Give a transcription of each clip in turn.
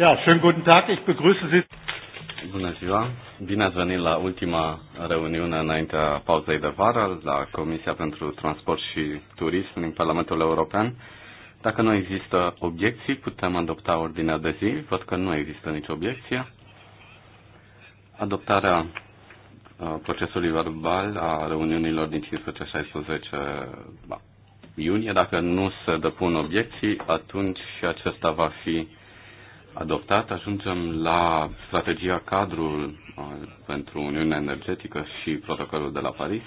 Ja, schönen guten Tag, ich begrüße Sie. Bună ziua! Bine ați venit la ultima reuniune înaintea pauzei de vară la Comisia pentru Transport și Turism din Parlamentul European. Dacă nu există obiecții, putem adopta ordinea de zi. Văd că nu există nicio obiecție. Adoptarea uh, procesului verbal a reuniunilor din 15-16 iunie. Dacă nu se depun obiecții, atunci și acesta va fi adoptat, ajungem la strategia cadrul uh, pentru Uniunea Energetică și protocolul de la Paris.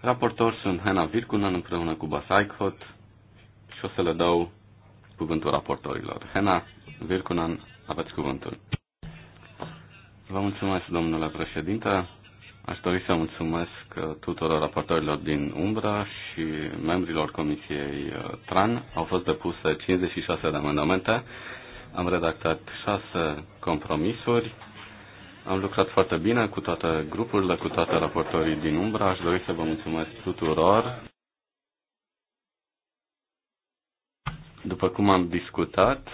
Raportor sunt Hanna Virkunen împreună cu Bas și o să le dau cuvântul raportorilor. Hanna Virkunen, aveți cuvântul. Vă mulțumesc, domnule președinte. Aș dori să mulțumesc uh, tuturor raportorilor din Umbra și membrilor Comisiei uh, TRAN. Au fost depuse 56 de amendamente am redactat șase compromisuri. Am lucrat foarte bine cu toate grupurile, cu toate raportorii din umbra. Aș dori să vă mulțumesc tuturor. După cum am discutat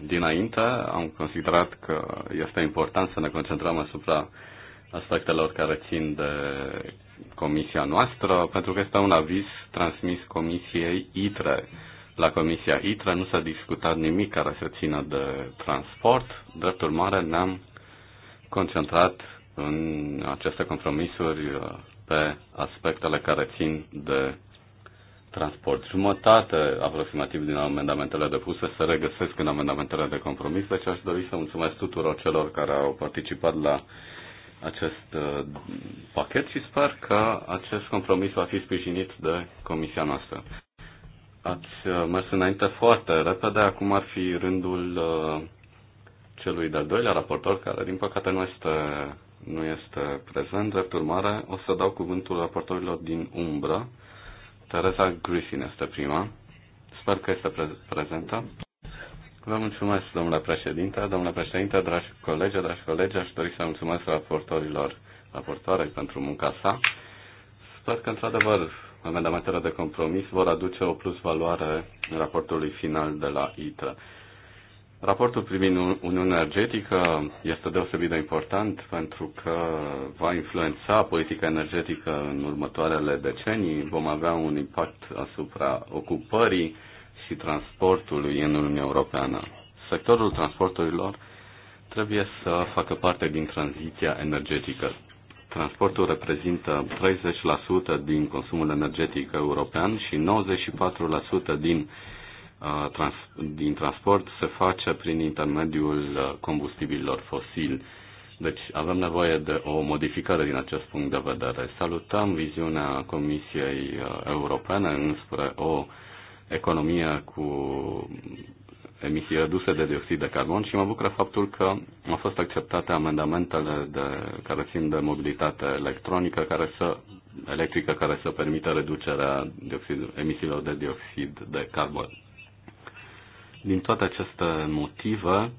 dinainte, am considerat că este important să ne concentrăm asupra aspectelor care țin de comisia noastră, pentru că este un aviz transmis comisiei ITRE la Comisia ITRA nu s-a discutat nimic care să țină de transport. Drept urmare, ne-am concentrat în aceste compromisuri uh, pe aspectele care țin de transport. Jumătate aproximativ din amendamentele depuse se regăsesc în amendamentele de compromis, deci aș dori să mulțumesc tuturor celor care au participat la acest uh, pachet și sper că acest compromis va fi sprijinit de comisia noastră. Ați uh, mers înainte foarte repede, acum ar fi rândul uh, celui de-al doilea raportor, care din păcate nu este, nu este prezent. Drept urmare, o să dau cuvântul raportorilor din umbră. Teresa Griffin este prima. Sper că este pre- prezentă. Vă mulțumesc, domnule președinte. Domnule președinte, dragi colegi, dragi colegi, aș dori să mulțumesc raportorilor, raportoare pentru munca sa. Sper că, într-adevăr, amendamentele de compromis vor aduce o plus valoare raportului final de la ITRA. Raportul privind Uniunea Energetică este deosebit de important pentru că va influența politica energetică în următoarele decenii, vom avea un impact asupra ocupării și transportului în Uniunea Europeană. Sectorul transporturilor trebuie să facă parte din tranziția energetică. Transportul reprezintă 30% din consumul energetic european și 94% din, uh, trans, din transport se face prin intermediul uh, combustibililor fosili. Deci avem nevoie de o modificare din acest punct de vedere. Salutăm viziunea Comisiei uh, Europene înspre o economie cu emisii reduse de dioxid de carbon și mă bucură faptul că au fost acceptate amendamentele de, care țin de mobilitate electronică, care să, electrică, care să permită reducerea dioxid, emisiilor de dioxid de carbon. Din toate aceste motive,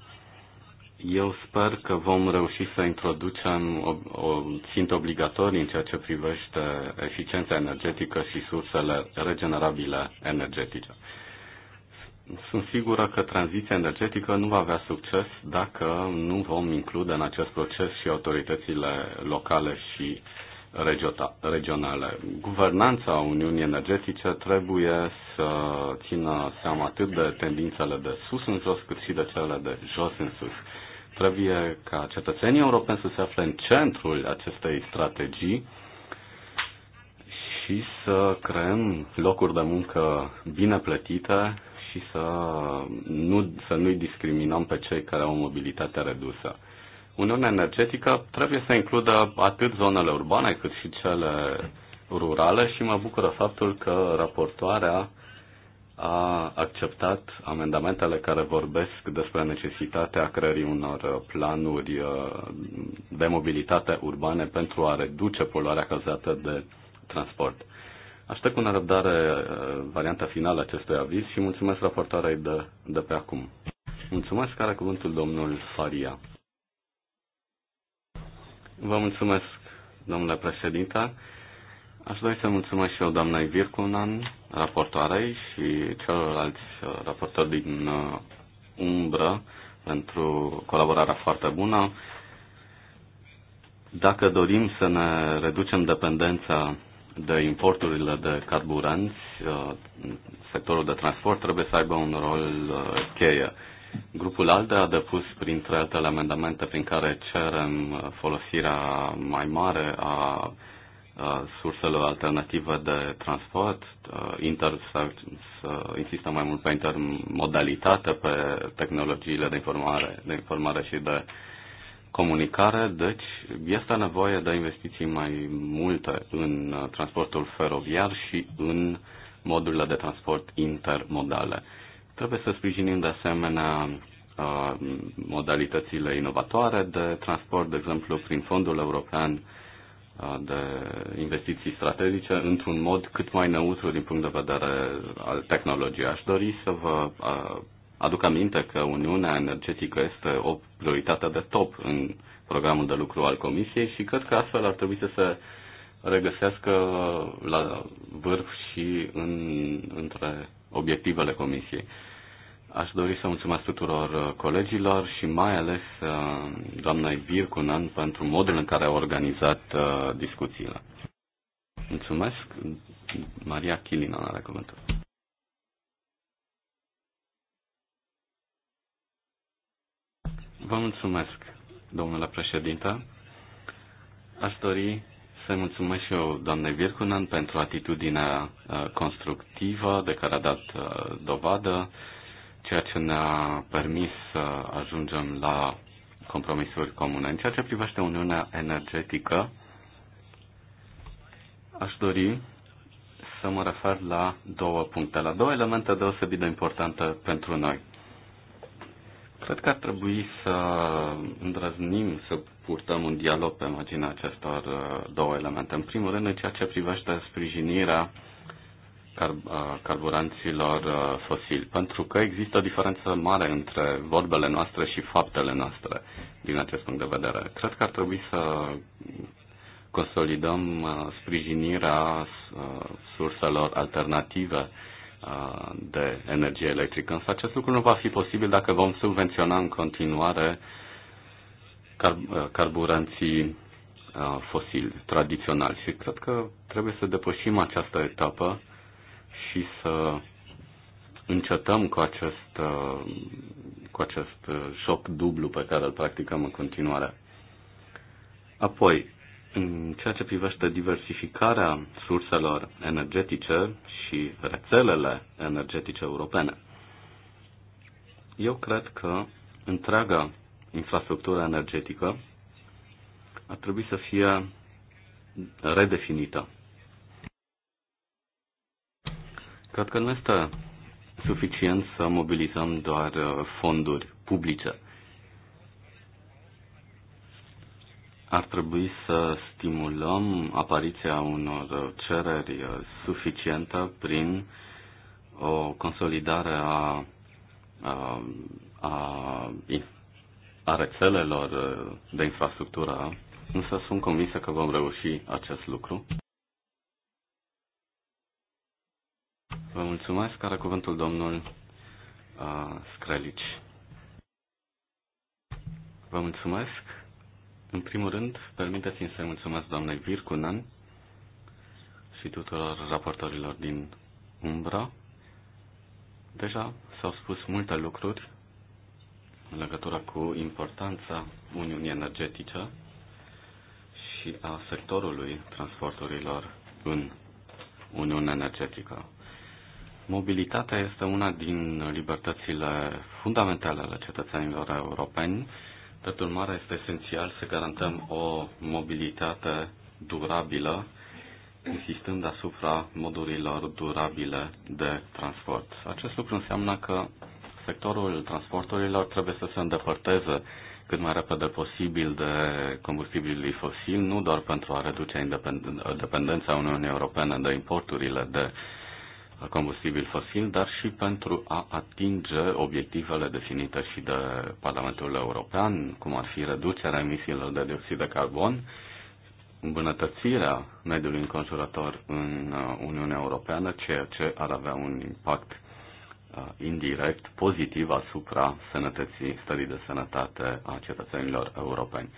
eu sper că vom reuși să introducem o, o țintă obligatorie în ceea ce privește eficiența energetică și sursele regenerabile energetice. Sunt sigură că tranziția energetică nu va avea succes dacă nu vom include în acest proces și autoritățile locale și regionale. Guvernanța Uniunii Energetice trebuie să țină seama atât de tendințele de sus în jos, cât și de cele de jos în sus. Trebuie ca cetățenii europeni să se afle în centrul acestei strategii și să creăm locuri de muncă bine plătite și să, nu, să nu-i discriminăm pe cei care au o mobilitate redusă. Uniunea energetică trebuie să includă atât zonele urbane cât și cele rurale și mă bucură faptul că raportoarea a acceptat amendamentele care vorbesc despre necesitatea creării unor planuri uh, de mobilitate urbane pentru a reduce poluarea cauzată de transport. Aștept cu nerăbdare uh, varianta finală acestui aviz și mulțumesc raportoarei de, de pe acum. Mulțumesc, care cuvântul domnul Faria. Vă mulțumesc, domnule președinte. Aș dori să mulțumesc și eu doamnei Virkunan, raportoarei și celorlalți uh, raportori din uh, umbră pentru colaborarea foarte bună. Dacă dorim să ne reducem dependența de importurile de carburanți, uh, sectorul de transport trebuie să aibă un rol uh, cheie. Grupul ALDE a depus printre altele amendamente prin care cerem uh, folosirea mai mare a surselor alternative de transport, inter, să, să insistăm mai mult pe intermodalitate, pe tehnologiile de informare, de informare și de comunicare, deci este nevoie de investiții mai multe în uh, transportul feroviar și în modurile de transport intermodale. Trebuie să sprijinim de asemenea uh, modalitățile inovatoare de transport, de exemplu, prin Fondul European uh, de Investiții Strategice, într-un mod cât mai neutru din punct de vedere al tehnologiei. Aș dori să vă aduc aminte că Uniunea Energetică este o prioritate de top în programul de lucru al Comisiei și cred că astfel ar trebui să se regăsească la vârf și în, între obiectivele Comisiei. Aș dori să mulțumesc tuturor colegilor și mai ales uh, doamnei Virkunen pentru modul în care a organizat uh, discuțiile. Mulțumesc. Maria Chilina are cuvântul. Vă mulțumesc, domnule președinte. Aș dori să mulțumesc și eu, doamne Virkunen, pentru atitudinea uh, constructivă de care a dat uh, dovadă, ceea ce ne-a permis să ajungem la compromisuri comune. În ceea ce privește Uniunea Energetică, aș dori să mă refer la două puncte, la două elemente deosebit de importante pentru noi. Cred că ar trebui să îndrăznim să purtăm un dialog pe marginea acestor uh, două elemente. În primul rând, în ceea ce privește sprijinirea uh, carburanților uh, fosili, pentru că există o diferență mare între vorbele noastre și faptele noastre din acest punct de vedere. Cred că ar trebui să consolidăm sprijinirea surselor alternative de energie electrică. Însă acest lucru nu va fi posibil dacă vom subvenționa în continuare car- carburanții fosili, tradiționali. Și cred că trebuie să depășim această etapă și să încetăm cu acest, cu acest șoc dublu pe care îl practicăm în continuare. Apoi, în ceea ce privește diversificarea surselor energetice și rețelele energetice europene, eu cred că întreaga infrastructură energetică ar trebui să fie redefinită. Cred că nu este suficient să mobilizăm doar fonduri publice. ar trebui să stimulăm apariția unor cereri suficientă prin o consolidare a, a, a, a rețelelor de infrastructură, însă sunt convinsă că vom reuși acest lucru. Vă mulțumesc. care cuvântul domnul uh, Screlici. Vă mulțumesc. În primul rând, permiteți-mi să mulțumesc doamnei Virkunan și tuturor raportorilor din Umbra. Deja s-au spus multe lucruri în legătură cu importanța Uniunii Energetice și a sectorului transporturilor în Uniunea Energetică. Mobilitatea este una din libertățile fundamentale ale cetățenilor europeni Drept urmare, este esențial să garantăm o mobilitate durabilă, insistând asupra modurilor durabile de transport. Acest lucru înseamnă că sectorul transporturilor trebuie să se îndepărteze cât mai repede posibil de combustibilii fosili, nu doar pentru a reduce dependența Uniunii Europene de importurile de uh, a combustibil fosil, dar și pentru a atinge obiectivele definite și de Parlamentul European, cum ar fi reducerea emisiilor de dioxid de carbon, îmbunătățirea mediului înconjurător în uh, Uniunea Europeană, ceea ce ar avea un impact uh, indirect pozitiv asupra sănătății, stării de sănătate a cetățenilor europeni.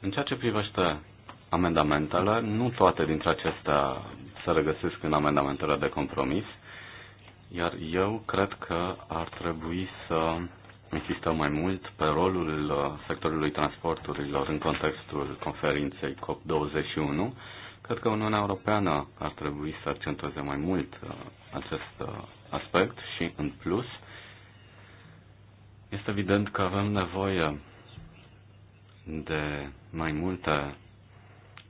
În ceea ce privește amendamentele, nu toate dintre acestea se regăsesc în amendamentele de compromis, iar eu cred că ar trebui să insistăm mai mult pe rolul uh, sectorului transporturilor în contextul conferinței COP21. Cred că Uniunea Europeană ar trebui să accentueze mai mult uh, acest uh, aspect și, în plus, este evident că avem nevoie de mai multe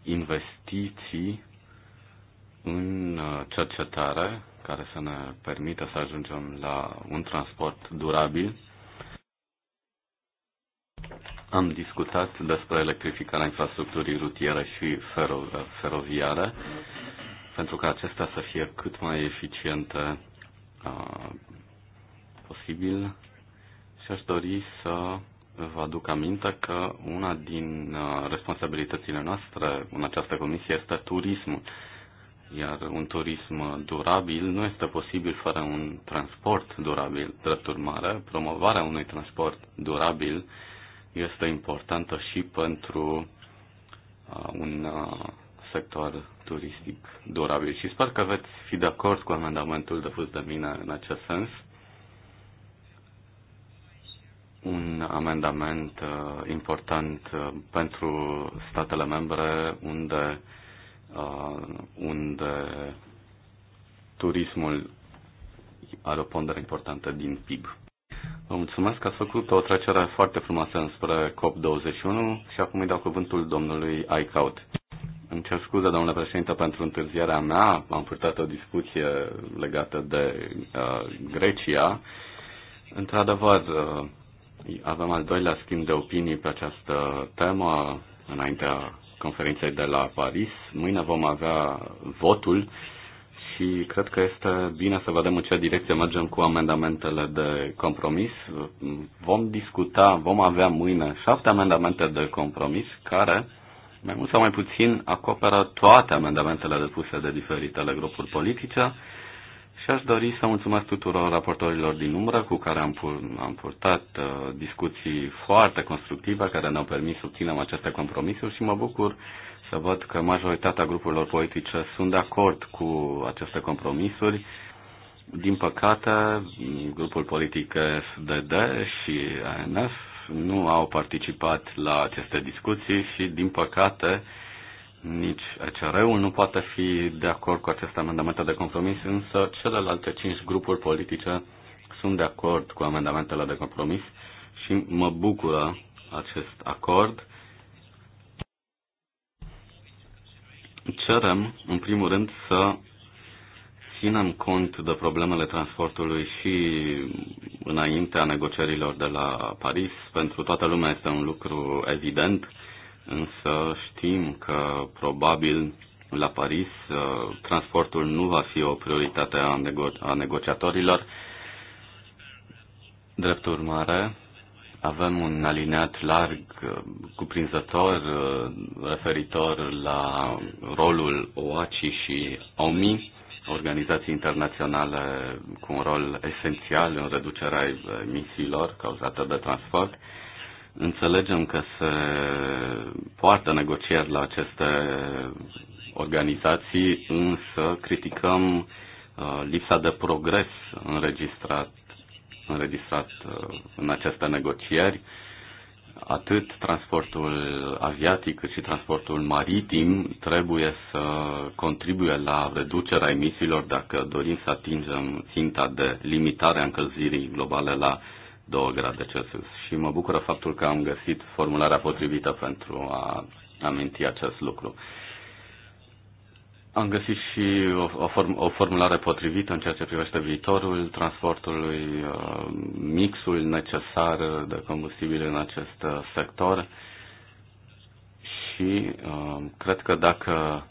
investiții în uh, cercetare care să ne permită să ajungem la un transport durabil. Am discutat despre electrificarea infrastructurii rutiere și fero- feroviare pentru ca acestea să fie cât mai eficiente uh, posibil și aș dori să vă aduc aminte că una din uh, responsabilitățile noastre în această comisie este turismul iar un turism durabil nu este posibil fără un transport durabil. Drept urmare, promovarea unui transport durabil este importantă și pentru un sector turistic durabil. Și sper că veți fi de acord cu amendamentul depus de mine în acest sens. Un amendament important pentru statele membre unde Uh, unde turismul are o pondere importantă din PIB. Vă mulțumesc că ați făcut o trecere foarte frumoasă înspre COP21 și acum îi dau cuvântul domnului Aicaut. Îmi cer scuze, domnule președinte, pentru întârzierea mea. Am purtat o discuție legată de uh, Grecia. Într-adevăr, uh, avem al doilea schimb de opinii pe această temă înaintea conferinței de la Paris. Mâine vom avea votul și cred că este bine să vedem în ce direcție mergem cu amendamentele de compromis. Vom discuta, vom avea mâine șapte amendamente de compromis care, mai mult sau mai puțin, acoperă toate amendamentele depuse de diferitele grupuri politice aș dori să mulțumesc tuturor raportorilor din umbră cu care am, pur, am purtat uh, discuții foarte constructive care ne-au permis să obținem aceste compromisuri și mă bucur să văd că majoritatea grupurilor politice sunt de acord cu aceste compromisuri. Din păcate, grupul politic SDD și ANF nu au participat la aceste discuții și, din păcate, nici ECR-ul nu poate fi de acord cu acest amendament de compromis, însă celelalte cinci grupuri politice sunt de acord cu amendamentele de compromis și mă bucură acest acord. Cerem, în primul rând, să ținem cont de problemele transportului și înaintea negocierilor de la Paris. Pentru toată lumea este un lucru evident însă știm că probabil la Paris uh, transportul nu va fi o prioritate a, nego- a negociatorilor. Drept urmare, avem un alineat larg, uh, cuprinzător, uh, referitor la rolul OACI și OMI, organizații internaționale cu un rol esențial în reducerea emisiilor cauzate de transport. Înțelegem că se poartă negocieri la aceste organizații, însă criticăm uh, lipsa de progres înregistrat, înregistrat uh, în aceste negocieri. Atât transportul aviatic cât și transportul maritim trebuie să contribuie la reducerea emisiilor dacă dorim să atingem ținta de limitare a încălzirii globale la 2 grade Celsius. Și mă bucură faptul că am găsit formularea potrivită pentru a aminti acest lucru. Am găsit și o, o, form, o formulare potrivită în ceea ce privește viitorul transportului, uh, mixul necesar de combustibil în acest uh, sector și uh, cred că dacă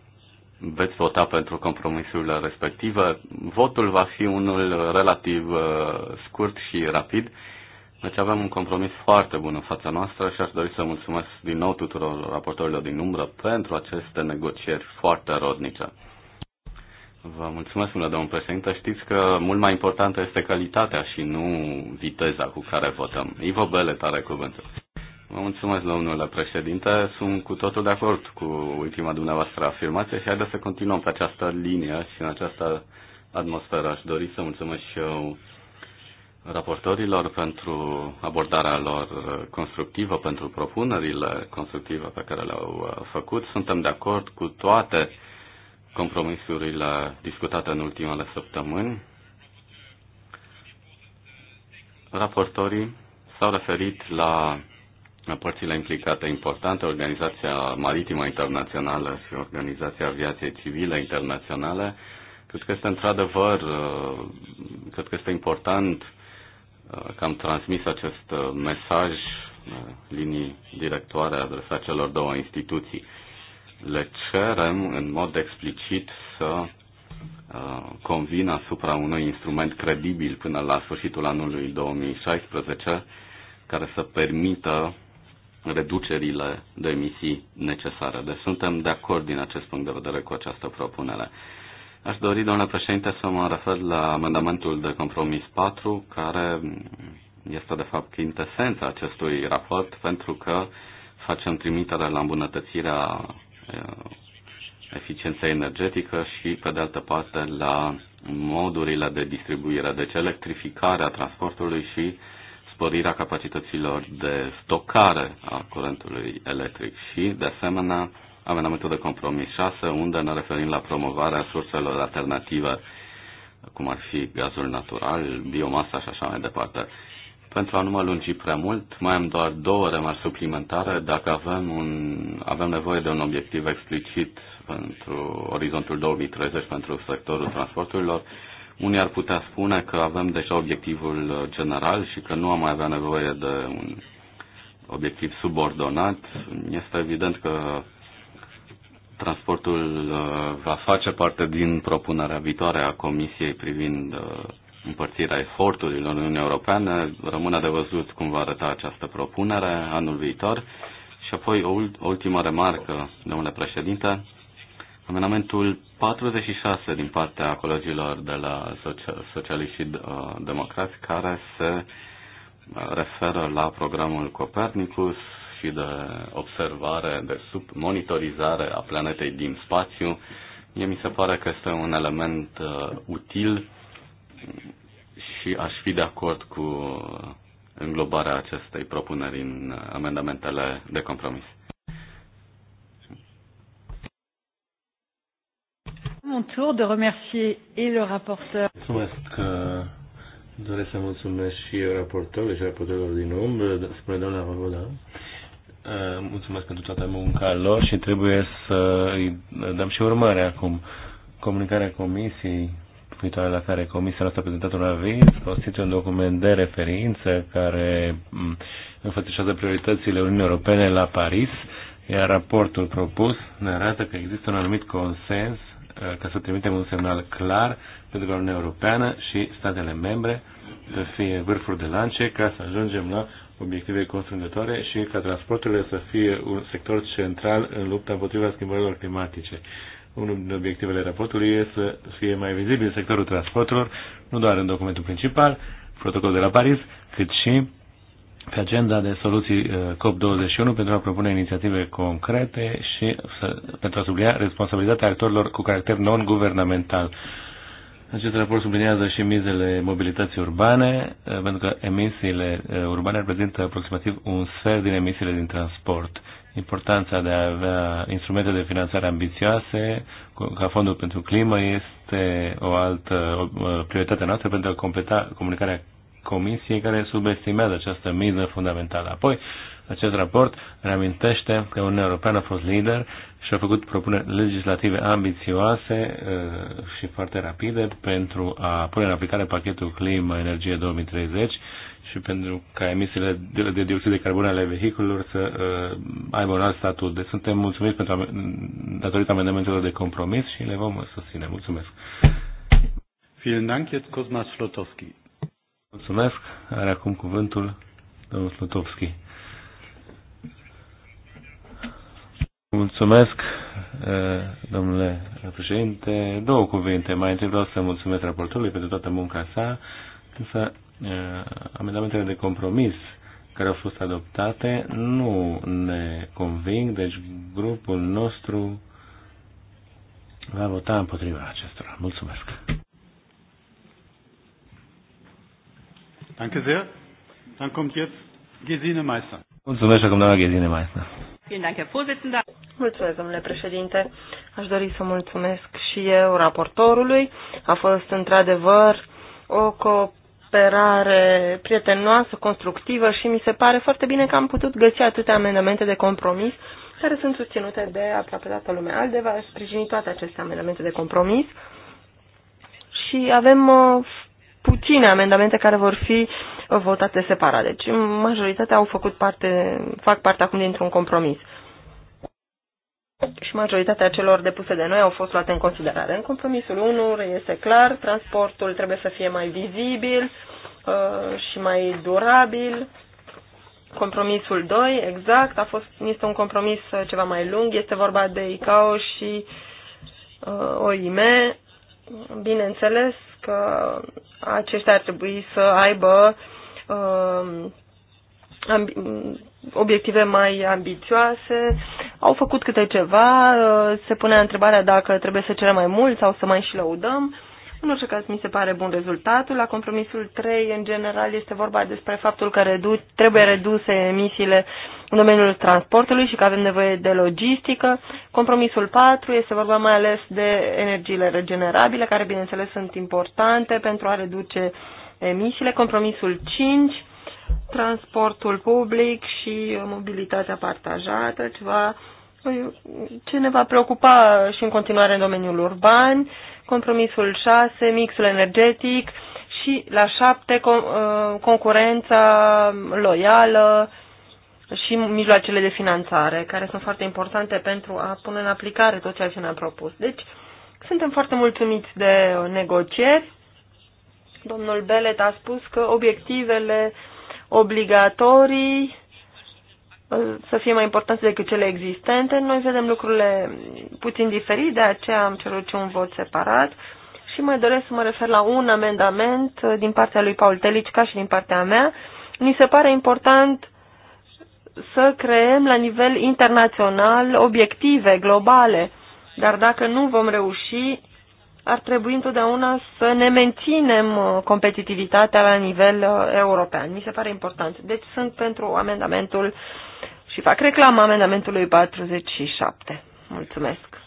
veți vota pentru compromisurile respective, votul va fi unul relativ scurt și rapid deci avem un compromis foarte bun în fața noastră și aș dori să mulțumesc din nou tuturor raportorilor din umbră pentru aceste negocieri foarte rodnice. Vă mulțumesc, mulțumesc domnul președinte. Știți că mult mai importantă este calitatea și nu viteza cu care votăm. Ivo Bele, tare cuvântul. Vă mulțumesc, domnule președinte. Sunt cu totul de acord cu ultima dumneavoastră afirmație și haideți să continuăm pe această linie și în această atmosferă. Aș dori să mulțumesc și eu raportorilor pentru abordarea lor constructivă, pentru propunerile constructive pe care le-au uh, făcut. Suntem de acord cu toate compromisurile discutate în ultimele săptămâni. Raportorii s-au referit la părțile implicate importante, Organizația Maritimă Internațională și Organizația Aviației Civile Internaționale. Cred că este într-adevăr, uh, cred că este important că am transmis acest uh, mesaj, uh, linii directoare adresate celor două instituții. Le cerem în mod explicit să uh, convină asupra unui instrument credibil până la sfârșitul anului 2016 care să permită reducerile de emisii necesare. Deci suntem de acord din acest punct de vedere cu această propunere. Aș dori, domnule președinte, să mă refer la amendamentul de compromis 4, care este, de fapt, quintesența acestui raport, pentru că facem trimitere la îmbunătățirea eficienței energetică și, pe de altă parte, la modurile de distribuire, deci electrificarea transportului și sporirea capacităților de stocare a curentului electric și, de asemenea, amendamentul de compromis 6, unde ne referim la promovarea surselor alternative, cum ar fi gazul natural, biomasa și așa mai departe. Pentru a nu mă lungi prea mult, mai am doar două remarci suplimentare. Dacă avem, un, avem nevoie de un obiectiv explicit pentru orizontul 2030 pentru sectorul transporturilor, unii ar putea spune că avem deja obiectivul general și că nu am mai avea nevoie de un obiectiv subordonat. Este evident că Transportul uh, va face parte din propunerea viitoare a Comisiei privind uh, împărțirea eforturilor în Uniunea Europeană. Rămâne de văzut cum va arăta această propunere anul viitor. Și apoi o ultimă remarcă, domnule președinte. Amendamentul 46 din partea colegilor de la Socialiști uh, Democrați care se referă la programul Copernicus, și de observare, de sub monitorizare a planetei din spațiu. Mie mi se pare că este un element uh, util și aș fi de acord cu înglobarea acestei propuneri în amendamentele de compromis. Mon tour de remercier et le rapporteur. Mulțumesc că doresc să mulțumesc și eu raportorului și raportorilor din umbră, spune doamna Vavoda. Eh, mulțumesc pentru toată munca lor și trebuie să îi dăm și urmare acum. Comunicarea comisiei viitoare la care comisia noastră a prezentat un aviz constituie un document de referință care mm, înfățișează prioritățile Uniunii Europene la Paris, iar raportul propus ne arată că există un anumit consens eh, ca să trimitem un semnal clar pentru că Uniunea Europeană și statele membre să fie vârfuri de lance ca să ajungem la obiective constrângătoare și ca transporturile să fie un sector central în lupta împotriva schimbărilor climatice. Unul din obiectivele raportului este să fie mai vizibil sectorul transporturilor, nu doar în documentul principal, protocolul de la Paris, cât și pe agenda de soluții uh, COP21 pentru a propune inițiative concrete și să, pentru a sublinia responsabilitatea actorilor cu caracter non-guvernamental. Acest raport sublinează și mizele mobilității urbane, eh, pentru că emisiile eh, urbane reprezintă aproximativ un sfert din emisiile din transport. Importanța de a avea instrumente de finanțare ambițioase, ca fondul pentru climă, este o altă eh, prioritate noastră pentru a completa comunicarea Comisiei care subestimează această miză fundamentală. Apoi, acest raport reamintește că Uniunea Europeană a fost lider și a făcut propuneri legislative ambițioase uh, și foarte rapide pentru a pune în aplicare pachetul Clima-Energie 2030 și pentru ca emisiile de dioxid de carbon ale vehiculelor să uh, aibă un alt statut. Deci suntem mulțumiți pentru datorită amendamentelor de compromis și le vom susține. Mulțumesc! Vielen Dank, jetzt Flotowski. Mulțumesc. Are acum cuvântul domnul Slotovski. Mulțumesc, eh, domnule președinte. Două cuvinte. Mai întâi vreau să mulțumesc raportorului pentru toată munca sa, însă eh, amendamentele de compromis care au fost adoptate nu ne conving, deci grupul nostru va vota împotriva acestora. Mulțumesc. Danke sehr. Dann kommt jetzt Gesine Meister. Mulțumesc acum Ghezine Gesine Meister. Mulțumesc, domnule președinte. Aș dori să mulțumesc și eu raportorului. A fost într-adevăr o cooperare prietenoasă, constructivă și mi se pare foarte bine că am putut găsi atâtea amendamente de compromis care sunt susținute de aproape toată lumea. Aldeva a sprijinit toate aceste amendamente de compromis și avem uh, puține amendamente care vor fi votate separat. Deci majoritatea au făcut parte, fac parte acum dintr-un compromis. Și majoritatea celor depuse de noi au fost luate în considerare. În compromisul 1 este clar, transportul trebuie să fie mai vizibil uh, și mai durabil. Compromisul 2, exact, a fost, este un compromis uh, ceva mai lung, este vorba de ICAO și uh, OIME, bineînțeles că aceștia ar trebui să aibă uh, obiective mai ambițioase. Au făcut câte ceva, uh, se pune întrebarea dacă trebuie să cerem mai mult sau să mai și lăudăm. În orice caz, mi se pare bun rezultatul. La compromisul 3, în general, este vorba despre faptul că redu- trebuie reduse emisiile uh, în domeniul transportului și că avem nevoie de logistică. Compromisul 4 este vorba mai ales de energiile regenerabile, care bineînțeles sunt importante pentru a reduce emisiile. Compromisul 5, transportul public și mobilitatea partajată, ceva ce ne va preocupa și în continuare în domeniul urban. Compromisul 6, mixul energetic și la 7, uh, concurența loială, și mijloacele de finanțare, care sunt foarte importante pentru a pune în aplicare tot ceea ce ne-am propus. Deci, suntem foarte mulțumiți de negocieri. Domnul Belet a spus că obiectivele obligatorii uh, să fie mai importante decât cele existente. Noi vedem lucrurile puțin diferit, de aceea am cerut și un vot separat. Și mai doresc să mă refer la un amendament uh, din partea lui Paul Telici, ca și din partea mea. Mi se pare important să creăm la nivel internațional obiective globale, dar dacă nu vom reuși, ar trebui întotdeauna să ne menținem uh, competitivitatea la nivel uh, european. Mi se pare important. Deci sunt pentru amendamentul și fac reclamă amendamentului 47. Mulțumesc.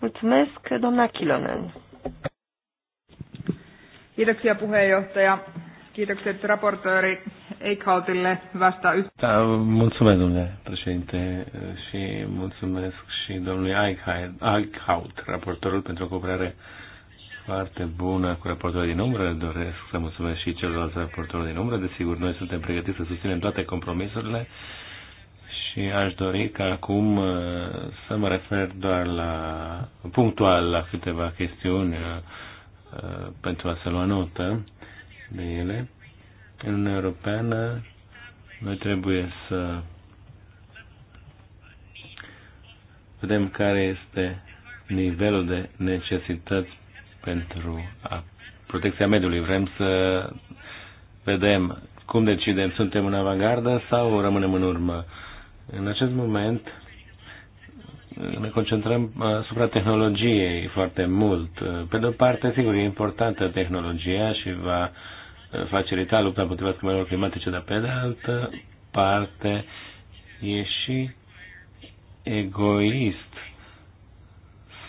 Mulțumesc, doamna Kilonen. Kiitoksia puheenjohtaja. Kiitokset raportööri Eichhautille vasta Da, mulțumesc, domnule președinte, și mulțumesc și domnului Eichhaut, raportorul, pentru o cooperare foarte bună cu raportorul din umbră. Doresc să mulțumesc și celorlalți raportori din umbră. Desigur, noi suntem pregătiți să susținem toate compromisurile și aș dori ca acum uh, să mă refer doar la punctual la câteva chestiuni uh, uh, pentru a se lua notă de ele. În Uniunea Europeană noi trebuie să vedem care este nivelul de necesități pentru a protecția mediului. Vrem să vedem cum decidem, suntem în avangardă sau rămânem în urmă. În acest moment ne concentrăm uh, asupra tehnologiei foarte mult. Uh, pe de o parte, sigur, e importantă tehnologia și va uh, facilita lupta împotriva schimbărilor climatice, dar pe de altă parte e și egoist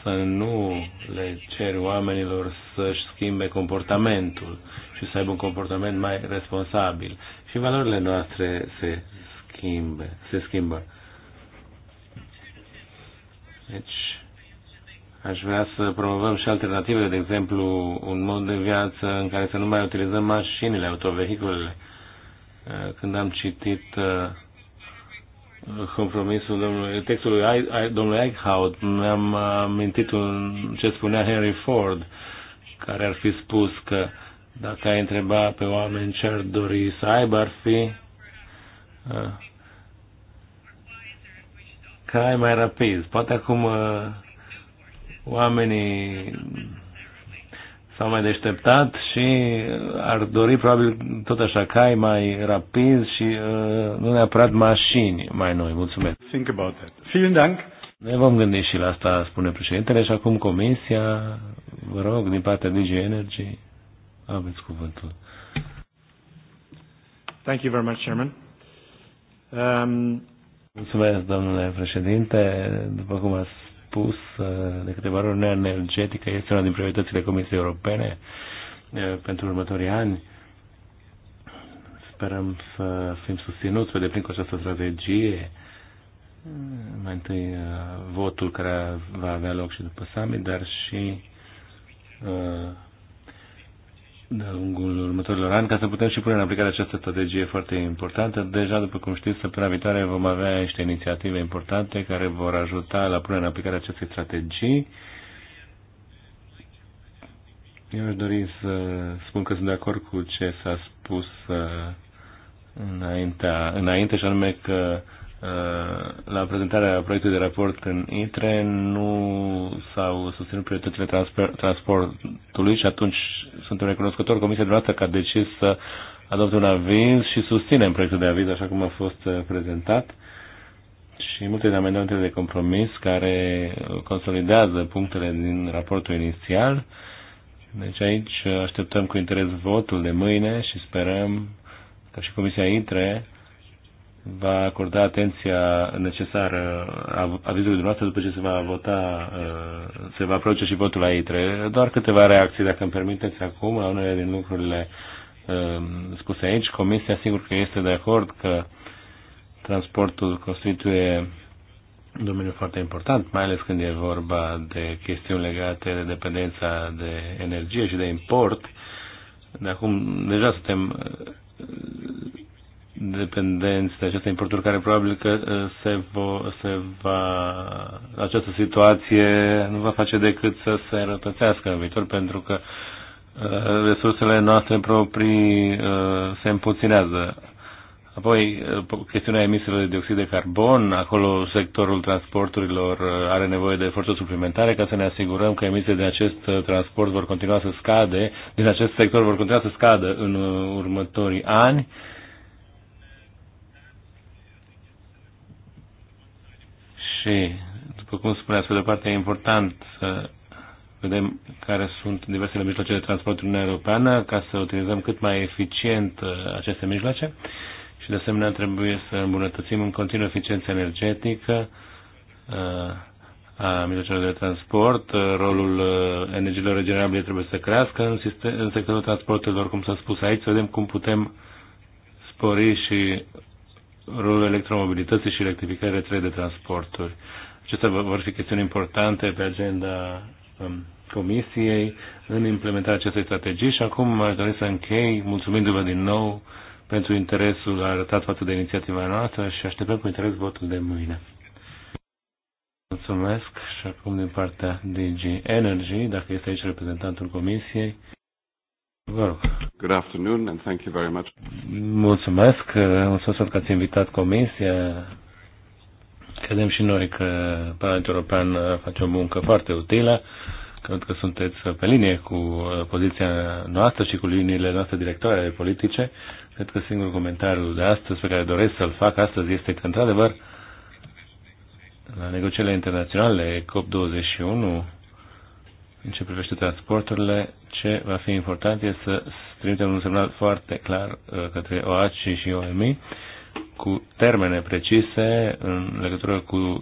să nu le ceri oamenilor să-și schimbe comportamentul și să aibă un comportament mai responsabil. Și valorile noastre se schimbă. se schimbă. Deci Aș vrea să promovăm și alternative, de exemplu, un mod de viață în care să nu mai utilizăm mașinile, autovehiculele. Uh, când am citit uh, compromisul domnului, textului domnului Eichhout, mi-am uh, amintit un, ce spunea Henry Ford, care ar fi spus că dacă ai întreba pe oameni ce ar dori să aibă, ar fi uh, cai mai rapid. Poate acum oamenii s-au mai deșteptat și ar dori probabil tot așa cai mai rapizi și uh, nu neapărat mașini mai noi. Mulțumesc. Think about that. Vielen Dank. Ne vom gândi și la asta, spune președintele, și acum comisia, vă rog, din partea DG Energy, aveți cuvântul. Thank you very much, Chairman. Um, Mulțumesc, domnule președinte. După cum ați spus uh, de câteva ori, Uniunea Energetică este una din prioritățile Comisiei Europene uh, pentru următorii ani. Sperăm să fim susținuți pe deplin cu această strategie. Mai întâi uh, votul care va avea loc și după summit, dar și de în lungul următorilor ani ca să putem și pune în aplicare această strategie foarte importantă. Deja, după cum știți, săptămâna viitoare vom avea niște inițiative importante care vor ajuta la pune în aplicare acestei strategii. Eu aș dori să spun că sunt de acord cu ce s-a spus uh, înainte, înainte și anume că la prezentarea proiectului de raport în ITRE nu s-au susținut prioritățile transportului și atunci suntem recunoscători Comisia dumneavoastră că a decis să adopte un aviz și susținem proiectul de aviz așa cum a fost uh, prezentat și multe de amendamente de compromis care consolidează punctele din raportul inițial. Deci aici așteptăm cu interes votul de mâine și sperăm ca și Comisia ITRE va acorda atenția necesară avizului dumneavoastră după ce se va vota, uh, se va aproce și votul la ITRE. Doar câteva reacții, dacă îmi permiteți acum, la unele din lucrurile um, spuse aici. Comisia sigur că este de acord că transportul constituie un domeniu foarte important, mai ales când e vorba de chestiuni legate de dependența de energie și de import. De acum, deja suntem dependenți de aceste importuri, care probabil că uh, se, vo, se va, această situație nu va face decât să se rătățească în viitor, pentru că uh, resursele noastre proprii uh, se împuținează. Apoi, chestiunea emisiilor de dioxid de carbon, acolo sectorul transporturilor are nevoie de eforturi suplimentare ca să ne asigurăm că emisiile de acest transport vor continua să scade, din acest sector vor continua să scadă în următorii ani. Uh, Și, după cum spunea, pe de parte e important să vedem care sunt diversele mijloace de transport în Uniunea Europeană ca să utilizăm cât mai eficient uh, aceste mijloace și de asemenea trebuie să îmbunătățim în continuu eficiența energetică uh, a mijloacelor de transport, uh, rolul energiilor regenerabile trebuie să crească în, sistem, în sectorul transportelor, cum s-a spus aici, să vedem cum putem spori și rolul electromobilității și electrificarea rețelei de transporturi. Acestea vor fi chestiuni importante pe agenda um, Comisiei în implementarea acestei strategii și acum aș dori să închei mulțumindu-vă din nou pentru interesul arătat față de inițiativa noastră și așteptăm cu interes votul de mâine. Mulțumesc și acum din partea DG Energy, dacă este aici reprezentantul Comisiei. Vă rog. Good afternoon and thank you very much. Mulțumesc, mulțumesc uh, că ați invitat comisia. Credem și noi că Parlamentul European uh, face o muncă foarte utilă. Cred că sunteți uh, pe linie cu poziția noastră și cu liniile noastre directoare ale politice. Cred că singurul comentariu de astăzi pe care doresc să-l fac astăzi este că, într-adevăr, la negocierile internaționale COP21 în ce privește transporturile, ce va fi important este să trimitem un semnal foarte clar uh, către OACI și OMI cu termene precise în legătură cu uh,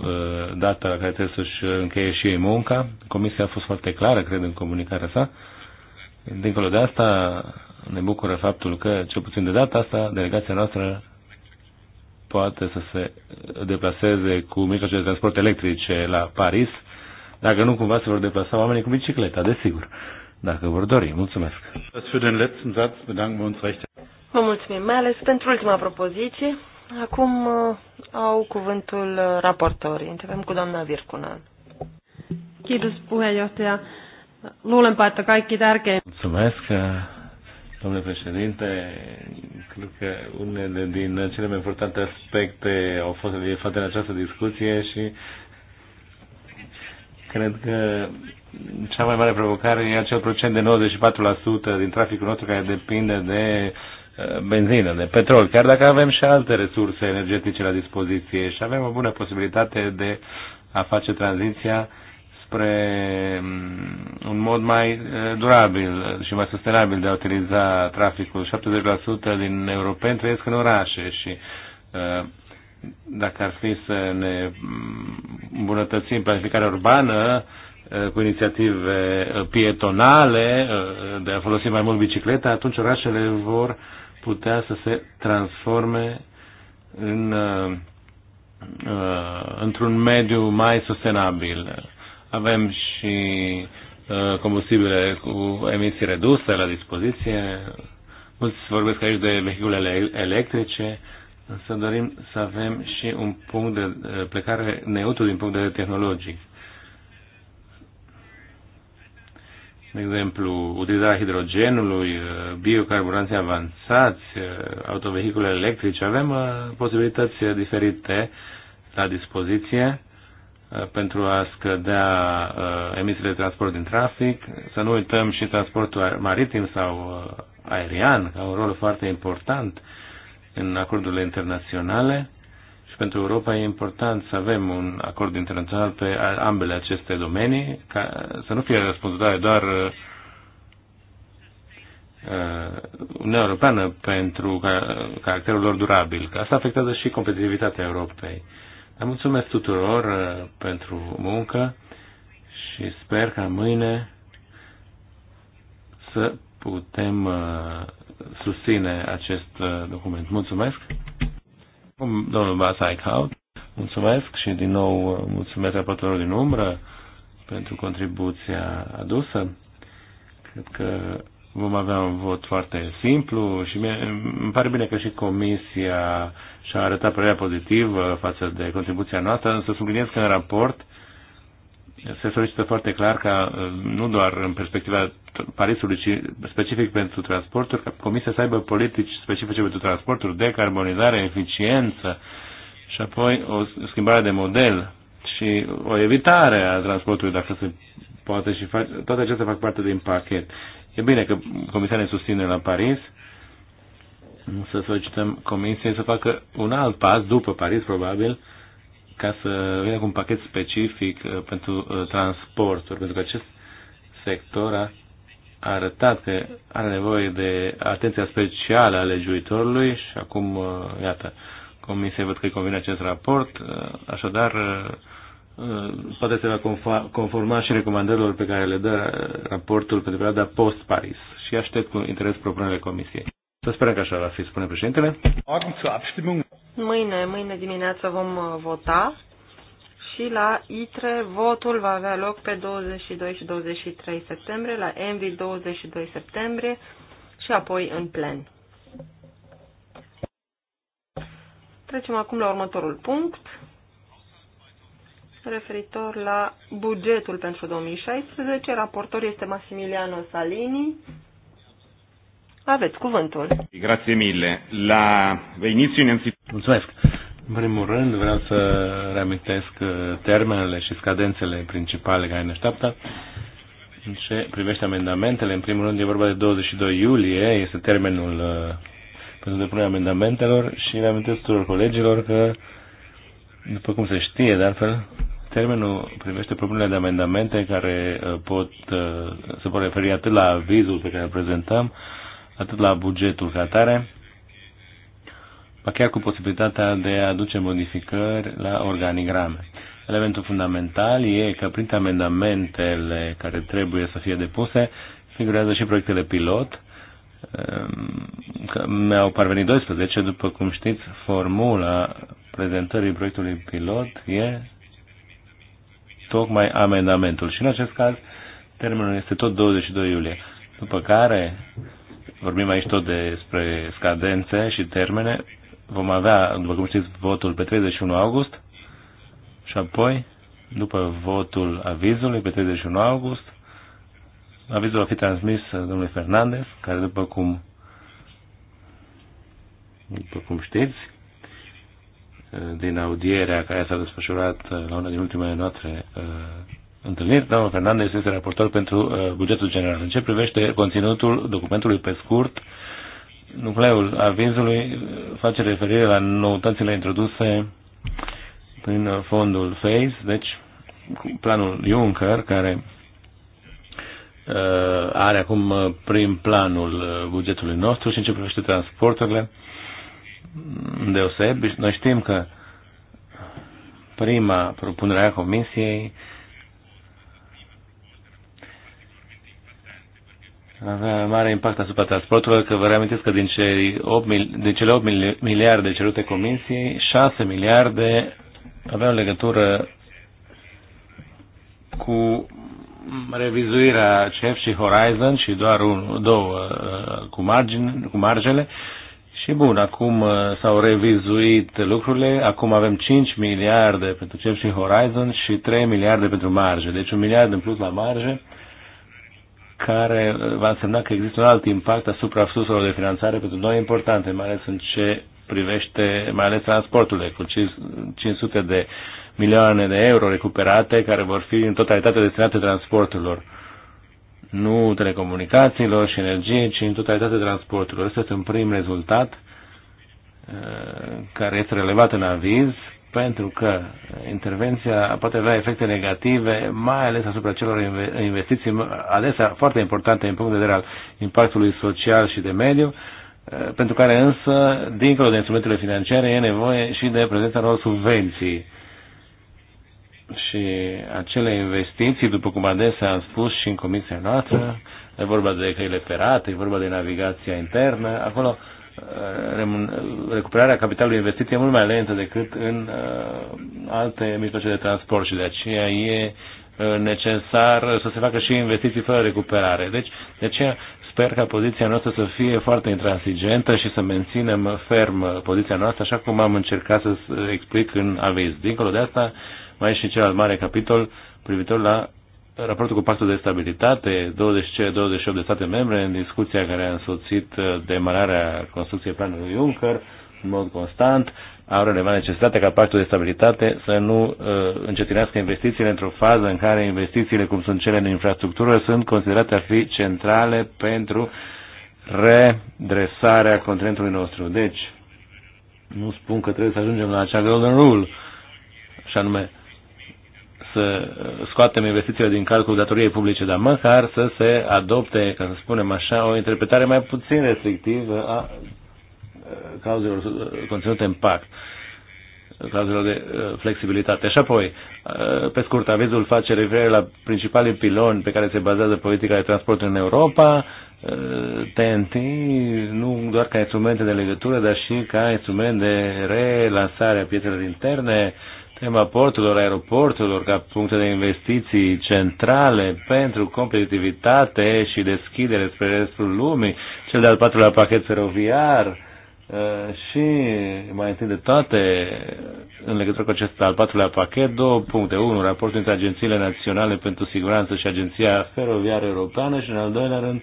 data la care trebuie să-și încheie și ei munca. Comisia a fost foarte clară, cred, în comunicarea sa. Dincolo de asta, ne bucură faptul că, cel puțin de data asta, delegația noastră poate să se deplaseze cu mijloace de transport electrice la Paris dacă nu cumva se vor deplasa oamenii cu bicicleta, desigur, dacă vor dori. Mulțumesc! Vă mulțumim, mai ales pentru ultima propoziție. Acum uh, au cuvântul uh, raportorii. Începem cu doamna Virkunan. Kiitos puheenjohtaja. Luulenpa, että kaikki tärkein... Mulțumesc, uh, domnule președinte. Cred că unele din cele mai importante aspecte au fost fapt în această discuție și Cred că cea mai mare provocare e acel procent de 94% din traficul nostru care depinde de uh, benzină, de petrol, chiar dacă avem și alte resurse energetice la dispoziție și avem o bună posibilitate de a face tranziția spre mm, un mod mai uh, durabil și mai sustenabil de a utiliza traficul. 70% din europeni trăiesc în orașe și uh, dacă ar fi să ne îmbunătățim planificarea urbană cu inițiative pietonale, de a folosi mai mult bicicleta, atunci orașele vor putea să se transforme în, într-un mediu mai sustenabil. Avem și combustibile cu emisii reduse la dispoziție. Mulți vorbesc aici de vehiculele electrice să dorim să avem și un punct de eh, plecare neutru din punct de vedere tehnologic. de exemplu, utilizarea hidrogenului, eh, biocarburanții avansați, eh, autovehicule electrice. Avem posibilități diferite la dispoziție pentru a scădea emisiile de transport din trafic. Să nu uităm și transportul maritim sau aerian, ca un rol foarte important în acordurile internaționale și pentru Europa e important să avem un acord internațional pe ambele aceste domenii, ca să nu fie răspunzătoare doar uh, Uniunea Europeană pentru caracterul lor durabil. Asta afectează și competitivitatea Europei. Dar mulțumesc tuturor uh, pentru muncă și sper ca mâine să putem uh, susține acest uh, document. Mulțumesc! Domnul Basai mulțumesc și din nou uh, mulțumesc raportorului din umbră pentru contribuția adusă. Cred că vom avea un vot foarte simplu și mie, îmi pare bine că și Comisia și-a arătat părerea pozitivă față de contribuția noastră, însă subliniez că în raport uh, se solicită foarte clar ca, uh, nu doar în perspectiva Parisului, ci specific pentru transporturi, ca Comisia să aibă politici specifice pentru transporturi, decarbonizare, eficiență și apoi o schimbare de model și o evitare a transportului, dacă se poate și face. Toate acestea fac parte din pachet. E bine că Comisia ne susține la Paris, să solicităm Comisiei să facă un alt pas, după Paris, probabil, ca să vină cu un pachet specific uh, pentru uh, transporturi, pentru că acest sector a arătat că are nevoie de atenția specială a legiuitorului și acum, uh, iată, Comisia văd că îi convine acest raport, așadar poate se va conforma și recomandărilor pe care le dă raportul pentru perioada post-Paris și aștept cu interes propunerile Comisiei. Să sperăm că așa va fi, spune președintele. Mâine, mâine dimineață vom uh, vota și la ITRE votul va avea loc pe 22 și 23 septembrie, la ENVI 22 septembrie și apoi în plen. Trecem acum la următorul punct referitor la bugetul pentru 2016. Raportor este Massimiliano Salini. Aveți cuvântul. Grație mille. La Mulțumesc. În primul rând vreau să reamintesc uh, termenele și scadențele principale care ne așteaptă. În ce privește amendamentele, în primul rând e vorba de 22 iulie, este termenul uh, pentru depunerea amendamentelor și reamintesc tuturor colegilor că, după cum se știe, de altfel, termenul privește propunerea de amendamente care uh, pot, se pot referi atât la avizul pe care îl prezentăm, atât la bugetul ca atare, ba chiar cu posibilitatea de a aduce modificări la organigrame. Elementul fundamental e că printre amendamentele care trebuie să fie depuse figurează și proiectele pilot, ehm, mi-au parvenit 12, după cum știți, formula prezentării proiectului pilot e tocmai amendamentul. Și în acest caz, termenul este tot 22 iulie. După care, vorbim aici tot despre scadențe și termene. Vom avea, după cum știți, votul pe 31 august și apoi, după votul avizului pe 31 august, avizul va fi transmis domnului Fernandez, care după cum după cum știți, din audierea care s-a desfășurat la una din ultimele noastre uh, întâlniri. Doamna Fernandez este raportor pentru uh, bugetul general. În ce privește conținutul documentului pe scurt, nucleul avizului uh, face referire la noutățile introduse prin uh, fondul FACE, deci planul Juncker, care are acum prim planul bugetului nostru și în ce privește transporturile mm, deosebi. Noi știm că prima propunere a Comisiei uh, avea mare impact asupra transporturilor, că vă reamintesc că din, cei 8, din cele 8 miliarde cerute comisiei, 6 miliarde aveau legătură cu revizuirea CEF și Horizon și doar un, două uh, cu, margini, cu margele. Și bun, acum uh, s-au revizuit lucrurile, acum avem 5 miliarde pentru CEF și Horizon și 3 miliarde pentru marge. Deci un miliard în plus la marge care eh, va însemna că există un alt impact asupra surselor de finanțare pentru noi importante, mai ales în ce privește, mai ales transporturile, cu 500 de milioane de euro recuperate, care vor fi în totalitate destinate transporturilor. Nu telecomunicațiilor și energie, ci în totalitate transporturilor. este un prim rezultat eh, care este relevat în aviz, pentru că intervenția poate avea efecte negative, mai ales asupra celor investiții, adesea foarte importante din punct de vedere al impactului social și de mediu, eh, pentru care însă, dincolo de instrumentele financiare, e nevoie și de prezența unor subvenții. Și acele investiții, după cum adesea am spus și în comisia noastră, e vorba de căile ferate, e vorba de navigația internă, acolo Eh, recuperarea capitalului investit e mult mai lentă decât în eh, alte mijloace de transport și de aceea e eh, necesar să se facă și investiții fără recuperare. Deci, de aceea sper ca poziția noastră să fie foarte intransigentă și să menținem ferm poziția noastră, așa cum am încercat să explic în aviz. Dincolo de asta, mai e și cel mare capitol privitor la raportul cu pactul de stabilitate, 20-28 de state membre, în discuția care a însoțit uh, demararea construcției planului Juncker, în mod constant, au relevat necesitatea ca pactul de stabilitate să nu uh, încetinească investițiile într-o fază în care investițiile, cum sunt cele în infrastructură, sunt considerate a fi centrale pentru redresarea continentului nostru. Deci, nu spun că trebuie să ajungem la acea golden rule, și anume să scoatem investițiile din calcul datoriei publice, dar măcar să se adopte, ca să spunem așa, o interpretare mai puțin restrictivă a uh, cauzelor uh, conținute în pact cauzelor de uh, flexibilitate. Și apoi, pe scurt, avizul face referire la principalii piloni pe care se bazează politica de transport în Europa, TNT, nu doar ca instrumente de legătură, dar și ca instrument de relansare a piețelor interne, tema porturilor, aeroporturilor ca puncte de investiții centrale pentru competitivitate și deschidere spre restul lumii, cel de-al patrulea pachet feroviar uh, și mai întâi de toate, în legătură cu acest al patrulea pachet, două puncte. unul raportul între agențiile naționale pentru siguranță și Agenția Feroviară Europeană și, în al doilea rând,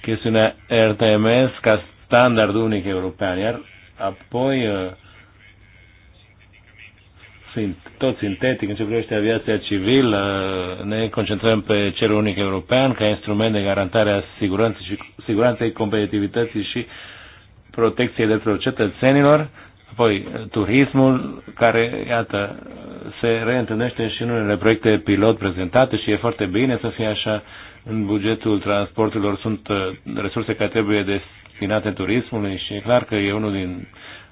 chestiunea RTMS ca standard unic european. Iar Apoi, uh, tot sintetic în ce privește aviația civilă, ne concentrăm pe cel unic european ca instrument de garantare a siguranței, și, siguranței competitivității și protecției drepturilor cetățenilor. Apoi, uh, turismul, care, iată, se reîntâlnește și în unele proiecte pilot prezentate și e foarte bine să fie așa. În bugetul transporturilor sunt uh, resurse care trebuie destinate turismului și e clar că e unul din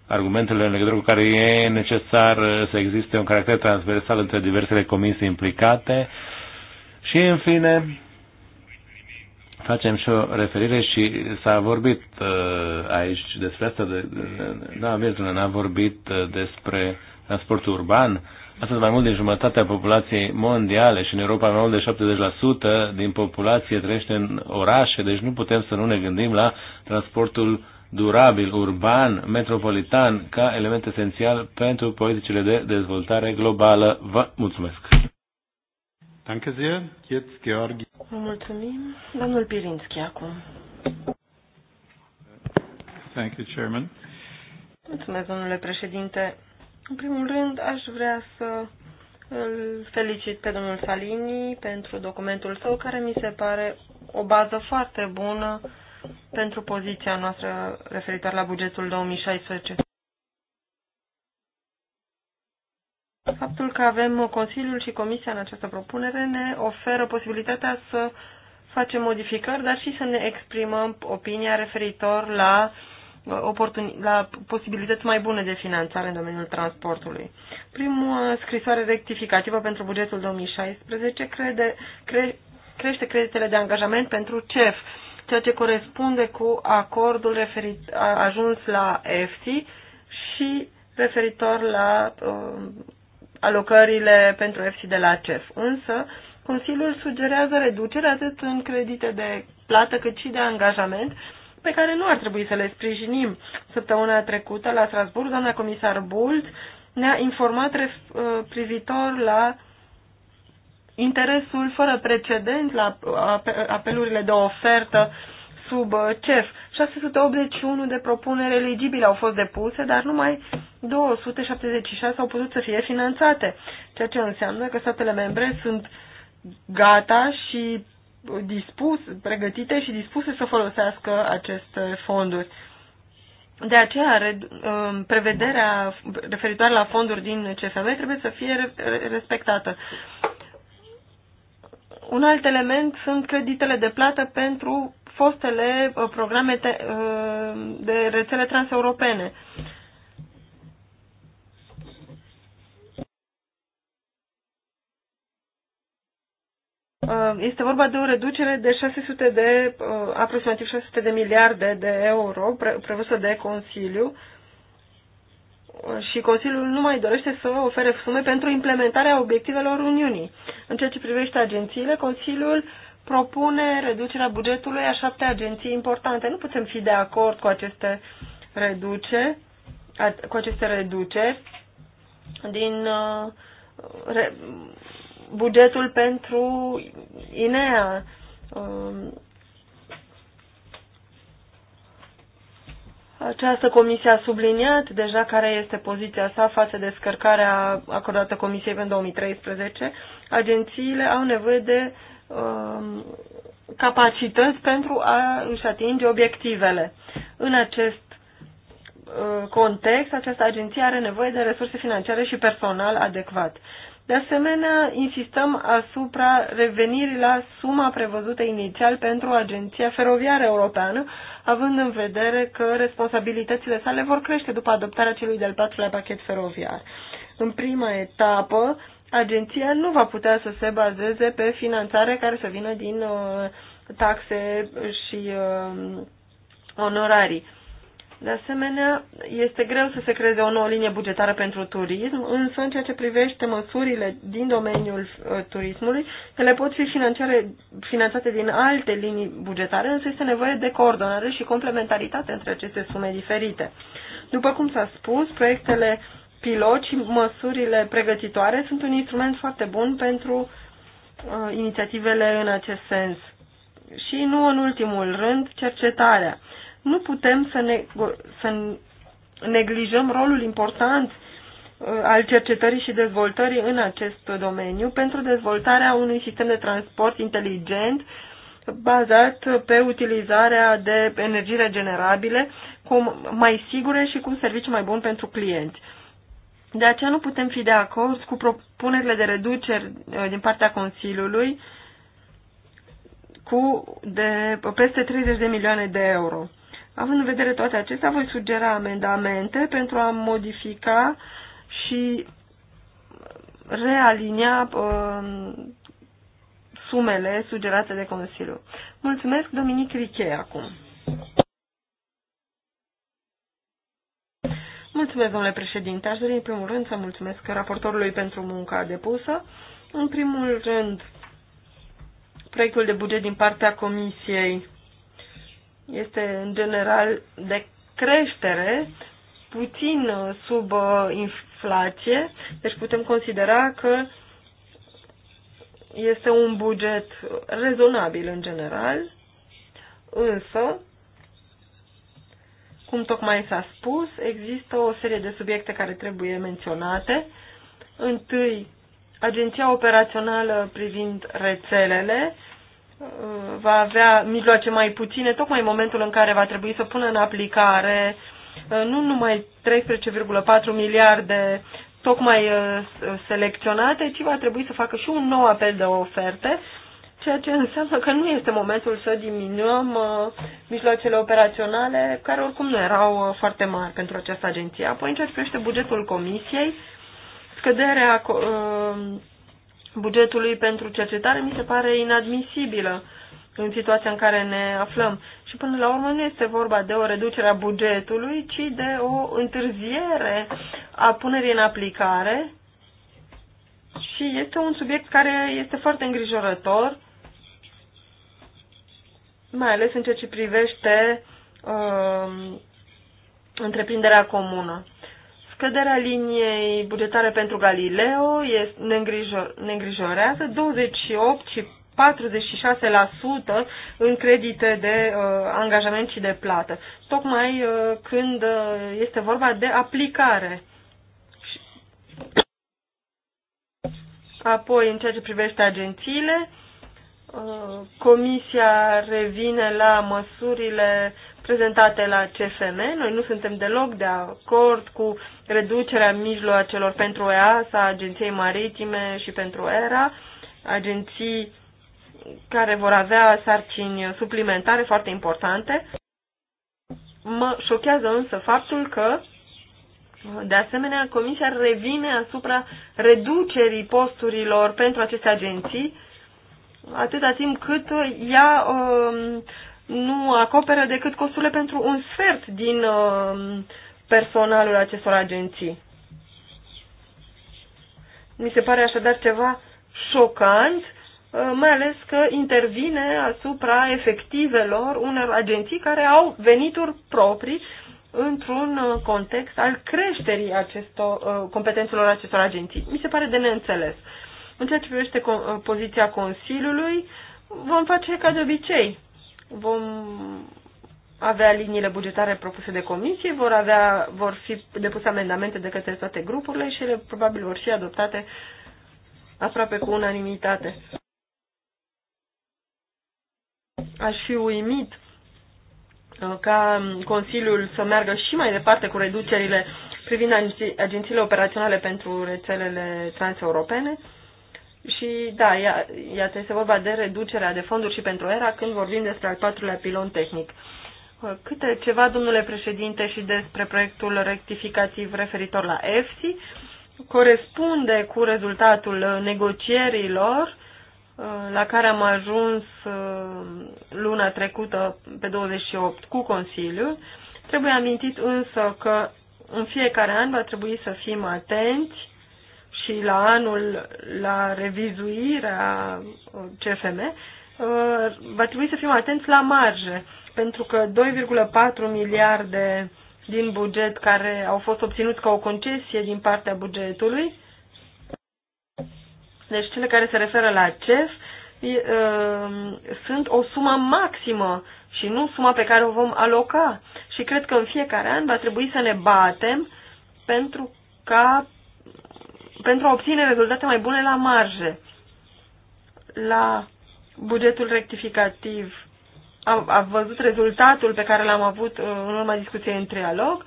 argumentele în legătură cu care e necesar să existe un caracter transversal între diversele comisii implicate. Și, în fine, facem și o referire și s-a vorbit uh, aici despre asta, de, da, Virgil, n-a vorbit uh, despre transportul urban Astăzi mai mult de jumătatea populației mondiale și în Europa mai mult de 70% din populație trăiește în orașe, deci nu putem să nu ne gândim la transportul durabil, urban, metropolitan, ca element esențial pentru politicile de dezvoltare globală. Vă mulțumesc! Danke sehr. Jetzt Georgi. Vă mulțumim. Domnul Pirinski acum. Thank you, Chairman. Mulțumesc, domnule președinte. În primul rând, aș vrea să îl felicit pe domnul Salini pentru documentul său, care mi se pare o bază foarte bună pentru poziția noastră referitor la bugetul 2016. Faptul că avem Consiliul și Comisia în această propunere ne oferă posibilitatea să facem modificări, dar și să ne exprimăm opinia referitor la uh, la posibilități mai bune de finanțare în domeniul transportului. Primul scrisoare rectificativă pentru bugetul 2016 crede, cre, crește creditele de angajament pentru CEF, ceea ce corespunde cu acordul referit, a, ajuns la EFSI și referitor la uh, alocările pentru EFSI de la CEF. Însă, Consiliul sugerează reducerea atât în credite de plată cât și de angajament, pe care nu ar trebui să le sprijinim. Săptămâna trecută, la Strasburg, doamna comisar Bult ne-a informat uh, privitor la interesul fără precedent la apelurile de ofertă sub uh, CEF. 681 de propuneri eligibile au fost depuse, dar numai 276 au putut să fie finanțate, ceea ce înseamnă că statele membre sunt gata și dispus, pregătite și dispuse să folosească aceste fonduri. De aceea, um, prevederea referitoare la fonduri din CFM trebuie să fie respectată. Un alt element sunt creditele de plată pentru fostele uh, programe uh, de rețele transeuropene. Uh, este vorba de o reducere de 600 de, uh, aproximativ 600 de miliarde de euro prevăzută de Consiliu și Consiliul nu mai dorește să ofere sume pentru implementarea obiectivelor Uniunii. În ceea ce privește agențiile, Consiliul propune reducerea bugetului a șapte agenții importante. Nu putem fi de acord cu aceste reduce, cu aceste reduceri din uh, bugetul pentru INEA. Um, această comisie a subliniat deja care este poziția sa față de scărcarea acordată comisiei în 2013. Agențiile au nevoie de um, capacități pentru a își atinge obiectivele. În acest uh, context, această agenție are nevoie de resurse financiare și personal adecvat. De asemenea, insistăm asupra revenirii la suma prevăzută inițial pentru Agenția Feroviară Europeană, având în vedere că responsabilitățile sale vor crește după adoptarea celui de-al patrulea pachet feroviar. În prima etapă, agenția nu va putea să se bazeze pe finanțare care să vină din uh, taxe și uh, onorarii de asemenea, este greu să se creeze o nouă linie bugetară pentru turism, însă în ceea ce privește măsurile din domeniul uh, turismului, ele pot fi finanțate din alte linii bugetare, însă este nevoie de coordonare și complementaritate între aceste sume diferite. După cum s-a spus, proiectele pilot și măsurile pregătitoare sunt un instrument foarte bun pentru uh, inițiativele în acest sens. Și nu în ultimul rând, cercetarea. Nu putem să, ne, să neglijăm rolul important uh, al cercetării și dezvoltării în acest domeniu pentru dezvoltarea unui sistem de transport inteligent bazat pe utilizarea de energii regenerabile cu mai sigure și cu un serviciu mai bun pentru clienți. De aceea nu putem fi de acord cu propunerile de reduceri uh, din partea Consiliului cu de peste 30 de milioane de euro. Având în vedere toate acestea, voi sugera amendamente pentru a modifica și realinia uh, sumele sugerate de Consiliu. Mulțumesc, Dominic Riche, acum. Mulțumesc, domnule președinte. Aș dori, în primul rând, să mulțumesc raportorului pentru munca depusă. În primul rând, proiectul de buget din partea Comisiei este în general de creștere, puțin uh, sub uh, inflație, deci putem considera că este un buget rezonabil în general, însă, cum tocmai s-a spus, există o serie de subiecte care trebuie menționate. Întâi, Agenția Operațională privind rețelele, va avea mijloace mai puține, tocmai în momentul în care va trebui să pună în aplicare uh, nu numai 13,4 miliarde tocmai uh, selecționate, ci va trebui să facă și un nou apel de oferte, ceea ce înseamnă că nu este momentul să diminuăm uh, mijloacele operaționale, care oricum nu erau foarte mari pentru această agenție. Apoi, în ceea ce privește bugetul comisiei, scăderea bugetului pentru cercetare mi se pare inadmisibilă în situația în care ne aflăm. Și până la urmă nu este vorba de o reducere a bugetului, ci de o întârziere a punerii în aplicare și este un subiect care este foarte îngrijorător, mai ales în ceea ce privește uh, întreprinderea comună. Scăderea liniei bugetare pentru Galileo este, ne, ne îngrijorează 28 și 46% în credite de uh, angajament și de plată, tocmai uh, când uh, este vorba de aplicare. Apoi, în ceea ce privește agențiile, uh, Comisia revine la măsurile prezentate la CFM. Noi nu suntem deloc de acord cu reducerea mijloacelor pentru EASA, Agenției Maritime și pentru ERA, agenții care vor avea sarcini suplimentare foarte importante. Mă șochează însă faptul că, de asemenea, Comisia revine asupra reducerii posturilor pentru aceste agenții atâta timp cât ea uh, nu acoperă decât costurile pentru un sfert din uh, personalul acestor agenții. Mi se pare așadar ceva șocant, uh, mai ales că intervine asupra efectivelor unor agenții care au venituri proprii într-un uh, context al creșterii acestor, competențelor acestor agenții. Mi se pare de neînțeles. În ceea ce privește poziția Consiliului, vom face ca de obicei vom avea liniile bugetare propuse de comisie, vor, avea, vor fi depuse amendamente de către toate grupurile și ele probabil vor fi adoptate aproape cu unanimitate. Aș fi uimit uh, ca Consiliul să meargă și mai departe cu reducerile privind agențiile operaționale pentru rețelele transeuropene. europene și da, iată, este vorba de reducerea de fonduri și pentru ERA când vorbim despre al patrulea pilon tehnic. Uh, câte ceva, domnule președinte, și despre proiectul rectificativ referitor la EFSI, corespunde cu rezultatul negocierilor uh, la care am ajuns uh, luna trecută pe 28 cu Consiliul. Trebuie amintit însă că în fiecare an va trebui să fim atenți și la anul, la revizuirea uh, CFM, uh, va trebui să fim atenți la marge, pentru că 2,4 miliarde din buget care au fost obținuți ca o concesie din partea bugetului, deci cele care se referă la CEF, uh, sunt o sumă maximă și nu suma pe care o vom aloca. Și cred că în fiecare an va trebui să ne batem pentru ca pentru a obține rezultate mai bune la marge. La bugetul rectificativ a, a văzut rezultatul pe care l-am avut uh, în urma discuției în trialog,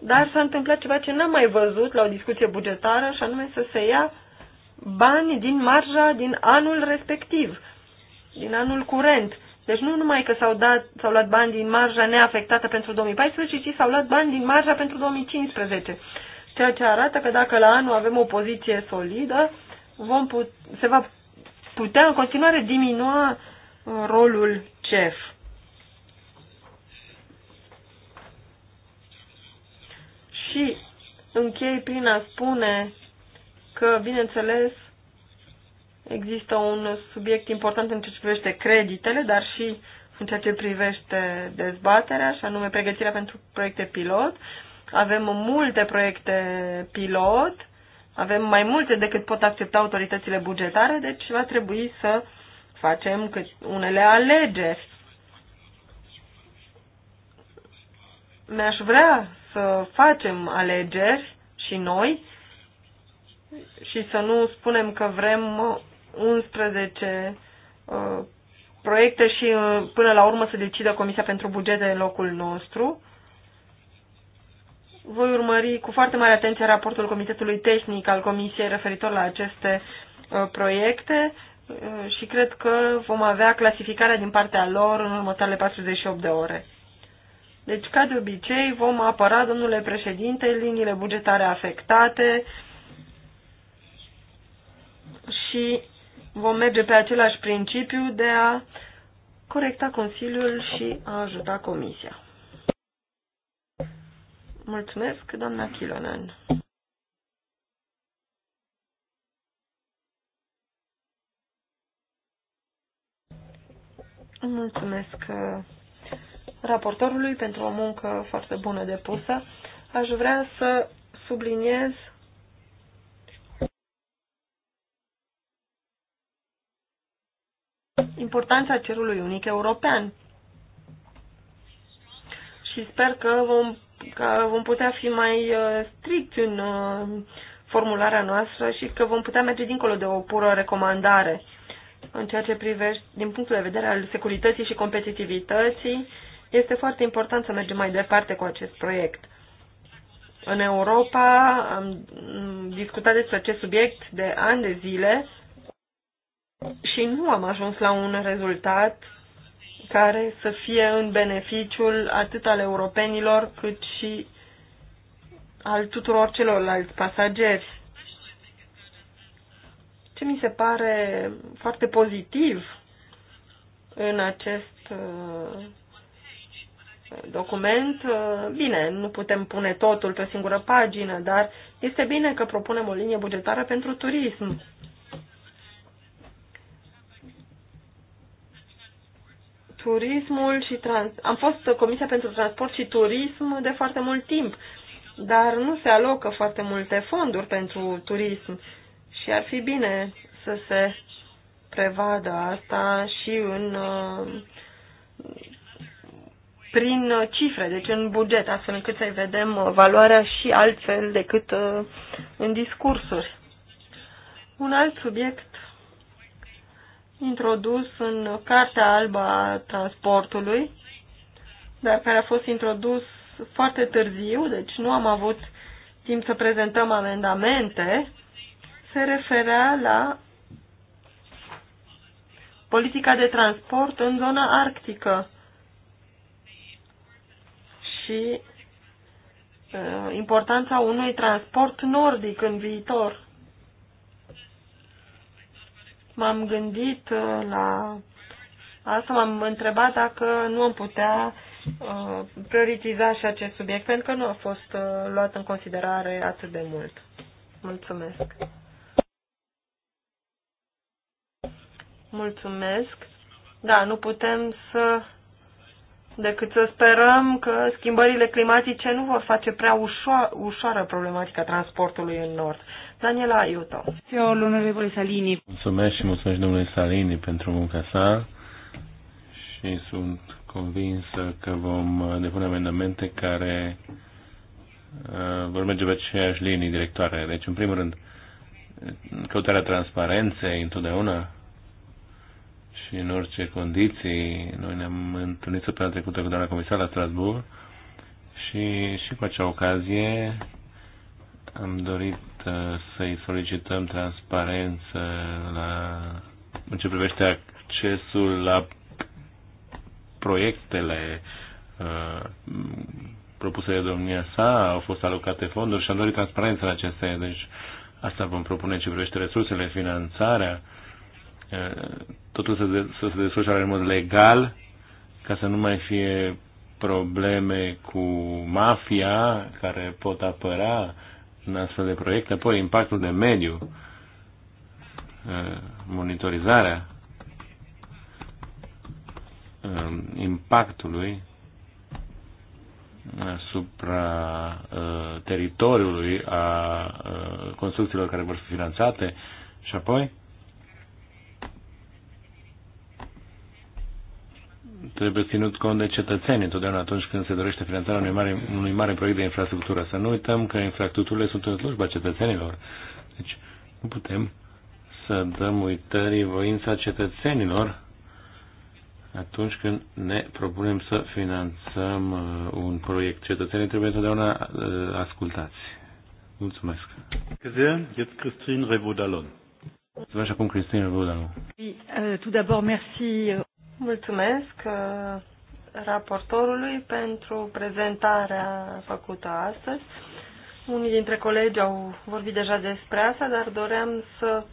dar s-a întâmplat ceva ce n-am mai văzut la o discuție bugetară, și anume să se ia bani din marja din anul respectiv, din anul curent. Deci nu numai că s-au, dat, s-au luat bani din marja neafectată pentru 2014, ci s-au luat bani din marja pentru 2015 ceea ce arată că dacă la anul avem o poziție solidă, vom put, se va putea în continuare diminua uh, rolul CEF. Și închei prin a spune că, bineînțeles, există un subiect important în ceea ce privește creditele, dar și în ceea ce privește dezbaterea, și anume pregătirea pentru proiecte pilot. Uh, avem multe proiecte pilot, avem mai multe decât pot accepta autoritățile bugetare, deci va trebui să facem cât unele alegeri. Mi-aș vrea să facem alegeri și noi și să nu spunem că vrem 11 uh, proiecte și uh, până la urmă să decidă Comisia pentru Bugete în locul nostru voi urmări cu foarte mare atenție raportul Comitetului Tehnic al Comisiei referitor la aceste uh, proiecte uh, și cred că vom avea clasificarea din partea lor în următoarele 48 de ore. Deci, ca de obicei, vom apăra, domnule președinte, liniile bugetare afectate și vom merge pe același principiu de a corecta Consiliul și a ajuta Comisia. Mulțumesc, doamna Chilonen. Mulțumesc uh, raportorului pentru o muncă foarte bună depusă. Aș vrea să subliniez importanța cerului unic european. Și sper că vom că vom putea fi mai uh, strict în uh, formularea noastră și că vom putea merge dincolo de o pură recomandare în ceea ce privește, din punctul de vedere al securității și competitivității, este foarte important să mergem mai departe cu acest proiect. În Europa am discutat despre acest subiect de ani de zile și nu am ajuns la un rezultat care să fie în beneficiul atât al europenilor cât și al tuturor celorlalți pasageri. Ce mi se pare foarte pozitiv în acest uh, document, uh, bine, nu putem pune totul pe o singură pagină, dar este bine că propunem o linie bugetară pentru turism turismul și trans... am fost Comisia pentru Transport și Turism de foarte mult timp, dar nu se alocă foarte multe fonduri pentru turism și ar fi bine să se prevadă asta și în uh, prin cifre, deci în buget, astfel încât să-i vedem uh, valoarea și altfel decât uh, în discursuri. Un alt subiect introdus în Cartea Albă a Transportului, dar care a fost introdus foarte târziu, deci nu am avut timp să prezentăm amendamente, se referea la politica de transport în zona arctică și uh, importanța unui transport nordic în viitor m-am gândit uh, la asta, m-am întrebat dacă nu am putea uh, prioritiza și acest subiect, pentru că nu a fost uh, luat în considerare atât de mult. Mulțumesc. Mulțumesc. Da, nu putem să decât să sperăm că schimbările climatice nu vor face prea ușoară, problematica transportului în nord. Daniela Aiuto. Eu, l'onorevole Salini. Mulțumesc și mulțumesc domnului Salini pentru munca sa și sunt convins că vom depune amendamente care uh, vor merge pe aceeași linii directoare. Deci, în primul rând, căutarea transparenței întotdeauna și în orice condiții. Noi ne-am întâlnit săptămâna trecută cu doamna comisar la Strasbourg și, și cu acea ocazie am dorit Uh, să-i solicităm transparență la, în ce privește accesul la proiectele uh, propuse de domnia sa, au fost alocate fonduri și am dorit transparență la acestea. Deci asta vom propune în ce privește resursele, finanțarea, uh, totul să, de, să se desfășoare în mod legal, ca să nu mai fie probleme cu mafia care pot apăra în astfel de proiecte, apoi impactul de mediu, uh, monitorizarea um, impactului asupra uh, teritoriului a uh, construcțiilor care vor fi finanțate și apoi trebuie ținut cont de cetățeni întotdeauna atunci când se dorește finanțarea unui mare, unui mare proiect de infrastructură. Să nu uităm că infrastructurile sunt în slujba cetățenilor. Deci nu putem să dăm uitării voința cetățenilor atunci când ne propunem să finanțăm uh, un proiect. Cetățenii trebuie întotdeauna uh, ascultați. Mulțumesc. Mulțumesc. Mulțumesc. Mulțumesc. Mulțumesc acum Mulțumesc. Mulțumesc. Oui, euh, tout d'abord merci euh, Mulțumesc uh, raportorului pentru prezentarea făcută astăzi. Unii dintre colegi au vorbit deja despre asta, dar doream să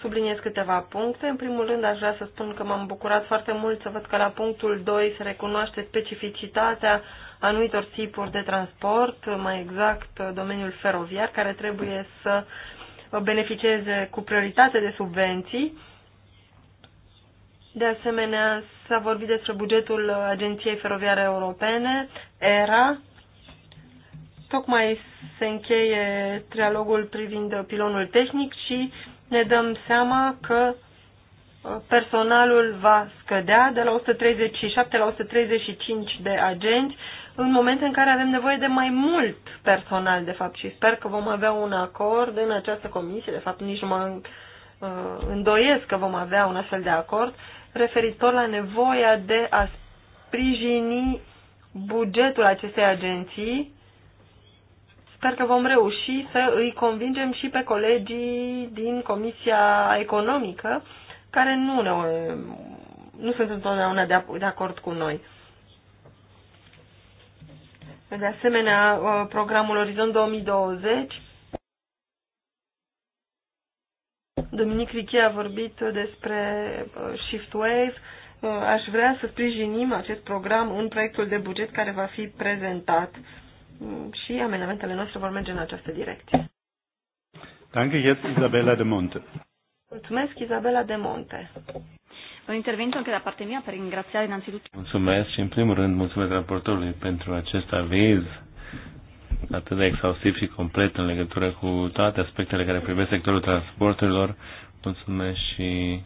subliniez câteva puncte. În primul rând, aș vrea să spun că m-am bucurat foarte mult să văd că la punctul 2 se recunoaște specificitatea anumitor tipuri de transport, mai exact domeniul feroviar, care trebuie să beneficieze cu prioritate de subvenții de asemenea, s-a vorbit despre bugetul Agenției Feroviare Europene, ERA. Tocmai se încheie trialogul privind pilonul tehnic și ne dăm seama că uh, personalul va scădea de la 137 la 135 de agenți în moment în care avem nevoie de mai mult personal, de fapt, și sper că vom avea un acord în această comisie, de fapt nici nu mă uh, îndoiesc că vom avea un astfel de acord, referitor la nevoia de a sprijini bugetul acestei agenții. Sper că vom reuși să îi convingem și pe colegii din Comisia Economică, care nu, ne, nu sunt întotdeauna de, de acord cu noi. De asemenea, uh, programul Orizont 2020 Dominic Riche a vorbit despre uh, Shift Wave. Uh, aș vrea să sprijinim acest program în proiectul de buget care va fi prezentat mm, și amendamentele noastre vor merge în această direcție. Danke, jetzt Isabella de Monte. Mulțumesc, Isabella de Monte. Un intervento mea pentru a mia înainte de innanzitutto. Mulțumesc și în primul rând mulțumesc raportorului pentru acest aviz atât de exhaustiv și complet în legătură cu toate aspectele care privesc sectorul transporturilor. Mulțumesc și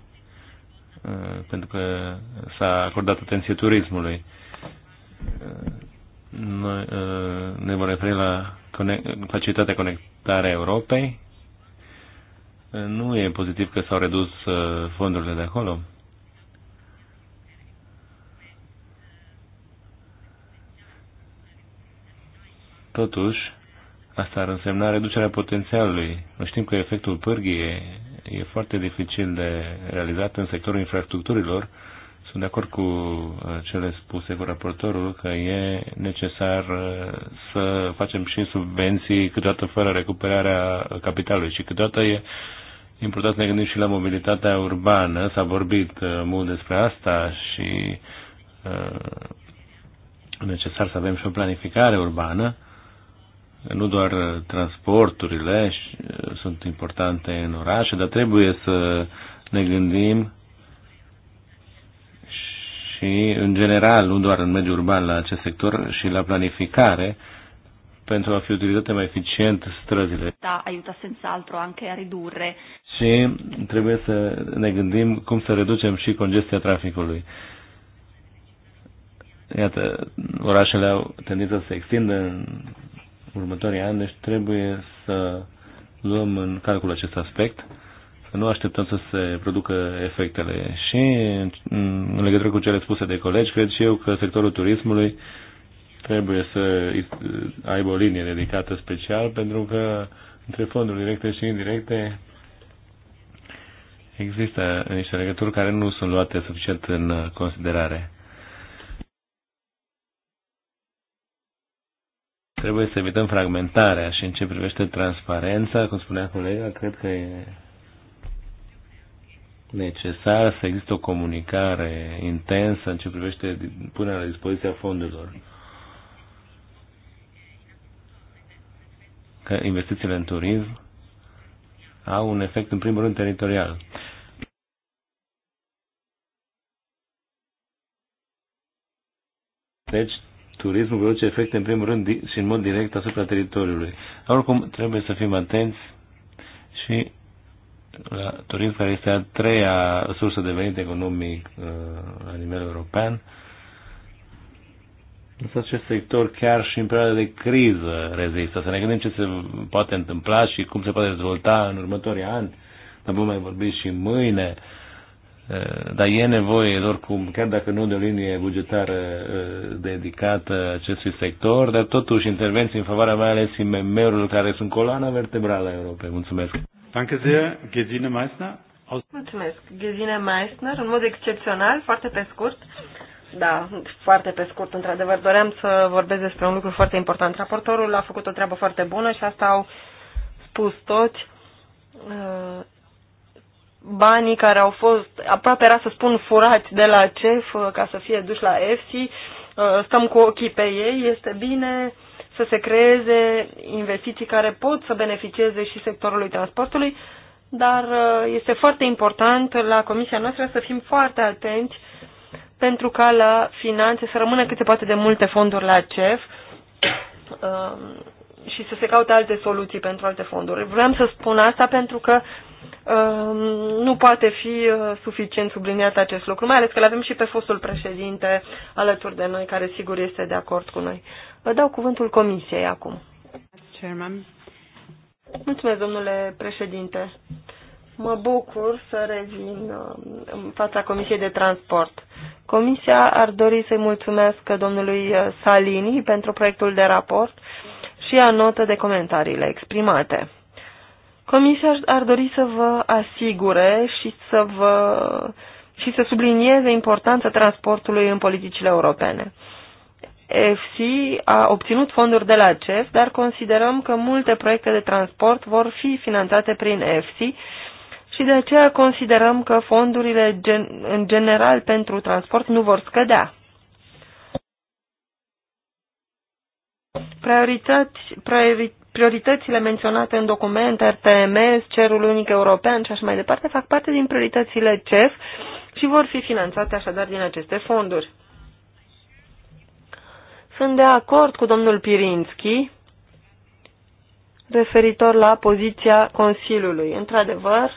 uh, pentru că s-a acordat atenție turismului. Uh, noi uh, ne vom referi la conect, facilitatea a Europei. Nu e pozitiv că s-au redus fondurile de acolo. Totuși, asta ar însemna reducerea potențialului. Nu știm că efectul pârghie e foarte dificil de realizat în sectorul infrastructurilor. Sunt de acord cu uh, cele spuse cu raportorul că e necesar uh, să facem și subvenții câteodată fără recuperarea capitalului și câteodată e important să ne gândim și la mobilitatea urbană. S-a vorbit uh, mult despre asta și necesar să avem și o planificare urbană nu doar transporturile uh, sunt importante în orașe, dar trebuie să ne gândim și în general, nu doar în mediul urban la acest sector, și la planificare pentru a fi utilizate mai eficient străzile. Da, ajută senz'altro anche a ridurre. Și trebuie să ne gândim cum să reducem și congestia traficului. Iată, orașele au tendința să se extindă în următorii ani, deci trebuie să luăm în calcul acest aspect, să nu așteptăm să se producă efectele. Și în legătură cu cele spuse de colegi, cred și eu că sectorul turismului trebuie să aibă o linie dedicată special, pentru că între fonduri directe și indirecte există niște legături care nu sunt luate suficient în considerare. Trebuie să evităm fragmentarea și în ce privește transparența, cum spunea colega, cred că e necesar să există o comunicare intensă în ce privește punerea la dispoziția fondurilor. Că investițiile în turism au un efect în primul rând teritorial. Deci turismul produce efecte în primul rând și în mod direct asupra teritoriului. Oricum, trebuie să fim atenți și la turism, care este a treia sursă de venit economic uh, la nivel european. Însă acest sector chiar și în perioada de criză rezistă. Să ne gândim ce se poate întâmpla și cum se poate dezvolta în următorii ani. Dar vom mai vorbi și mâine. Uh, Eh, dar e nevoie, oricum, chiar dacă nu de o linie bugetară eh, dedicată acestui sector, dar totuși intervenții în favoarea mai ales IMM-urilor care sunt coloana vertebrală a Europei. Mulțumesc! Danke sehr, Gesine Meissner. Mulțumesc, Gesine Meissner, în mod excepțional, foarte pe scurt. Da, foarte pe scurt, într-adevăr, doream să vorbesc despre un lucru foarte important. Raportorul a făcut o treabă foarte bună și asta au spus toți eh, banii care au fost, aproape era să spun, furați de la CEF uh, ca să fie duși la EFSI, uh, stăm cu ochii pe ei, este bine să se creeze investiții care pot să beneficieze și sectorului transportului, dar uh, este foarte important la comisia noastră să fim foarte atenți pentru ca la finanțe să rămână cât se poate de multe fonduri la CEF și să se caute alte soluții pentru alte fonduri. Vreau să spun asta pentru că Ehm, nu poate fi uh, suficient subliniat acest lucru, mai ales că l-avem și pe fostul președinte alături de noi, care sigur este de acord cu noi. Vă dau cuvântul comisiei acum. Chairman. Mulțumesc, domnule președinte. Mă bucur să revin uh, în fața Comisiei de Transport. Comisia ar dori să-i mulțumesc domnului uh, Salini pentru proiectul de raport și anotă de comentariile exprimate. Comisia ar dori să vă asigure și să vă și să sublinieze importanța transportului în politicile europene. EFC a obținut fonduri de la CEF, dar considerăm că multe proiecte de transport vor fi finanțate prin EFC și de aceea considerăm că fondurile gen, în general pentru transport nu vor scădea. Priorități, priori, Prioritățile menționate în document, RTMS, Cerul Unic European și așa mai departe, fac parte din prioritățile CEF și vor fi finanțate așadar din aceste fonduri. Sunt de acord cu domnul Pirinski referitor la poziția Consiliului. Într-adevăr,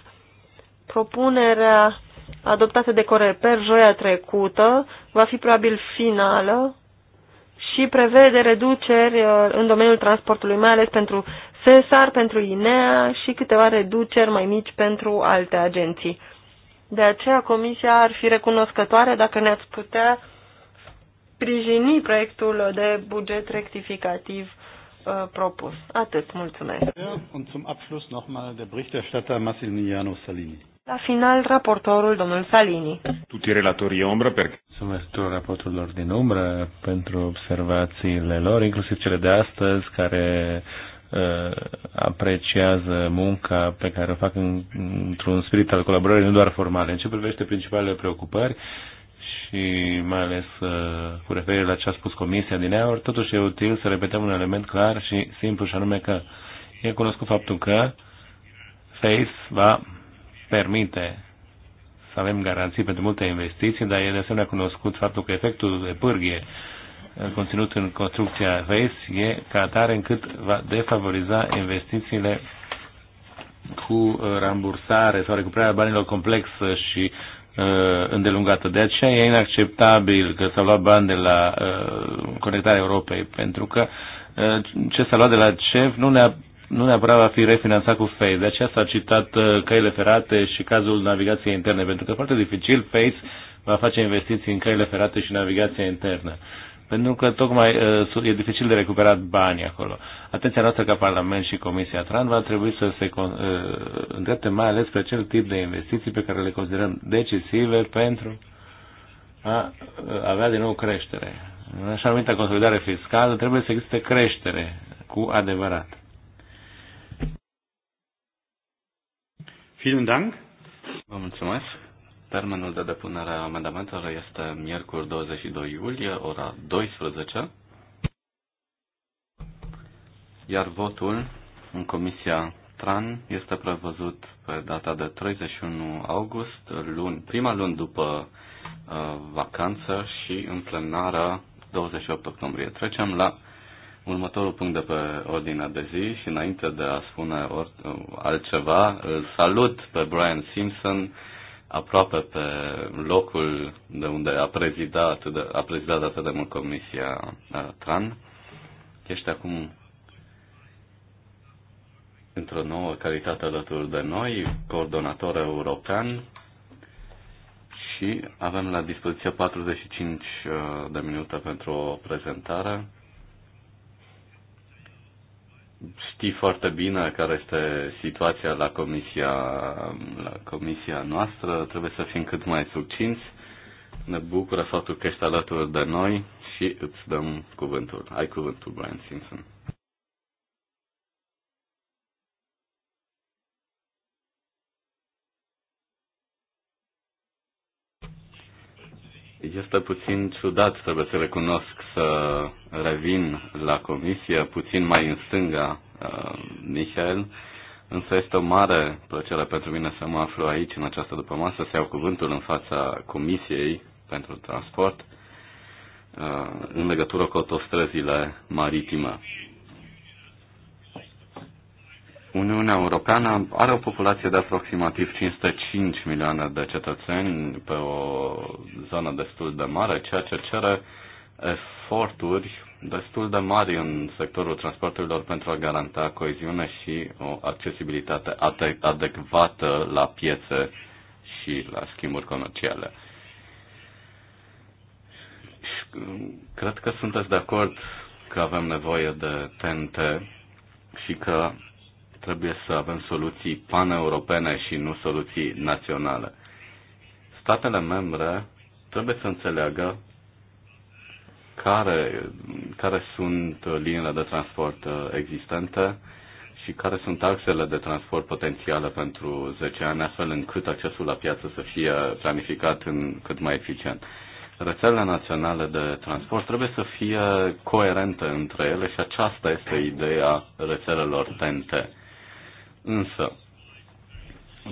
propunerea adoptată de Coreper joia trecută va fi probabil finală și prevede reduceri uh, în domeniul transportului, mai ales pentru SESAR, pentru INEA și câteva reduceri mai mici pentru alte agenții. De aceea, Comisia ar fi recunoscătoare dacă ne-ați putea sprijini proiectul de buget rectificativ uh, propus. Atât, mulțumesc. Und zum Abschluss nochmal der Berichterstatter Massimiliano Salini. La final, raportorul, domnul Salini. Tutti relatori ombra perché... Mulțumesc tuturor raporturilor din umbră pentru observațiile lor, inclusiv cele de astăzi, care uh, apreciază munca pe care o fac în, într-un spirit al colaborării, nu doar formale. În ce privește principalele preocupări și mai ales uh, cu referire la ce a spus Comisia din aur, totuși e util să repetăm un element clar și simplu, și anume că e cunoscut faptul că FACE va permite să avem garanții pentru multe investiții, dar e de asemenea cunoscut faptul că efectul de pârghie uh, conținut în construcția RES e ca atare încât va defavoriza investițiile cu uh, rambursare sau recuperarea banilor complexă și uh, îndelungată. De aceea e inacceptabil că s-au luat bani de la uh, Conectarea Europei, pentru că uh, ce s-a luat de la CEF nu ne-a nu neapărat va fi refinanțat cu FACE. De aceea s-a citat uh, căile ferate și cazul navigației interne, pentru că foarte dificil FACE va face investiții în căile ferate și navigația internă. Pentru că tocmai uh, e dificil de recuperat banii acolo. Atenția noastră ca Parlament și Comisia Tran va trebui să se uh, îndrepte mai ales pe acel tip de investiții pe care le considerăm decisive pentru a avea din nou creștere. În așa numită consolidare fiscală trebuie să existe creștere cu adevărat. Vielen Dank. Vă mulțumesc. Termenul de depunere a amendamentelor este miercuri 22 iulie, ora 12. Iar votul în Comisia TRAN este prevăzut pe data de 31 august, luni, prima luni după uh, vacanță și în plenară 28 octombrie. Trecem la Următorul punct de pe ordinea de zi și înainte de a spune or, altceva, îl salut pe Brian Simpson, aproape pe locul de unde a prezidat de, a prezidat atât de mult Comisia uh, TRAN. Ești acum într-o nouă calitate alături de noi, coordonator european și avem la dispoziție 45 uh, de minute pentru o prezentare știi foarte bine care este situația la comisia, la comisia noastră. Trebuie să fim cât mai succinți. Ne bucură faptul că ești alături de noi și îți dăm cuvântul. Ai cuvântul, Brian Simpson. Este puțin ciudat, trebuie să recunosc, să revin la comisie, puțin mai în stânga, uh, Michel, însă este o mare plăcere pentru mine să mă aflu aici, în această dupămasă, să iau cuvântul în fața comisiei pentru transport uh, în legătură cu autostrăzile maritime. Uniunea Europeană are o populație de aproximativ 505 milioane de cetățeni pe o zonă destul de mare, ceea ce cere eforturi destul de mari în sectorul transporturilor pentru a garanta coeziune și o accesibilitate adecvată la piețe și la schimburi comerciale. Cred că sunteți de acord că avem nevoie de TNT și că trebuie să avem soluții paneuropene și nu soluții naționale. Statele membre trebuie să înțeleagă care, care sunt liniile de transport uh, existente și care sunt axele de transport potențiale pentru 10 ani, astfel încât accesul la piață să fie planificat în cât mai eficient. Rețelele naționale de transport trebuie să fie coerente între ele și aceasta este ideea rețelelor TNT. Însă,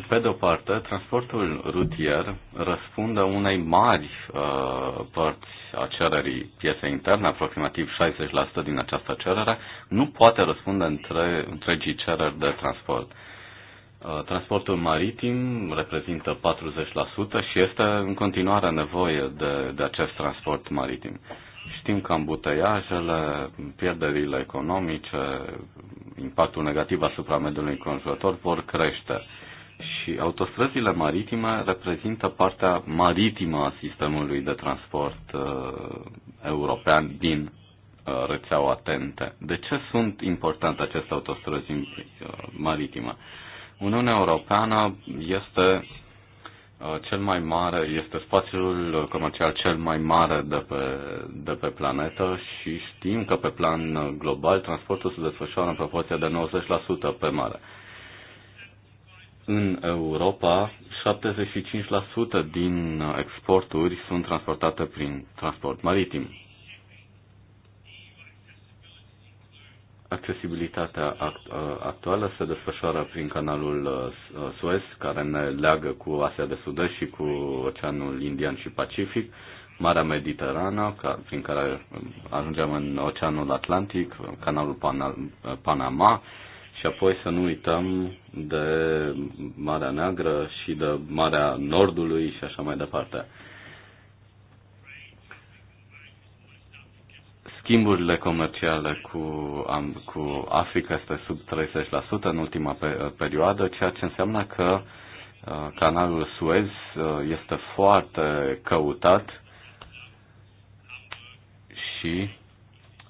pe de-o parte, transportul rutier răspunde unei mari uh, părți a cererii pieței interne, aproximativ 60% din această cerere, nu poate răspunde între, întregii cereri de transport. Uh, transportul maritim reprezintă 40% și este în continuare nevoie de, de acest transport maritim. Uh, Știm că ambuteiajele, pierderile economice, impactul negativ asupra mediului înconjurător vor crește. Și autostrăzile maritime reprezintă partea maritimă a sistemului de transport uh, european din uh, rețeaua atente. De ce sunt importante aceste autostrăzi uh, maritime? Uniunea Europeană este Uh, cel mai mare, este spațiul comercial cel mai mare de pe, de pe planetă și știm că pe plan global transportul se desfășoară în proporție de 90% pe mare. În Europa, 75% din exporturi sunt transportate prin transport maritim. Accesibilitatea uh, actuală se desfășoară prin canalul uh, Suez, care ne leagă cu Asia de Sud-Est și cu Oceanul Indian și Pacific, Marea Mediterană, prin care um, ajungem în Oceanul Atlantic, canalul uh, Panama, și apoi să nu uităm de Marea Neagră și de Marea Nordului și așa mai departe. schimburile comerciale cu, am, cu Africa este sub 30% în ultima pe, uh, perioadă, ceea ce înseamnă că uh, canalul Suez uh, este foarte căutat și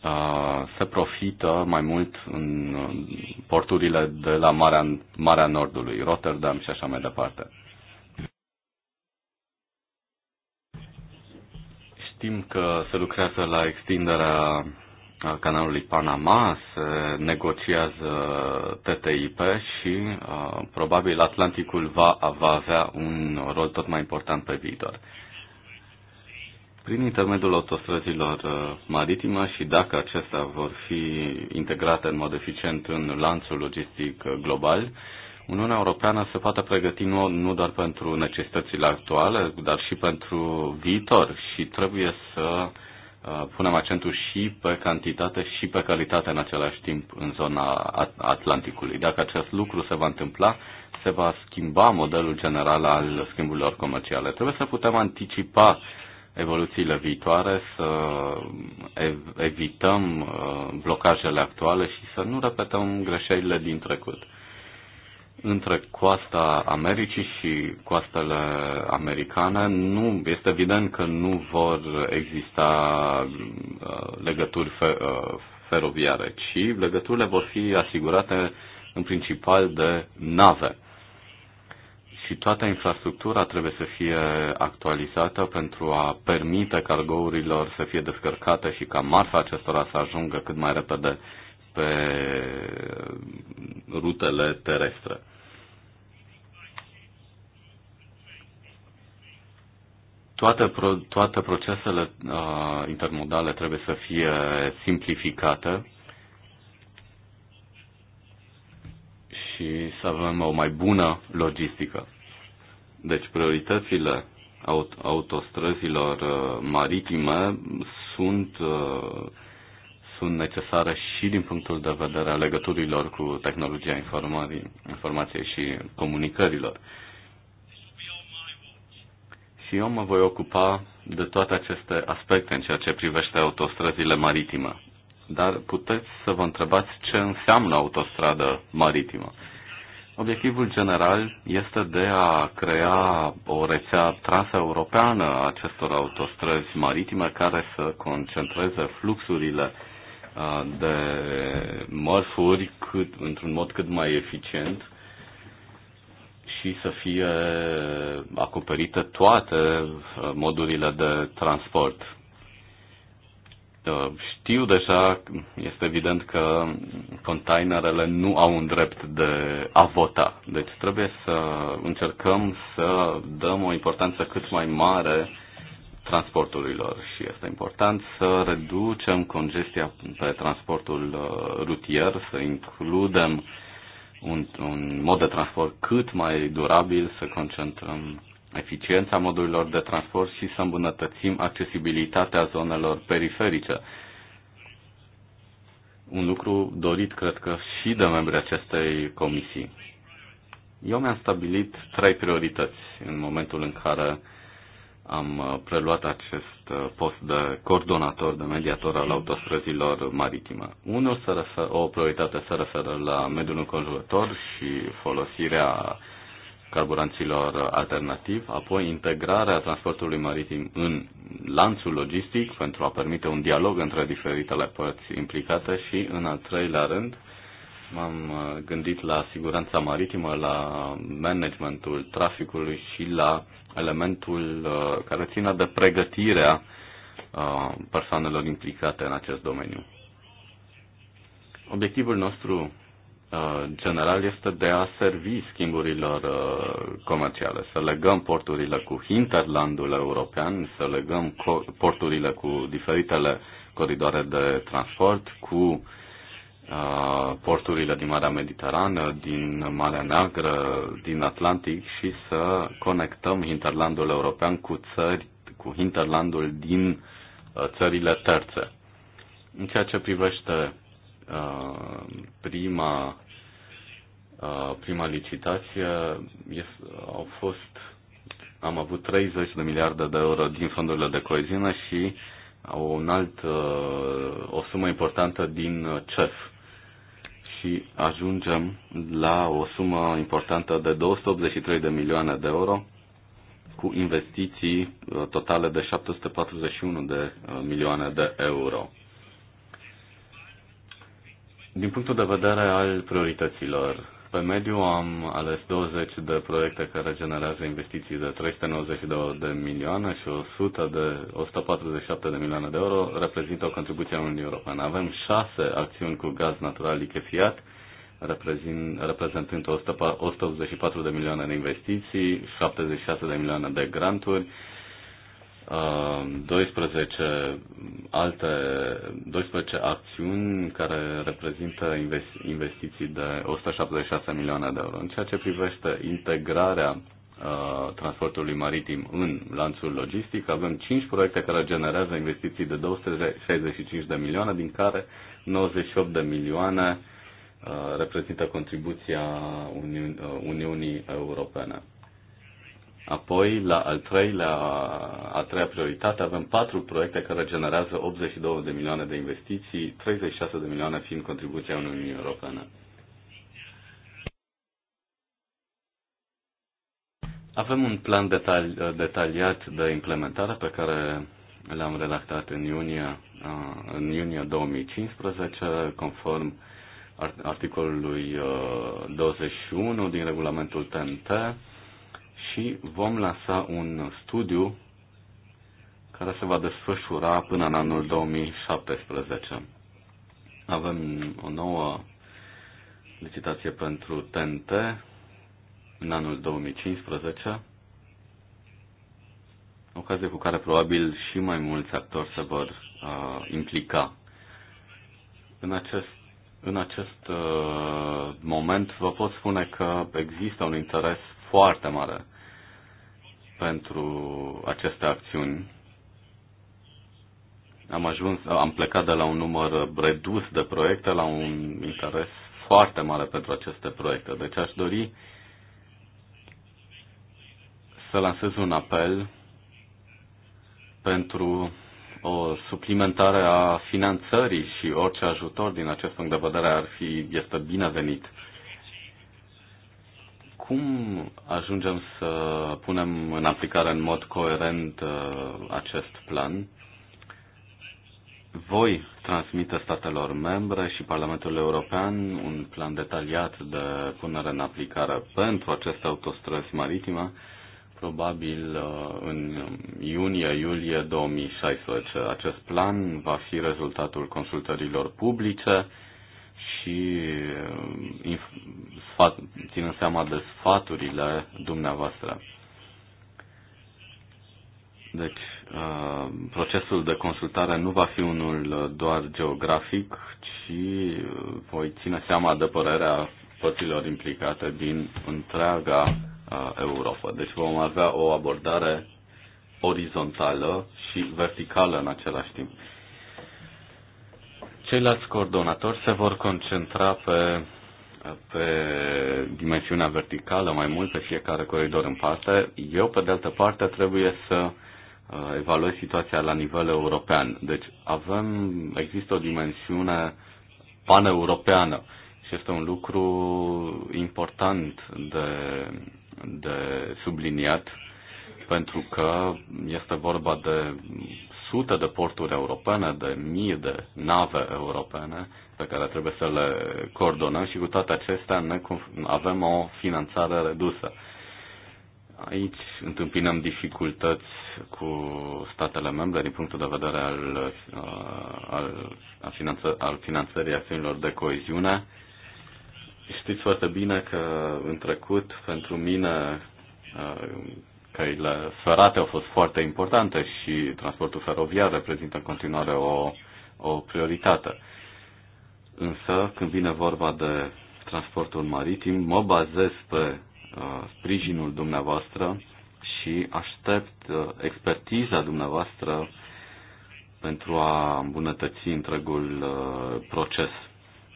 uh, se profită mai mult în uh, porturile de la Marea, Marea Nordului, Rotterdam și așa mai departe. Știm că se lucrează la extinderea canalului Panama, se negociază TTIP și probabil Atlanticul va, va avea un rol tot mai important pe viitor. Prin intermediul autostrăzilor maritime și dacă acestea vor fi integrate în mod eficient în lanțul logistic global, Uniunea Europeană se poate pregăti nu, nu doar pentru necesitățile actuale, dar și pentru viitor și trebuie să uh, punem accentul și pe cantitate și pe calitate în același timp în zona Atlanticului. Dacă acest lucru se va întâmpla, se va schimba modelul general al schimburilor comerciale. Trebuie să putem anticipa evoluțiile viitoare, să evităm uh, blocajele actuale și să nu repetăm greșelile din trecut între coasta Americii și coastele americane, nu este evident că nu vor exista uh, legături uh, feroviare, ci legăturile vor fi asigurate în principal de nave. Și toată infrastructura trebuie să fie actualizată pentru a permite cargourilor să fie descărcate și ca marfa acestora să ajungă cât mai repede uh, pe rutele terestre. Toate, pro, toate procesele uh, intermodale trebuie să fie simplificate și să avem o mai bună logistică. Deci prioritățile autostrăzilor uh, maritime sunt uh, sunt necesare și din punctul de vedere a legăturilor cu tehnologia informării, informației și comunicărilor. Și eu mă voi ocupa de toate aceste aspecte în ceea ce privește autostrăzile maritime. Dar puteți să vă întrebați ce înseamnă autostradă maritimă. Obiectivul general este de a crea o rețea transeuropeană a acestor autostrăzi maritime care să concentreze fluxurile de mărfuri cât, într-un mod cât mai eficient și să fie acoperite toate modurile de transport. Știu deja, este evident că containerele nu au un drept de a vota. Deci trebuie să încercăm să dăm o importanță cât mai mare transporturilor și este important să reducem congestia pe transportul uh, rutier, să includem un, un mod de transport cât mai durabil, să concentrăm eficiența modurilor de transport și să îmbunătățim accesibilitatea zonelor periferice. Un lucru dorit, cred că, și de membrii acestei comisii. Eu mi-am stabilit trei priorități în momentul în care am uh, preluat acest uh, post de coordonator, de mediator al autostrăzilor maritime. Unul se refer, o prioritate se referă la mediul înconjurător și folosirea carburanților alternativ, apoi integrarea transportului maritim în lanțul logistic pentru a permite un dialog între diferitele părți implicate și, în al treilea rând, M-am uh, gândit la siguranța maritimă, la managementul traficului și la elementul uh, care ține de pregătirea uh, persoanelor implicate în acest domeniu. Obiectivul nostru general este de a servi schimburilor comerciale, să legăm porturile cu hinterlandul european, să legăm porturile cu diferitele coridoare de transport, cu porturile din Marea Mediterană, din Marea Neagră, din Atlantic și să conectăm hinterlandul european cu țări, cu hinterlandul din țările terțe. În ceea ce privește prima, prima licitație, au fost, am avut 30 de miliarde de euro din fondurile de coeziune și au un alt, o sumă importantă din CEF și ajungem la o sumă importantă de 283 de milioane de euro cu investiții uh, totale de 741 de uh, milioane de euro. Din punctul de vedere al priorităților pe mediu am ales 20 de proiecte care generează investiții de 392 de milioane și 100 de, 147 de milioane de euro reprezintă o contribuție a Uniunii Europene. Avem 6 acțiuni cu gaz natural lichefiat, reprezentând 184 de milioane de investiții, 76 de milioane de granturi, 12 alte 12 acțiuni care reprezintă investiții de 176 milioane de euro. În ceea ce privește integrarea uh, transportului maritim în lanțul logistic, avem 5 proiecte care generează investiții de 265 de milioane, din care 98 de milioane uh, reprezintă contribuția uh, Uniunii Europene. Apoi, la al treilea, a treia prioritate, avem patru proiecte care generează 82 de milioane de investiții, 36 de milioane fiind contribuția Uniunii Europene. Avem un plan detali- detaliat de implementare pe care l-am redactat în iunie, în iunie 2015, conform articolului 21 din regulamentul TNT și vom lansa un studiu care se va desfășura până în anul 2017. Avem o nouă licitație pentru TNT în anul 2015, ocazie cu care probabil și mai mulți actori se vor uh, implica. În acest, în acest uh, moment vă pot spune că există un interes foarte mare pentru aceste acțiuni. Am ajuns, am plecat de la un număr redus de proiecte la un interes foarte mare pentru aceste proiecte. Deci aș dori să lansez un apel pentru o suplimentare a finanțării și orice ajutor din acest punct de vedere ar fi, este binevenit cum ajungem să punem în aplicare în mod coerent uh, acest plan? Voi transmite statelor membre și Parlamentul European un plan detaliat de punere în aplicare pentru aceste autostrăzi maritime, probabil uh, în iunie-iulie 2016. Acest plan va fi rezultatul consultărilor publice, și uh, sfat, ținând seama de sfaturile dumneavoastră. Deci, uh, procesul de consultare nu va fi unul doar geografic, ci uh, voi ține seama de părerea părților implicate din întreaga Europa. Deci vom avea o abordare orizontală și verticală în același timp. Ceilalți coordonatori se vor concentra pe, pe dimensiunea verticală mai mult, pe fiecare coridor în parte. Eu, pe de altă parte, trebuie să uh, evaluez situația la nivel european. Deci avem, există o dimensiune paneuropeană și este un lucru important de, de subliniat pentru că este vorba de sute de porturi europene, de mii de nave europene pe care trebuie să le coordonăm și cu toate acestea ne avem o finanțare redusă. Aici întâmpinăm dificultăți cu statele membre din punctul de vedere al, uh, al, al, finanță, al finanțării acțiunilor de coeziune. Știți foarte bine că în trecut, pentru mine, uh, căile ferate au fost foarte importante și transportul feroviar reprezintă în continuare o, o prioritate. Însă, când vine vorba de transportul maritim, mă bazez pe uh, sprijinul dumneavoastră și aștept uh, expertiza dumneavoastră pentru a îmbunătăți întregul uh, proces,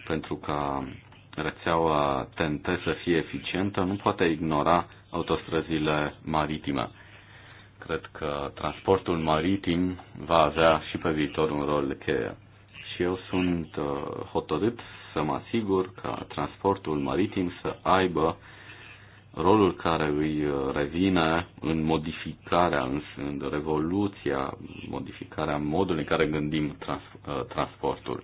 pentru ca rețeaua TNT să fie eficientă, nu poate ignora autostrăzile maritime. Cred că transportul maritim va avea și pe viitor un rol cheie. Și eu sunt uh, hotărât să mă asigur că transportul maritim să aibă rolul care îi uh, revine în modificarea, în, în revoluția, modificarea modului în care gândim trans, uh, transportul.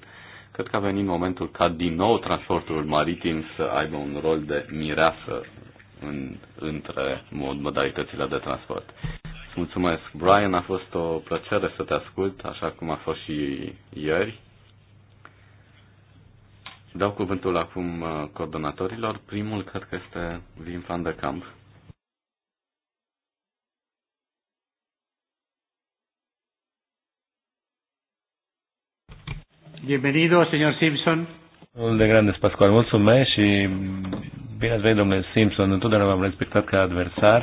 Cred că a venit momentul ca din nou transportul maritim să aibă un rol de mireasă în, între mod modalitățile de transport. Îți mulțumesc, Brian, a fost o plăcere să te ascult, așa cum a fost și ieri. Dau cuvântul acum uh, coordonatorilor. Primul cred că este Vin Van de Camp. Bienvenido, señor Simpson. Un de Grande Pascual, mulțumesc și Bine ați venit, domnule Simpson. Întotdeauna v-am respectat ca adversar,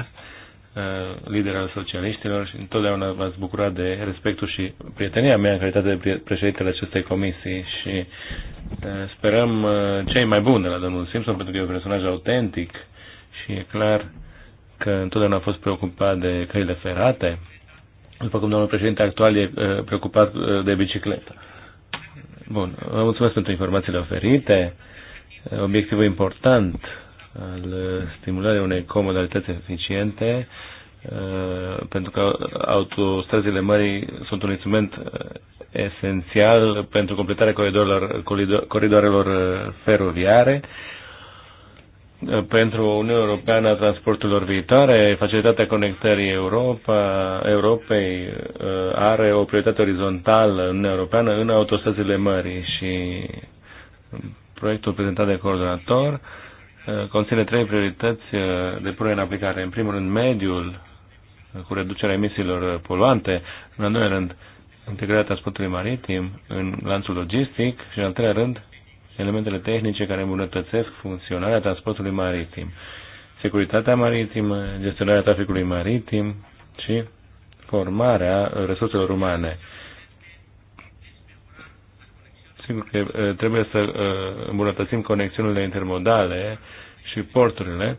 uh, lider al socialiștilor și întotdeauna v-ați bucurat de respectul și prietenia mea în calitate de președintele acestei comisii și uh, sperăm uh, cei mai buni de la domnul Simpson pentru că e un personaj autentic și e clar că întotdeauna a fost preocupat de căile ferate, după cum domnul președinte actual e preocupat de bicicletă. Bun, vă mulțumesc pentru informațiile oferite obiectivul important al stimulării unei comodalități eficiente, uh, pentru că autostrăzile mării sunt un instrument uh, esențial pentru completarea coridorilor coridoarelor uh, feroviare, pentru Uniunea Europeană a transporturilor viitoare, facilitatea conectării Europa, Europei are o prioritate orizontală în Uniunea Europeană în autostrăzile mării și proiectul prezentat de coordonator Eh, conține trei priorități eh, de pune în aplicare. În primul rând, mediul eh, cu reducerea emisiilor poluante, în al doilea rând, integrarea transportului maritim în lanțul logistic și, în al treilea rând, elementele tehnice care îmbunătățesc funcționarea transportului maritim, securitatea maritimă, gestionarea traficului maritim și formarea resurselor umane sigur că trebuie să îmbunătățim conexiunile intermodale și porturile.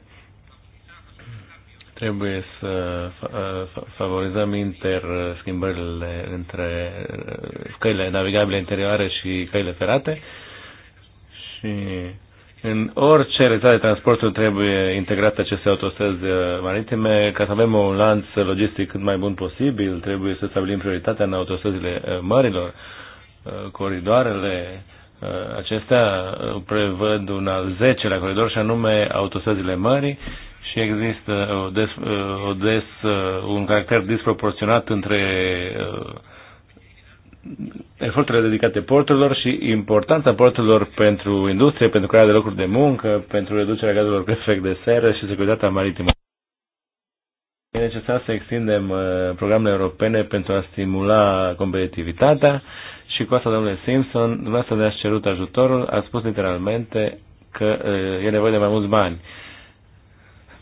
Trebuie să favorizăm interschimbările între căile navigabile interioare și căile ferate și în orice rețea de transportul trebuie integrate aceste autostrăzi maritime. Ca să avem un lanț logistic cât mai bun posibil, trebuie să stabilim prioritatea în autostrăzile mărilor Uh, coridoarele uh, acestea uh, prevăd un al zecelea coridor și anume autostrăzile mării și există o des, o des, un caracter disproporționat între eforturile dedicate porturilor și importanța porturilor pentru industrie, pentru crearea de locuri de muncă, pentru reducerea gazelor cu efect de seră și securitatea maritimă. E necesar să extindem programele europene pentru a stimula competitivitatea și cu asta, domnule Simpson, dumneavoastră ne-ați cerut ajutorul, a spus literalmente că e nevoie de mai mulți bani.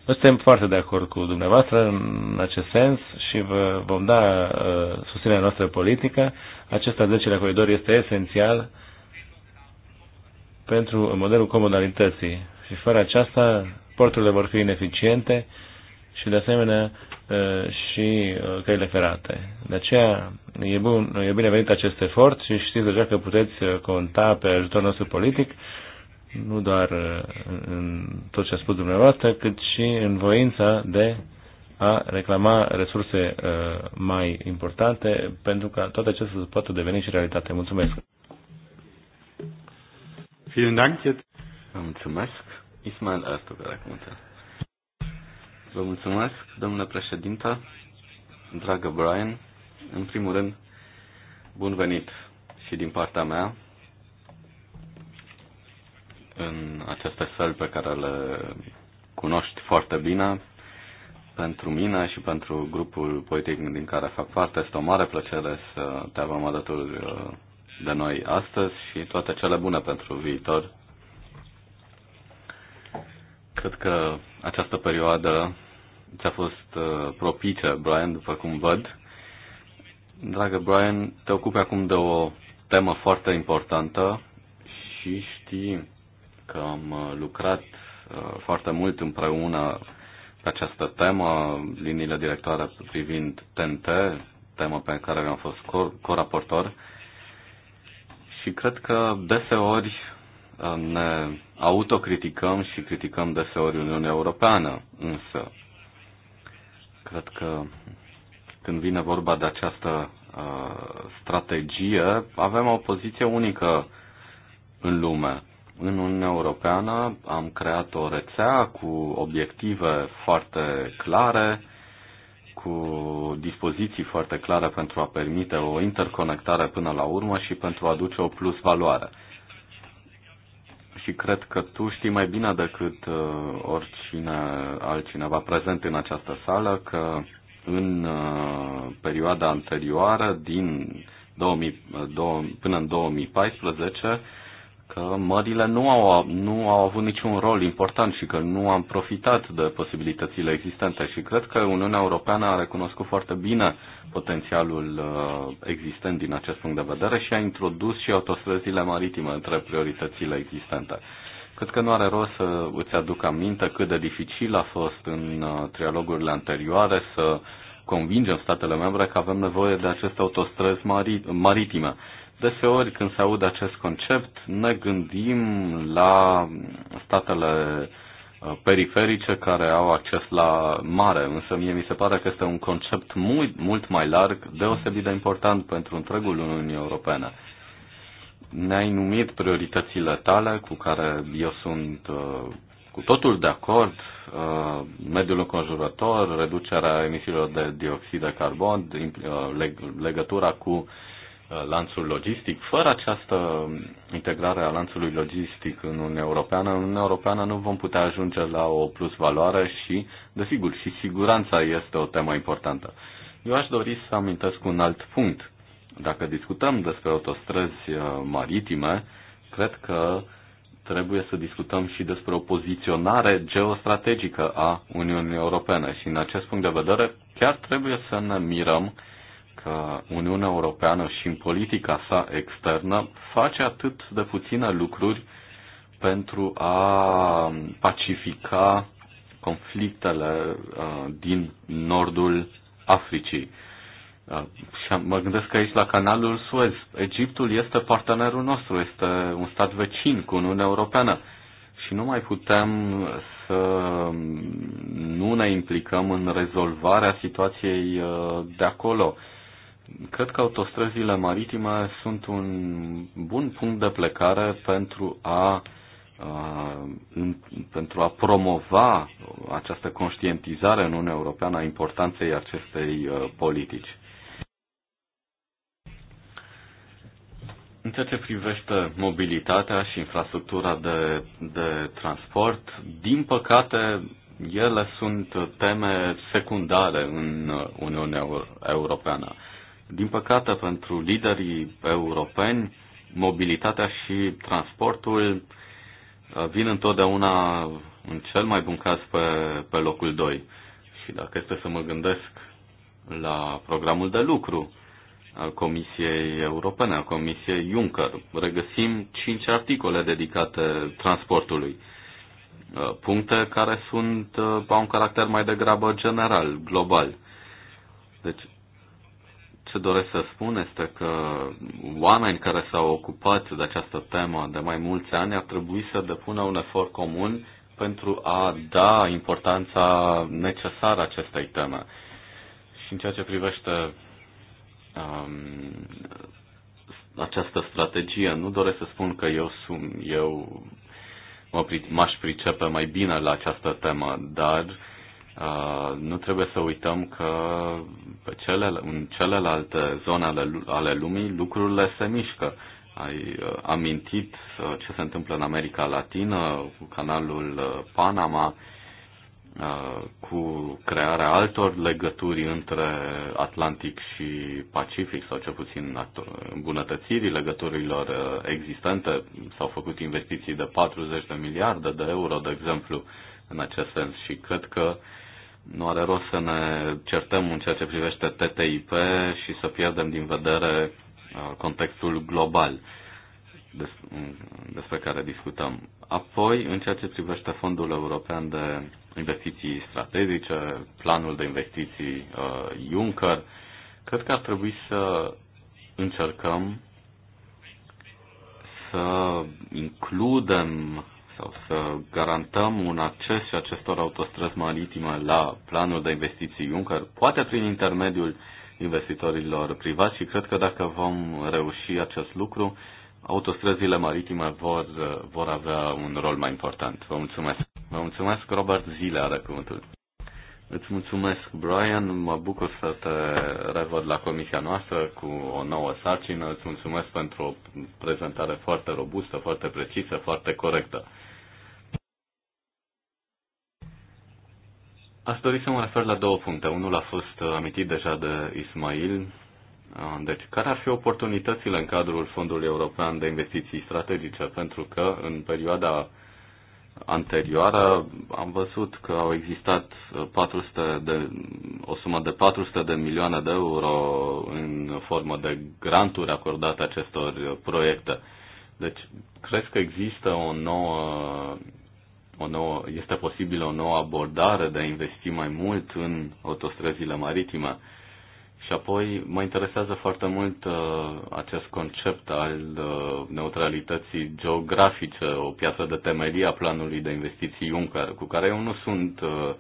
Noi suntem foarte de acord cu dumneavoastră în acest sens și vă vom da susținerea noastră politică. Acest al 10 coridor este esențial pentru modelul comodalității și fără aceasta porturile vor fi ineficiente și de asemenea Uh, și uh, căile ferate. De aceea e, bun, e venit acest efort și știți deja că puteți uh, conta pe ajutorul nostru politic, nu doar în tot ce a spus dumneavoastră, cât și în voința de a reclama resurse mai importante pentru ca toate acestea să poată deveni și realitate. Mulțumesc! Vielen Dank. Mulțumesc. Ismail Ertug, dacă Vă mulțumesc, domnule președinte, dragă Brian. În primul rând, bun venit și din partea mea în aceste săli pe care le cunoști foarte bine. Pentru mine și pentru grupul politic din care fac parte este o mare plăcere să te avem alături uh, de noi astăzi și toate cele bune pentru viitor. Cred că această perioadă ți-a fost uh, propice, Brian, după cum văd. Dragă Brian, te ocupi acum de o temă foarte importantă și știi că am uh, lucrat uh, foarte mult împreună pe această temă, liniile directoare privind TNT, temă pe care am fost coraportor. Și cred că deseori uh, ne autocriticăm și criticăm deseori Uniunea Europeană, însă Cred că când vine vorba de această uh, strategie, avem o poziție unică în lume. În Uniunea Europeană am creat o rețea cu obiective foarte clare, cu dispoziții foarte clare pentru a permite o interconectare până la urmă și pentru a aduce o plus valoare și cred că tu știi mai bine decât uh, oricine altcineva prezent în această sală că în uh, perioada anterioară, din 2000, uh, până în 2014, că mările nu au, nu au avut niciun rol important și că nu am profitat de posibilitățile existente și cred că Uniunea Europeană a recunoscut foarte bine potențialul uh, existent din acest punct de vedere și a introdus și autostrăzile maritime între prioritățile existente. Cred că nu are rost să îți aduc aminte cât de dificil a fost în uh, trialogurile anterioare să convingem statele membre că avem nevoie de aceste autostrăzi mari- maritime Deseori când se aude acest concept, ne gândim la statele uh, periferice care au acces la mare, însă mie mi se pare că este un concept mult, mult mai larg, deosebit de important pentru întregul Uniunii Europene. Ne-ai numit prioritățile tale cu care eu sunt uh, cu totul de acord, uh, mediul înconjurător, reducerea emisiilor de dioxid de carbon, uh, leg legătura cu uh, Uh, lanțul logistic. Fără această integrare a lanțului logistic în Uniunea Europeană, în Uniunea Europeană nu vom putea ajunge la o plus valoare și, desigur, și siguranța este o temă importantă. Eu aș dori să amintesc un alt punct. Dacă discutăm despre autostrăzi uh, maritime, cred că trebuie să discutăm și despre o poziționare geostrategică a Uniunii Europene și în acest punct de vedere chiar trebuie să ne mirăm că Uniunea Europeană și în politica sa externă face atât de puține lucruri pentru a pacifica conflictele uh, din nordul Africii. Uh, și mă gândesc aici la canalul Suez. Egiptul este partenerul nostru, este un stat vecin cu Uniunea Europeană și nu mai putem să nu ne implicăm în rezolvarea situației uh, de acolo. Cred că autostrăzile maritime sunt un bun punct de plecare pentru a, a în, pentru a promova această conștientizare în Uniunea Europeană a importanței acestei uh, politici. În ceea ce privește mobilitatea și infrastructura de, de transport, din păcate, ele sunt teme secundare în Uniunea Europeană. Din păcate, pentru liderii europeni, mobilitatea și transportul uh, vin întotdeauna, în cel mai bun caz, pe, pe locul 2. Și dacă este să mă gândesc la programul de lucru al Comisiei Europene, al Comisiei Juncker, regăsim cinci articole dedicate transportului. Uh, puncte care sunt, uh, au un caracter mai degrabă general, global. Deci ce doresc să spun este că oameni care s-au ocupat de această temă de mai mulți ani ar trebui să depună un efort comun pentru a da importanța necesară acestei teme. Și în ceea ce privește um, această strategie, nu doresc să spun că eu sunt, eu mă, m-aș pricepe mai bine la această temă, dar uh, Uh, nu trebuie să uităm că pe cele, în celelalte zone ale, ale lumii lucrurile se mișcă. Ai uh, amintit uh, ce se întâmplă în America Latină, cu canalul Panama, cu crearea altor legături între Atlantic și Pacific, sau cel puțin îmbunătățirii legăturilor existente. S-au făcut investiții de 40 de miliarde de euro, de exemplu, în acest sens și cred că uh, nu are rost să ne certăm în ceea ce privește TTIP și să pierdem din vedere uh, contextul global despre care discutăm. Apoi, în ceea ce privește Fondul European de Investiții Strategice, Planul de Investiții uh, Juncker, cred că ar trebui să încercăm să includem sau să garantăm un acces și acestor autostrăzi maritime la planul de investiții Juncker, poate prin intermediul investitorilor privați și cred că dacă vom reuși acest lucru, autostrăzile maritime vor, vor avea un rol mai important. Vă mulțumesc. Vă mulțumesc, Robert Zile are cuvântul. Îți mulțumesc, Brian. Mă bucur să te revăd la comisia noastră cu o nouă sarcină. Îți mulțumesc pentru o prezentare foarte robustă, foarte precisă, foarte corectă. Aș dori să mă refer la două puncte. Unul a fost amintit deja de Ismail. Uh, deci, care ar fi oportunitățile în cadrul Fondului European de Investiții Strategice? Pentru că în perioada anterioară am văzut că au existat 400 uh, de, o sumă de 400 de milioane de euro în formă de granturi acordate acestor proiecte. Deci, crezi că există o nouă o nouă, este posibilă o nouă abordare de a investi mai mult în autostrăzile maritime. Și apoi mă interesează foarte mult uh, acest concept al uh, neutralității geografice, o piață de temelie a planului de investiții Juncker, cu care eu nu sunt, uh,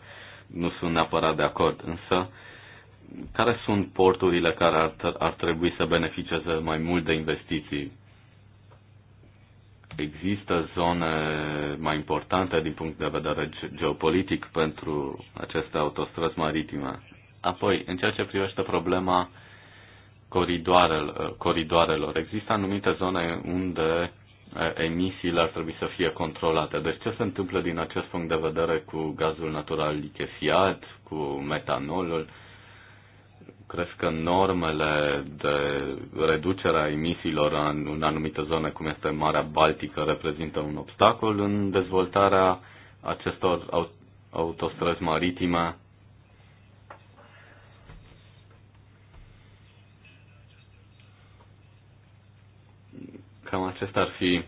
nu sunt neapărat de acord. Însă, care sunt porturile care ar, ar trebui să beneficieze mai mult de investiții? Există zone mai importante din punct de vedere geopolitic pentru aceste autostrăzi maritime. Apoi, în ceea ce privește problema coridoarelor, coridoarelor există anumite zone unde emisiile ar trebui să fie controlate. Deci ce se întâmplă din acest punct de vedere cu gazul natural lichefiat, cu metanolul? Cred că normele de reducere a emisiilor în, în anumite zone, cum este Marea Baltică, reprezintă un obstacol în dezvoltarea acestor autostrăzi maritime cam acestea ar fi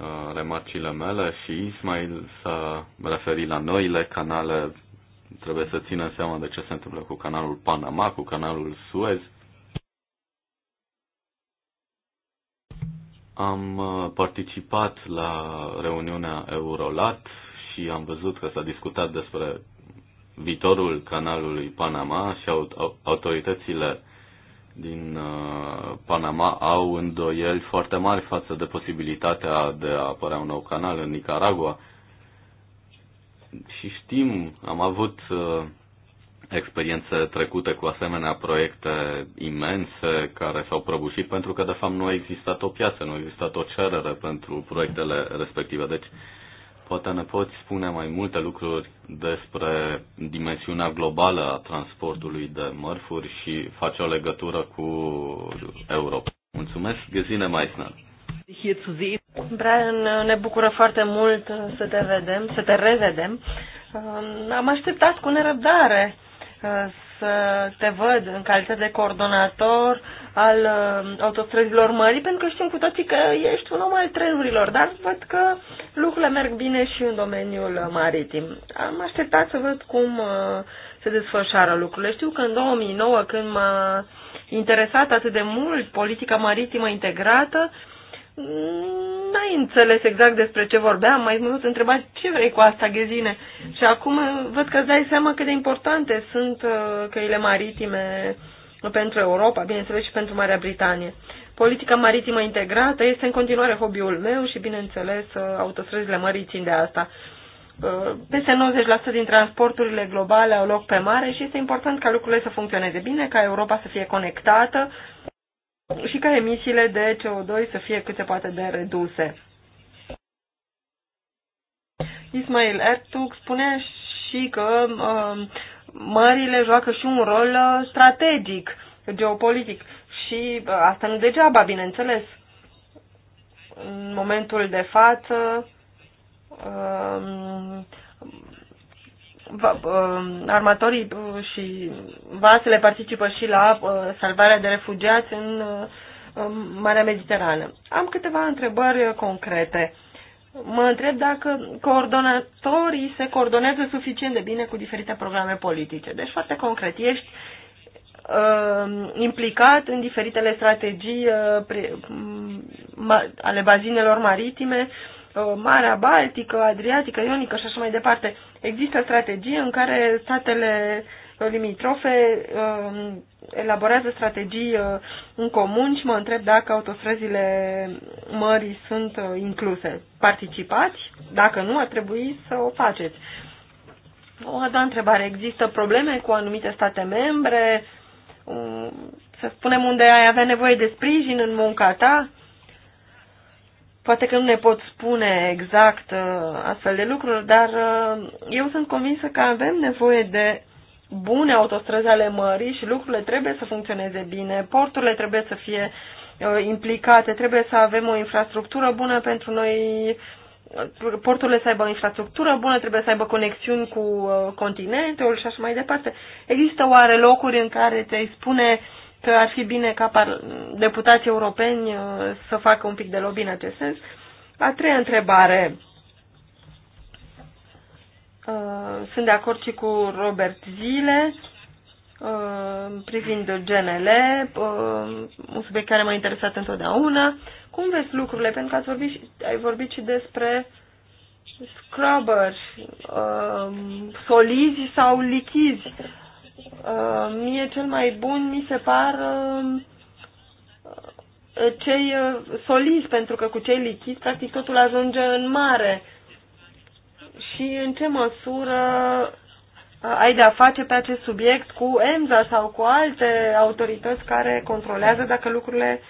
uh, remarcile mele și Ismail să referi la noile canale Trebuie să țină seama de ce se întâmplă cu canalul Panama, cu canalul Suez. Am uh, participat la reuniunea Eurolat și am văzut că s-a discutat despre viitorul canalului Panama și autoritățile din uh, Panama au îndoieli foarte mari față de posibilitatea de a apărea un nou canal în Nicaragua și știm, am avut uh, experiențe trecute cu asemenea proiecte imense care s-au prăbușit pentru că, de fapt, nu a existat o piață, nu a existat o cerere pentru proiectele respective. Deci, poate ne poți spune mai multe lucruri despre dimensiunea globală a transportului de mărfuri și face o legătură cu Europa. Mulțumesc, Găzine Meissner. Brian, ne bucură foarte mult să te vedem, să te revedem. Am așteptat cu nerăbdare uh, să te văd în calitate de coordonator al uh, autostrăzilor mării, pentru că știm cu toții că ești un om al trenurilor, dar văd că lucrurile merg bine și în domeniul maritim. Am așteptat să văd cum uh, se desfășoară lucrurile. Știu că în 2009, când m-a interesat atât de mult politica maritimă integrată, n-ai înțeles exact despre ce vorbeam, mai mult întrebați ce vrei cu asta, ghezine. Și acum văd că îți dai seama cât de importante sunt uh, căile maritime pentru Europa, bineînțeles și pentru Marea Britanie. Politica maritimă integrată este în continuare hobby-ul meu și, bineînțeles, uh, autostrăzile mării țin de asta. Uh, peste 90% din transporturile globale au loc pe mare și este important ca lucrurile să funcționeze bine, ca Europa să fie conectată și ca emisiile de CO2 să fie cât se poate de reduse. Ismail Ertug spune și că uh, mările joacă și un rol uh, strategic, geopolitic și uh, asta nu degeaba, bineînțeles. În momentul de față, uh, Uh, armatorii uh, și vasele participă și la uh, salvarea de refugiați în Marea Mediterană. Am câteva întrebări concrete. Mă întreb dacă coordonatorii se coordonează suficient de bine cu diferite programe politice. Deci, foarte concret, ești uh, implicat în diferitele strategii uh, pre, uh, ale bazinelor maritime uh, Uh, Marea Baltică, Adriatică, Ionică și așa mai departe. Există strategii în care statele limitrofe um, elaborează strategii uh, în comun și mă întreb dacă autostrăzile mării sunt uh, incluse. Participați? Dacă nu, ar trebui să o faceți. O a doua întrebare. Există probleme cu anumite state membre? Um, să spunem unde ai avea nevoie de sprijin în munca ta? Poate că nu ne pot spune exact uh, astfel de lucruri, dar uh, eu sunt convinsă că avem nevoie de bune autostrăzi ale mării și lucrurile trebuie să funcționeze bine, porturile trebuie să fie uh, implicate, trebuie să avem o infrastructură bună pentru noi, porturile să aibă o infrastructură bună, trebuie să aibă conexiuni cu continentul și așa mai departe. Există oare locuri în care te spune uh, că ar fi bine ca deputații europeni uh, să facă un pic de lobby în acest sens. A treia întrebare. Uh, sunt de acord și cu Robert Zile uh, privind GNL, un subiect care m-a interesat întotdeauna. Cum vezi lucrurile? Pentru că ați vorbit, ai vorbit și despre scrubbers, solizi sau lichizi Uh, mie cel mai bun mi se par uh, cei uh, solizi, pentru că cu cei lichizi practic totul ajunge în mare. Și în ce măsură ai de-a face pe acest subiect cu EMSA sau cu alte autorități care controlează dacă lucrurile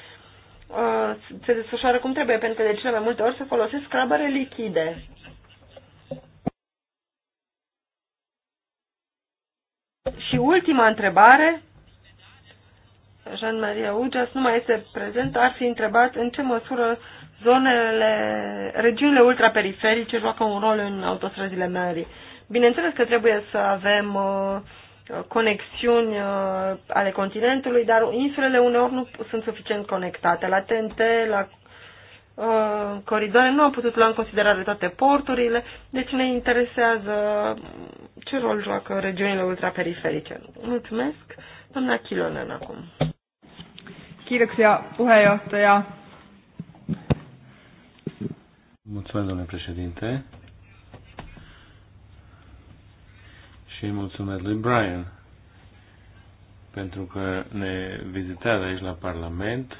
se desfășoară cum trebuie, pentru că de cele mai multe ori se folosesc scrabere lichide. Și ultima întrebare, Jean-Marie Ugeas nu mai este prezent, ar fi întrebat în ce măsură zonele, regiunile ultraperiferice joacă un rol în autostrăzile mari. Bineînțeles că trebuie să avem uh, conexiuni uh, ale continentului, dar insulele uneori nu sunt suficient conectate. La TNT, la uh, coridoare, nu am putut lua în considerare toate porturile, deci ne interesează ce rol joacă regiunile ultraperiferice? Mulțumesc, doamna Chilonen acum. Kiitoksia puheenjohtaja. Mulțumesc, domnule președinte. Și mulțumesc lui Brian pentru că ne vizitează aici la Parlament.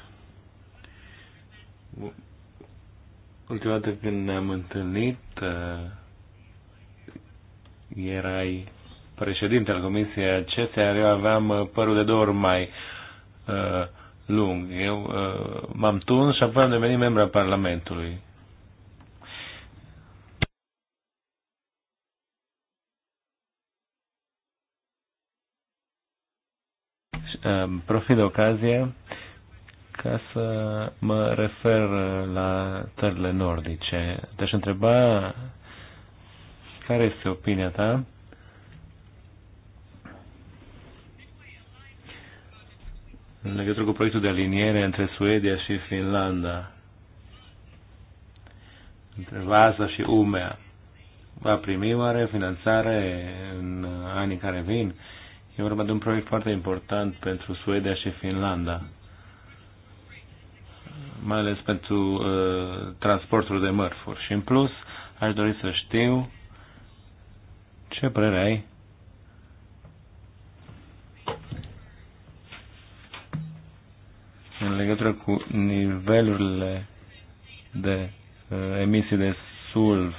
Ultima dată când ne-am întâlnit, uh, erai președinte al Comisiei acestea, eu aveam uh, părul de două ori mai uh, lung. Eu uh, m-am tuns și apoi am devenit membru al Parlamentului. Uh, profit de ocazie ca să mă refer uh, la țările nordice. Te-aș întreba care este opinia ta? În legătură cu proiectul de aliniere între Suedia și Finlanda, între Vasa și Umea, va primi oare finanțare în anii care vin? E vorba de un proiect foarte important pentru Suedia și Finlanda, mai ales pentru uh, transportul de mărfuri. Și în plus, aș dori să știu ce părere ai? În legătură cu nivelurile de uh, emisii de sulf,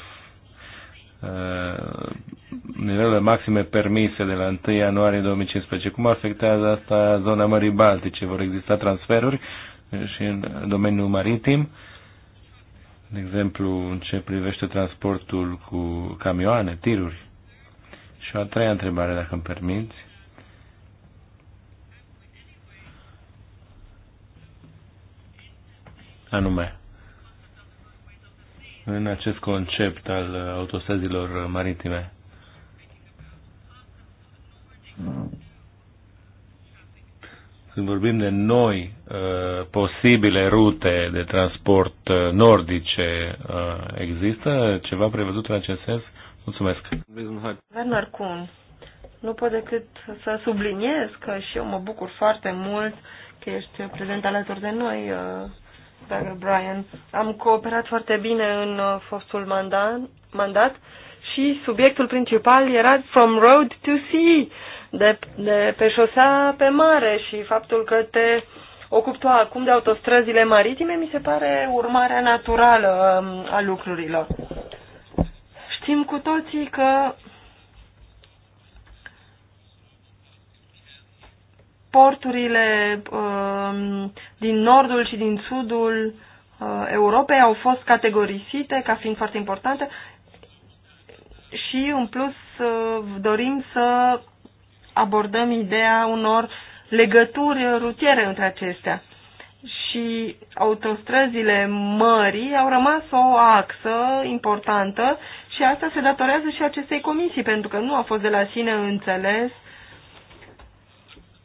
uh, nivelurile maxime permise de la 1 ianuarie 2015. Cum afectează asta zona Mării Baltice? Vor exista transferuri și în domeniul maritim? De exemplu, în ce privește transportul cu camioane, tiruri? Și o a treia întrebare, dacă îmi permiți. Anume, în acest concept al autostrăzilor maritime, când vorbim de noi uh, posibile rute de transport uh, nordice, uh, există ceva prevăzut în acest sens? Uh, Mulțumesc. Werner Kuhn, nu pot decât să subliniez că și eu mă bucur foarte mult că ești prezent alături de noi, uh, dragă Brian. Am cooperat foarte bine în uh, fostul mandat, mandat și subiectul principal era From Road to Sea, de, de pe șosea pe mare și faptul că te ocupi tu acum de autostrăzile maritime mi se pare urmarea naturală um, a lucrurilor. Știm cu toții că porturile uh, din nordul și din sudul uh, Europei au fost categorisite ca fiind foarte importante și, în plus, uh, dorim să abordăm ideea unor legături rutiere între acestea. Și autostrăzile mării au rămas o axă importantă și asta se datorează și acestei comisii, pentru că nu a fost de la sine înțeles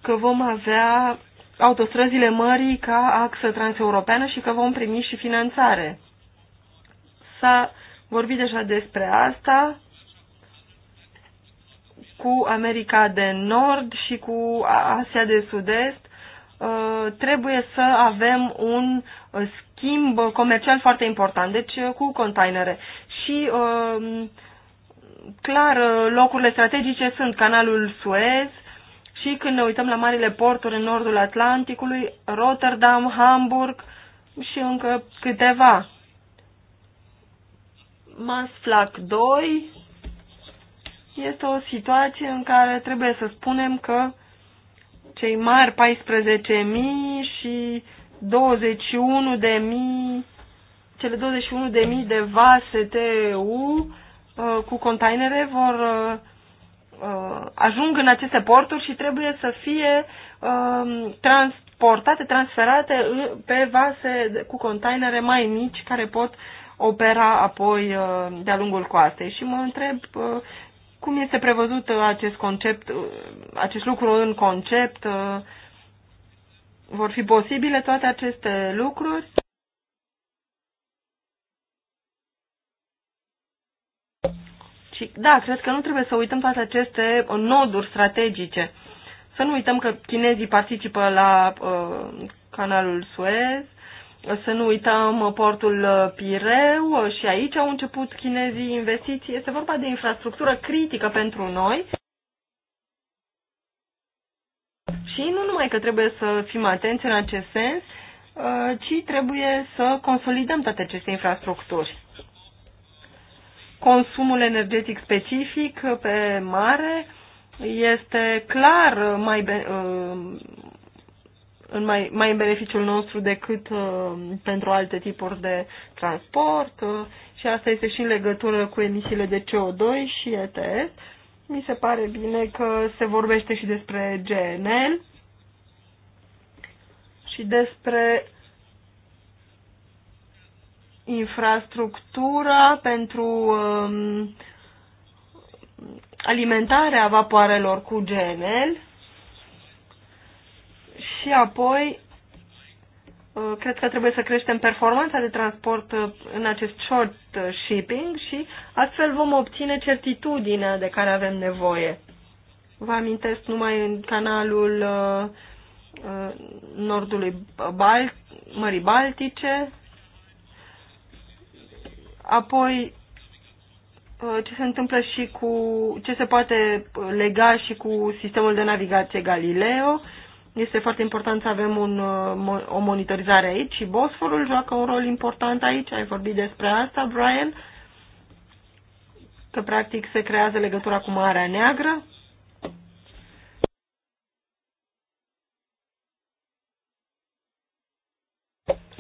că vom avea autostrăzile mării ca axă transeuropeană și că vom primi și finanțare. S-a vorbit deja despre asta cu America de Nord și cu Asia de Sud-Est. Uh, trebuie să avem un schimb comercial foarte important, deci uh, cu containere și um, clar locurile strategice sunt canalul Suez și când ne uităm la marile porturi în nordul Atlanticului, Rotterdam, Hamburg și încă câteva. Masflac 2 este o situație în care trebuie să spunem că cei mari 14.000 și 21.000 cele 21.000 de vase TU uh, cu containere vor uh, uh, ajung în aceste porturi și trebuie să fie um, transportate, transferate pe vase cu containere mai mici care pot opera apoi de-a lungul coastei. Și mă întreb cum este prevăzut acest concept, acest lucru în concept, vor fi posibile toate aceste lucruri Și da, cred că nu trebuie să uităm toate aceste uh, noduri strategice. Să nu uităm că chinezii participă la uh, canalul Suez, să nu uităm uh, portul uh, Pireu și aici au început chinezii investiții. Este vorba de infrastructură critică pentru noi. Și nu numai că trebuie să fim atenți în acest sens, ci trebuie să consolidăm toate aceste infrastructuri consumul energetic specific pe mare este clar mai, uh, în mai, mai în beneficiul nostru decât uh, pentru alte tipuri de transport uh, și asta este și în legătură cu emisiile de CO2 și ETS. Mi se pare bine că se vorbește și despre GNL și despre infrastructura pentru um, alimentarea vapoarelor cu GNL și apoi uh, cred că trebuie să creștem performanța de transport uh, în acest short uh, shipping și astfel vom obține certitudinea de care avem nevoie. Vă amintesc numai în canalul nordului Bal- Mării Baltice, Apoi, uh, ce se întâmplă și cu ce se poate uh, lega și cu sistemul de navigație Galileo. Este foarte important să avem un, uh, o monitorizare aici și Bosforul joacă un rol important aici. Ai vorbit despre asta, Brian, că practic se creează legătura cu Marea Neagră.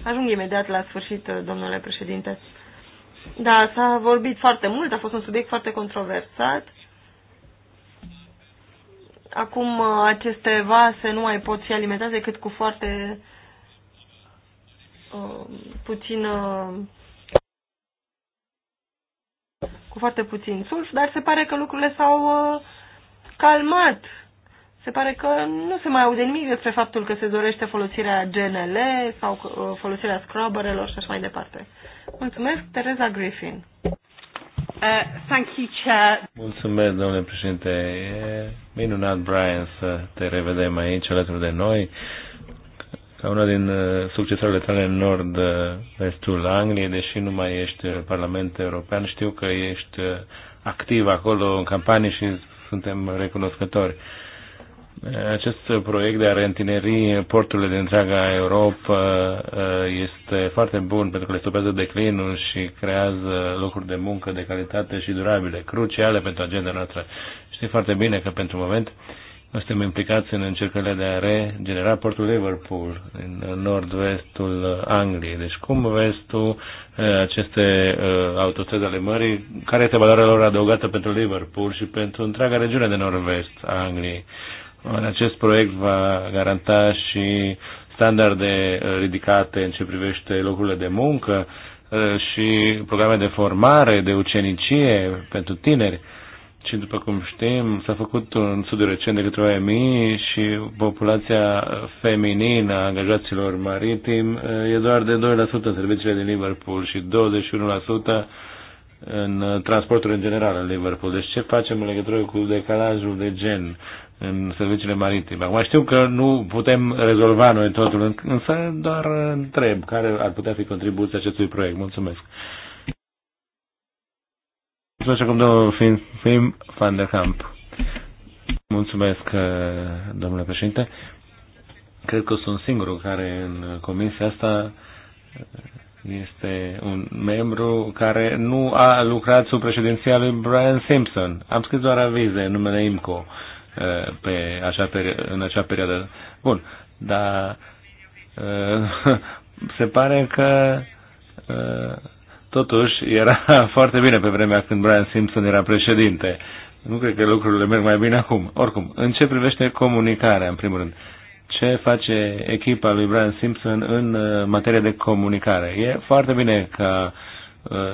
Ajung imediat la sfârșit, domnule președinte. Da, s-a vorbit foarte mult, a fost un subiect foarte controversat. Acum uh, aceste vase nu mai pot fi alimentate decât cu foarte uh, puțină uh, cu foarte puțin sulf, dar se pare că lucrurile s-au uh, calmat se pare că nu se mai aude nimic despre faptul că se dorește folosirea GNL sau uh, folosirea scrubberelor și așa mai departe. Mulțumesc, Teresa Griffin. Uh, thank you, Chair. Mulțumesc, domnule președinte. E minunat, Brian, să te revedem aici alături de noi. Ca una din uh, succesoarele tale în nord-vestul uh, Angliei, deși nu mai ești Parlament European, știu că ești activ acolo în campanie și suntem recunoscători. Uh, acest proiect de a reîntineri porturile din întreaga Europa uh, este foarte bun pentru că le stopează declinul și creează locuri de muncă de calitate și durabile, cruciale pentru agenda noastră. Știți foarte bine că pentru moment noi suntem implicați în încercările de a regenera portul Liverpool în nord-vestul Angliei. Deci cum vezi tu uh, aceste uh, autostrăzi ale mării? Care este valoarea lor adăugată pentru Liverpool și pentru întreaga regiune de nord-vest a Angliei? Acest proiect va garanta și standarde uh, ridicate în ce privește locurile de muncă uh, și programe de formare, de ucenicie pentru tineri. Și după cum știm, s-a făcut un studiu recent de către OMI și populația feminină a angajaților maritim uh, e doar de 2% în serviciile din Liverpool și 21% în transportul în general în Liverpool. Deci ce facem în legătură cu decalajul de gen? în serviciile maritime. Acum știu că nu putem rezolva noi totul, însă doar întreb care ar putea fi contribuția acestui proiect. Mulțumesc. Mulțumesc acum domnul Fim, Fim van der Kamp. Mulțumesc, uh, domnule președinte. Cred că sunt singurul care în comisia asta uh, este un membru care nu a lucrat sub președinția lui Brian Simpson. Am scris doar avize în numele IMCO. Uh, Eh, pe acea în acea perioadă. Bun, dar eh, se pare că eh, totuși era foarte bine pe vremea când Brian Simpson era președinte. Nu cred că lucrurile merg mai bine acum. Oricum, în ce privește comunicarea, în primul rând, ce face echipa lui Brian Simpson în materie de comunicare? E foarte bine că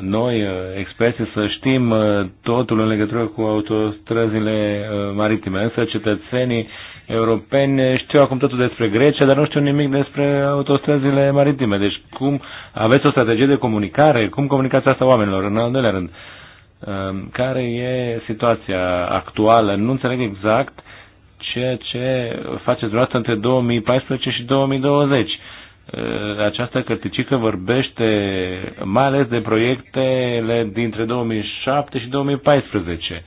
noi, uh, experții, să știm uh, totul în legătură cu autostrăzile uh, maritime. Însă cetățenii europeni știu acum totul despre Grecia, dar nu știu nimic despre autostrăzile maritime. Deci cum aveți o strategie de comunicare? Cum comunicați asta oamenilor? În al doilea rând, care e situația actuală? Nu înțeleg exact ceea ce faceți dumneavoastră între 2014 și 2020 Ă, această cărticică vorbește mai ales de proiectele dintre 2007 și 2014.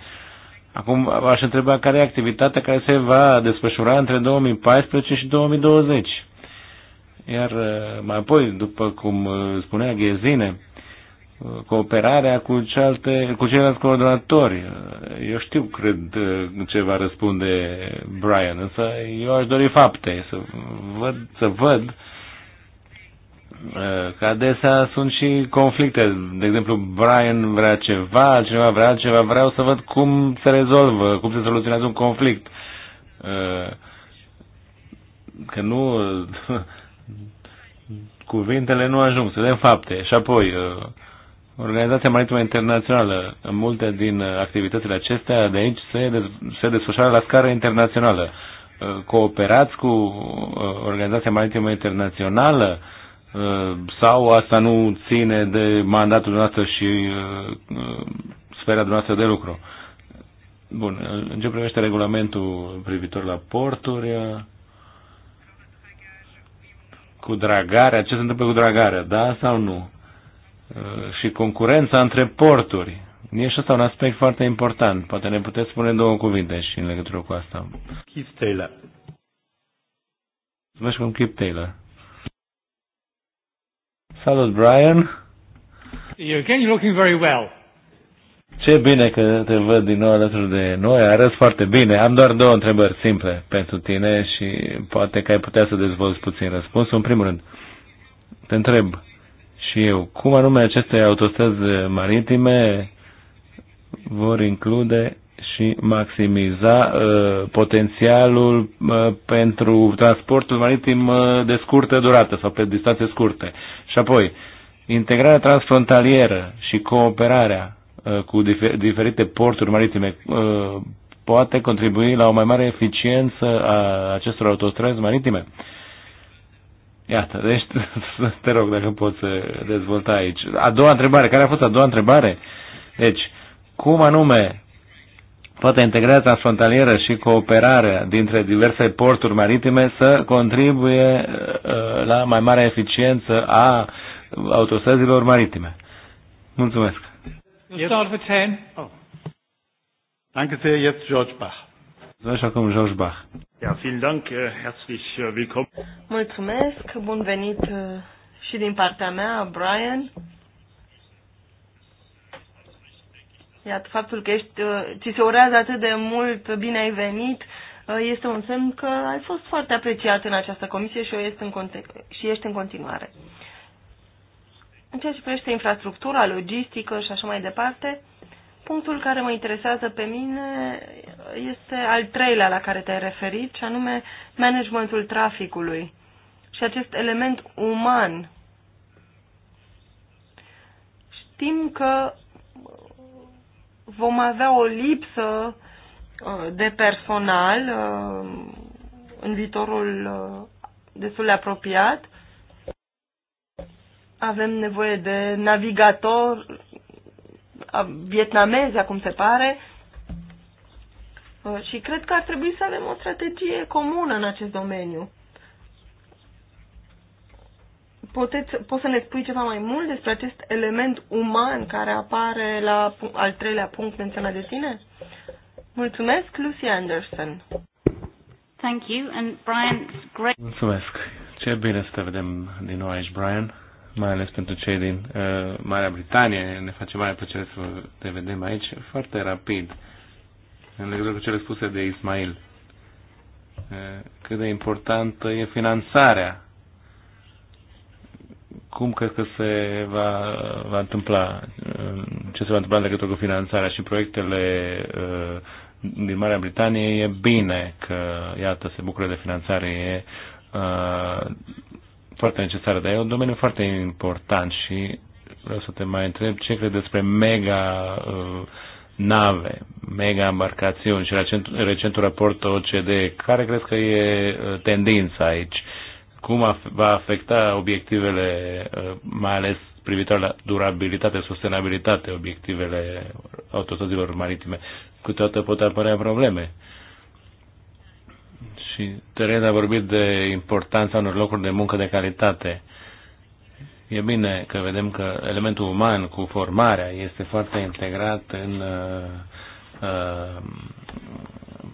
Acum aș întreba care e activitatea care se va desfășura între 2014 și 2020. Iar ă, mai apoi, după cum ă, spunea Ghezine, cooperarea cu, cealte, cu ceilalți coordonatori. Eu știu, cred, ce va răspunde Brian, însă eu aș dori fapte, să văd, să văd Eh, că adesea sunt și conflicte. De exemplu, Brian vrea ceva, altcineva vrea altceva. Vreau să văd cum se rezolvă, cum se soluționează un conflict. Eh, că nu... Cuvintele nu ajung, să vedem fapte. Și apoi, eh, Organizația Maritimă Internațională, multe din activitățile acestea de aici se, se desfășoară la scară internațională. Cooperați cu Organizația Maritimă Internațională, Uh, sau asta nu ține de mandatul noastră și uh, uh, sfera noastră de lucru. Bun, în ce privește regulamentul privitor la porturi, cu dragarea, ce se întâmplă cu dragarea, da sau nu? Și concurența între porturi. E și asta un aspect foarte important. Poate ne puteți spune două cuvinte și în legătură cu asta. Keith Taylor. Să cum Keith Taylor. Salut, Brian! You're again looking very well. Ce bine că te văd din nou alături de noi, arăți foarte bine. Am doar două întrebări simple pentru tine și poate că ai putea să dezvolți puțin răspunsul. În primul rând, te întreb și eu, cum anume aceste autostrăzi maritime vor include și maximiza uh, potențialul uh, pentru transportul maritim uh, de scurtă durată sau pe distanțe scurte. Și apoi, integrarea transfrontalieră și cooperarea uh, cu difer- diferite porturi maritime uh, poate contribui la o mai mare eficiență a acestor autostrăzi maritime. Iată, deci te rog dacă poți să dezvolta aici. A doua întrebare, care a fost a doua întrebare? Deci, cum anume toată integrarea transfrontalieră și cooperarea dintre diverse porturi maritime să contribuie uh, la mai mare eficiență a autostrăzilor maritime. Mulțumesc. Oh. Danke sehr, jetzt George Bach. acum George Bach. Ja, vielen Dank, äh, herzlich äh, willkommen. Mulțumesc, bun venit äh, și din partea mea, Brian. Iată, faptul că ești, uh, ți se urează atât de mult, bine ai venit, uh, este un semn că ai fost foarte apreciat în această comisie și, o ești, în și ești în continuare. În ceea ce privește infrastructura, logistică și așa mai departe, punctul care mă interesează pe mine este al treilea la care te-ai referit, și anume managementul traficului și acest element uman. Știm că vom avea o lipsă uh, de personal uh, în viitorul uh, destul de apropiat. Avem nevoie de navigator vietnamezi, acum se pare, și cred că ar trebui să avem o strategie comună în acest domeniu. Poteți, poți să ne spui ceva mai mult despre acest element uman care apare la al treilea punct menționat de tine? Mulțumesc, Lucy Anderson. Thank you, and Brian, great... Mulțumesc. Ce bine să te vedem din nou aici, Brian, mai ales pentru cei din uh, Marea Britanie. Ne face mare plăcere să te vedem aici foarte rapid, în legătură cu cele spuse de Ismail. Uh, cât de importantă e finanțarea cum crezi că se va, va întâmpla, ce se va întâmpla în legătură cu finanțarea și proiectele uh, din Marea Britanie, e bine că, iată, se bucură de finanțare, e uh, foarte necesară, dar e un domeniu foarte important și vreau să te mai întreb ce crezi despre mega uh, nave, mega embarcațiuni și recent, recentul raport OCD, care crezi că e tendința aici? cum va afecta obiectivele, uh, mai ales privitor la durabilitate, sustenabilitate, obiectivele autostrăzilor maritime. toate pot apărea probleme. Și Terena a vorbit de importanța unor locuri de muncă de calitate. E bine că vedem că elementul uman cu formarea este foarte integrat în uh, uh,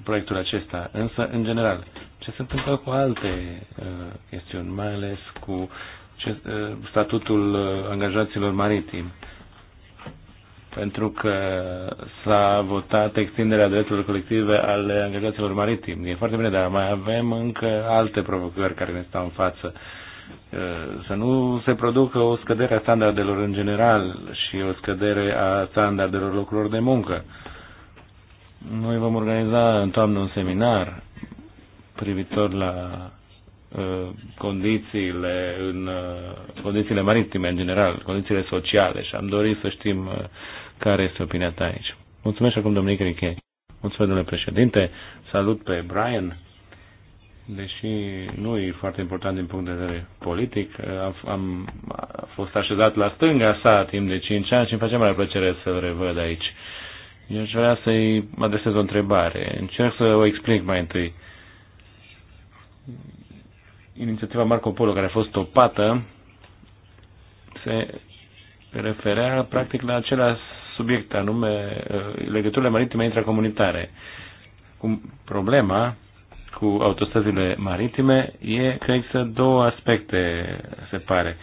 proiectul acesta. Însă, în general, ce se întâmplă cu alte uh, chestiuni, mai ales cu ce, uh, statutul uh, angajaților maritimi. Pentru că s-a votat extinderea drepturilor colective ale angajaților maritimi. E foarte bine, dar mai avem încă alte provocări care ne stau în față. Uh, să nu se producă o scădere a standardelor în general și o scădere a standardelor locurilor de muncă. Noi vom organiza în toamnă un seminar privitor la uh, condițiile în uh, condițiile maritime în general, condițiile sociale și am dorit să știm uh, care este opinia ta aici. Mulțumesc și acum domnului Criche. Mulțumesc, domnule președinte. Salut pe Brian. Deși nu e foarte important din punct de vedere politic, am, am a fost așezat la stânga sa timp de 5 ani și îmi face mare plăcere să-l revăd aici. Eu aș vrea să-i adresez o întrebare. Încerc să o explic mai întâi. Uh, inițiativa Marco Polo, care a fost topată, se referea practic la același subiect, anume uh, legăturile maritime intracomunitare. Cum problema cu autostrăzile maritime e că există două aspecte, se pare.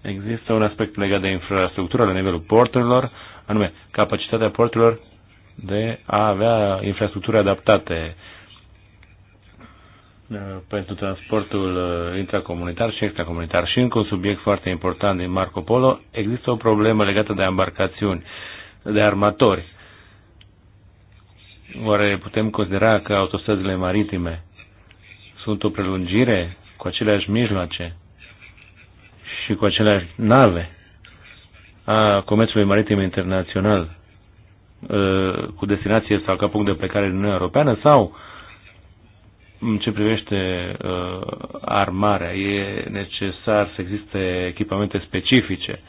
Există un aspect legat de infrastructura la nivelul porturilor, anume capacitatea porturilor de a avea infrastructuri adaptate uh, pentru transportul uh, intracomunitar și extracomunitar. Și încă un subiect foarte important din Marco Polo, există o problemă legată de embarcațiuni, de armatori. Oare putem considera că autostrăzile maritime sunt o prelungire cu aceleași mijloace și cu aceleași nave a comerțului maritim internațional uh, cu destinație sau ca punct de plecare în Uniunea Europeană sau uh, în ce privește uh, armarea, e necesar să existe echipamente specifice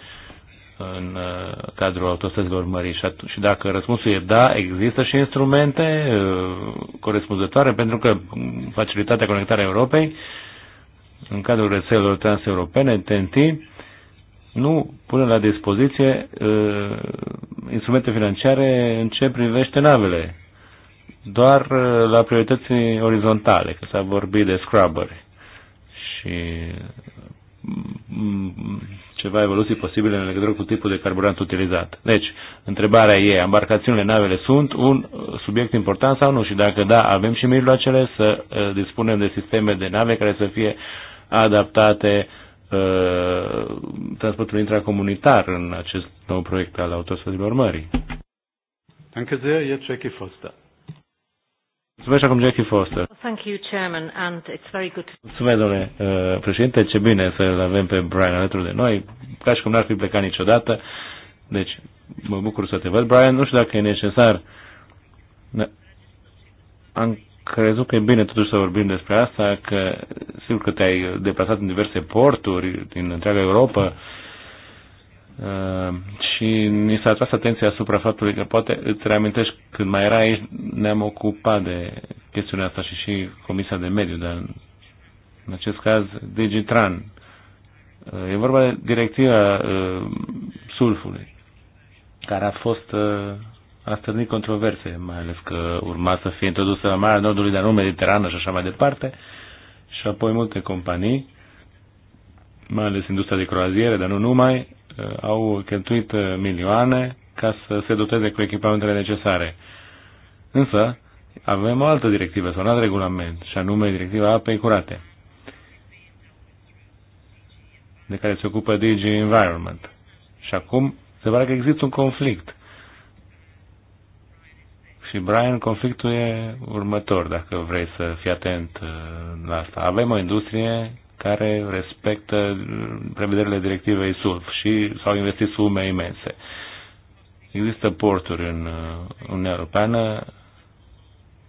în uh, cadrul autostrăzilor mării. Și, și dacă răspunsul e da, există și instrumente uh, corespunzătoare, pentru că facilitatea conectarea Europei, în cadrul rețelelor transeuropene, TNT, nu pune la dispoziție uh, instrumente financiare în ce privește navele doar uh, la priorități orizontale, că s-a vorbit de scrubbere și mm, mm, ceva evoluții posibile în legătură cu tipul de carburant utilizat. Deci, întrebarea e, embarcațiunile, navele sunt un uh, subiect important sau nu? Și dacă da, avem și mijloacele să uh, dispunem de sisteme de nave care să fie adaptate uh, transportul intracomunitar în acest nou proiect al autostrăzilor mării. Danke sehr, jetzt Jackie fost? Mulțumesc acum Jackie Foster. Thank you, Chairman, and it's very good. Mulțumesc, domnule uh, președinte, ce bine să-l avem pe Brian alături de noi, ca și cum n-ar fi plecat niciodată. Deci, mă bucur să te văd, Brian, nu știu dacă e necesar. Am crezut că e bine totuși să vorbim despre asta, că sigur că te-ai deplasat în diverse porturi din întreaga Europa Uh, și ni s-a atras atenția asupra faptului că poate îți reamintești când mai era aici ne-am ocupat de chestiunea asta și și Comisia de Mediu, dar în acest caz Digitran. Uh, e vorba de directiva uh, sulfului, care a fost a stârnit controverse, mai ales că urma să fie introdusă la Marea Nordului, dar nu Mediterană și așa mai departe, și apoi multe companii, mai ales industria de croaziere, dar nu numai, Uh, au cheltuit uh, milioane ca să se doteze cu echipamentele necesare. Însă, avem o altă directivă sau un alt regulament, și anume directiva apei curate, de care se ocupă DG Environment. Și acum se pare că există un conflict. Și, Brian, conflictul e următor, dacă vrei să fii atent uh, la asta. Avem o industrie care respectă prevederile directivei SULF și s-au investit sume imense. Există porturi în uh, Uniunea Europeană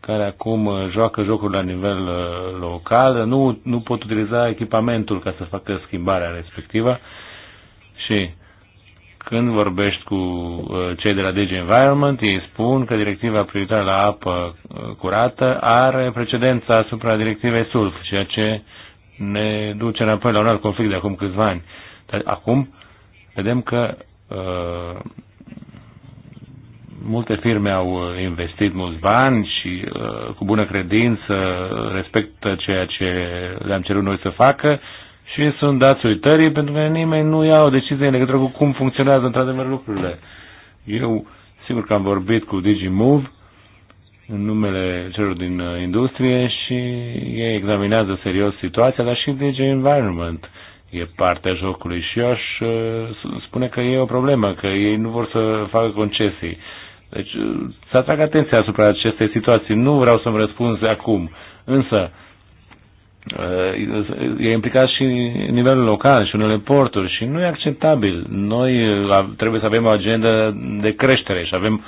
care acum joacă jocuri la nivel uh, local, nu, nu pot utiliza echipamentul ca să facă schimbarea respectivă și când vorbești cu uh, cei de la DG Environment, ei spun că directiva privitoare la apă curată are precedența asupra directivei SULF, ceea ce ne duce înapoi la un alt conflict de acum câțiva ani. Dar acum vedem că uh, multe firme au investit mulți bani și uh, cu bună credință respectă ceea ce le-am cerut noi să facă și sunt dați uitării pentru că nimeni nu ia o decizie în legătură cu cum funcționează într-adevăr lucrurile. Eu, sigur că am vorbit cu DigiMove în numele celor din uh, industrie și ei examinează serios situația, dar și DJ Environment e partea jocului și eu aș uh, spune că e o problemă, că ei nu vor să facă concesii. Deci uh, să atrag atenția asupra acestei situații. Nu vreau să-mi de acum, însă e implicat și nivelul local și unele porturi și nu e acceptabil. Noi trebuie să avem o agenda de creștere și avem uh,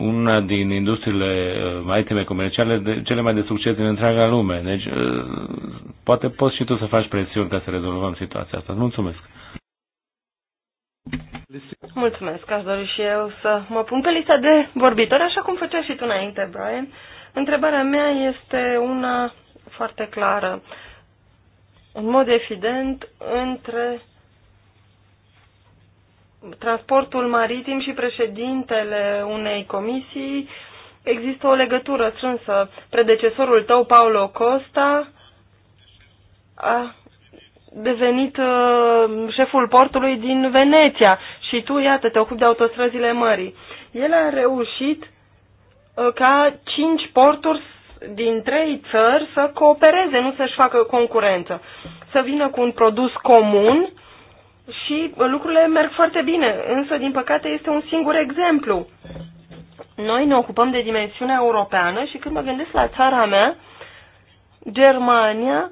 una din industriile uh, maritime comerciale de, cele mai de succes din întreaga lume. Deci, uh, poate poți și tu să faci presiuni ca să rezolvăm situația asta. Mulțumesc! Mulțumesc! Aș dori și eu să mă pun pe lista de vorbitori, așa cum făceai și tu înainte, Brian. Întrebarea mea este una foarte clară. În mod evident, între transportul maritim și președintele unei comisii există o legătură strânsă. Predecesorul tău, Paulo Costa, a devenit uh, șeful portului din Veneția și tu, iată, te ocupi de autostrăzile mării. El a reușit uh, ca cinci porturi din trei țări să coopereze, nu să-și facă concurență, să vină cu un produs comun și lucrurile merg foarte bine, însă, din păcate, este un singur exemplu. Noi ne ocupăm de dimensiunea europeană și când mă gândesc la țara mea, Germania,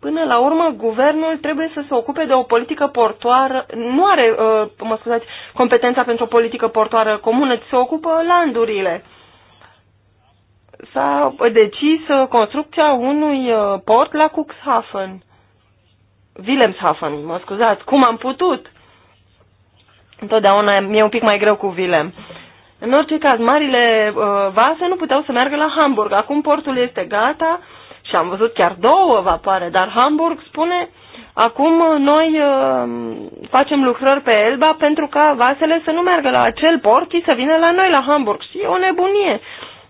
până la urmă, guvernul trebuie să se ocupe de o politică portoară, nu are, uh, mă scuzați, competența pentru o politică portoară comună, ci se ocupă landurile. S-a decis uh, construcția unui uh, port la Cuxhaven Wilhelmshaven, mă scuzați, cum am putut? Întotdeauna mi-e un pic mai greu cu Wilhelm. În orice caz, marile uh, vase nu puteau să meargă la Hamburg. Acum portul este gata și am văzut chiar două vapoare, dar Hamburg spune acum noi uh, facem lucrări pe Elba pentru ca vasele să nu meargă la acel port, ci să vină la noi la Hamburg. Și e o nebunie.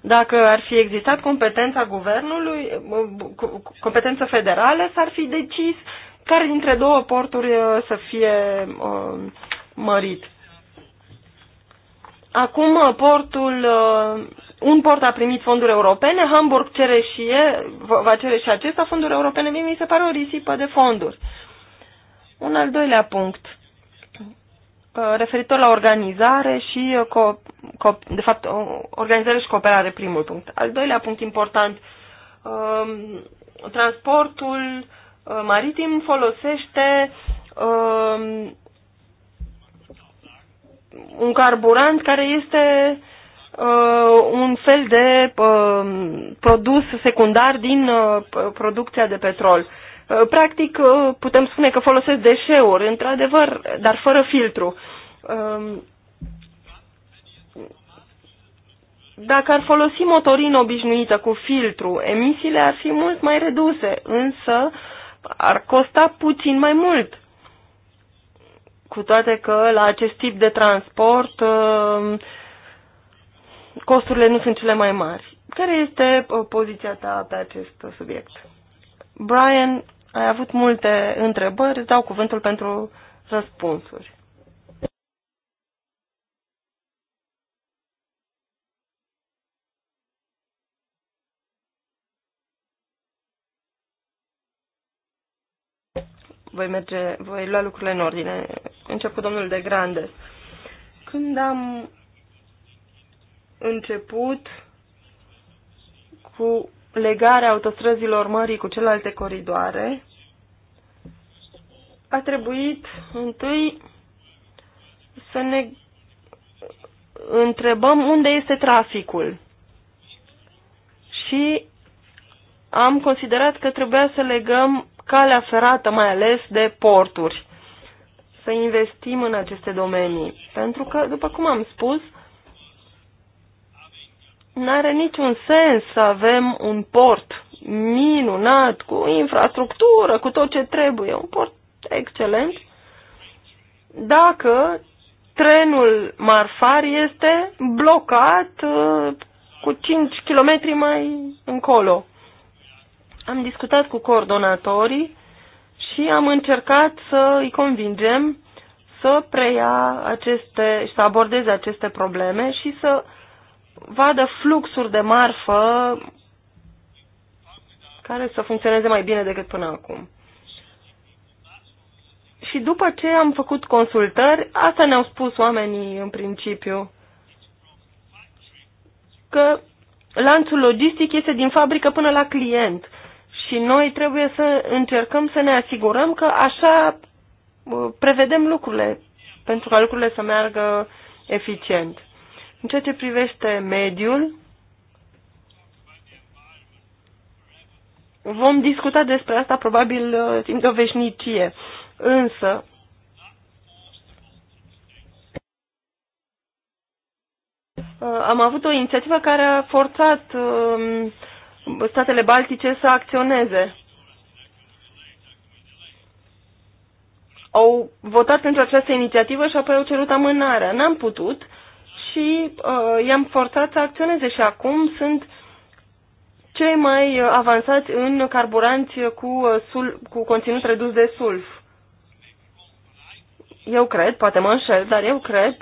Dacă ar fi existat competența guvernului, uh, competență federală, s-ar fi decis care dintre două porturi uh, să fie uh, mărit. Acum uh, portul, un port a primit fonduri europene, Hamburg cere și e, va cere și acesta fonduri europene, mie mi se pare o risipă de fonduri. Un al doilea punct, referitor la organizare și, co, co, de fapt, organizare și cooperare, primul punct. Al doilea punct important, transportul Uh, maritim folosește uh, un carburant care este uh, un fel de uh, produs secundar din uh, producția de petrol. Uh, practic, uh, putem spune că folosesc deșeuri, într-adevăr, dar fără filtru. Uh, dacă ar folosi motorină obișnuită cu filtru, emisiile ar fi mult mai reduse, însă uh, ar costa puțin mai mult. Cu toate că la acest tip de transport uh, costurile nu sunt cele mai mari. Care este uh, poziția ta pe acest subiect? Brian, ai avut multe întrebări, îți dau cuvântul pentru răspunsuri. voi, merge, voi lua lucrurile în ordine. Încep cu domnul de Grande Când am început cu legarea autostrăzilor mării cu celelalte coridoare, a trebuit întâi să ne întrebăm unde este traficul. Și am considerat că trebuia să legăm calea ferată mai ales de porturi. Să investim în aceste domenii, pentru că, după cum am spus, nu are niciun sens să avem un port minunat, cu infrastructură, cu tot ce trebuie, un port excelent, dacă trenul Marfar este blocat uh, cu 5 km mai încolo. Am discutat cu coordonatorii și am încercat să îi convingem să preia aceste, să abordeze aceste probleme și să vadă fluxuri de marfă care să funcționeze mai bine decât până acum. Și după ce am făcut consultări, asta ne-au spus oamenii în principiu, că lanțul logistic este din fabrică până la client și noi trebuie să încercăm să ne asigurăm că așa uh, prevedem lucrurile, pentru ca lucrurile să meargă eficient. În ceea ce privește mediul, vom discuta despre asta probabil uh, timp de o veșnicie. Însă, uh, am avut o inițiativă care a forțat um, statele baltice să acționeze. Au votat pentru această inițiativă și apoi au cerut amânarea. N-am putut și uh, i-am forțat să acționeze și acum sunt cei mai uh, avansați în carburanți cu, uh, sul, cu conținut redus de sulf. Eu cred, poate mă înșel, dar eu cred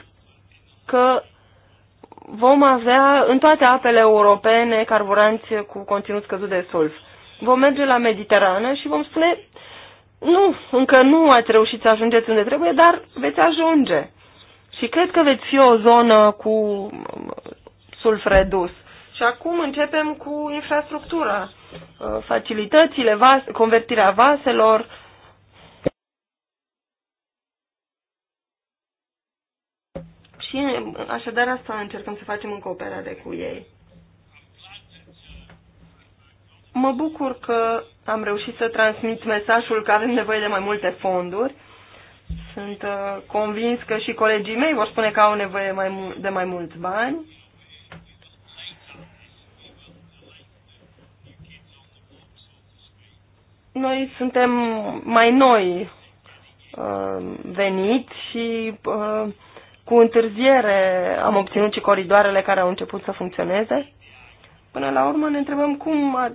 că vom avea în toate apele europene carburanți cu conținut scăzut de sulf. Vom merge la Mediterană și vom spune, nu, încă nu ați reușit să ajungeți unde trebuie, dar veți ajunge. Și cred că veți fi o zonă cu sulf redus. Și acum începem cu infrastructura, facilitățile, vas, convertirea vaselor, Și așadar asta încercăm să facem în cooperare cu ei. Mă bucur că am reușit să transmit mesajul că avem nevoie de mai multe fonduri. Sunt uh, convins că și colegii mei vor spune că au nevoie mai, de mai mulți bani. Noi suntem mai noi uh, veniți și uh, cu întârziere am obținut și coridoarele care au început să funcționeze. Până la urmă ne întrebăm cum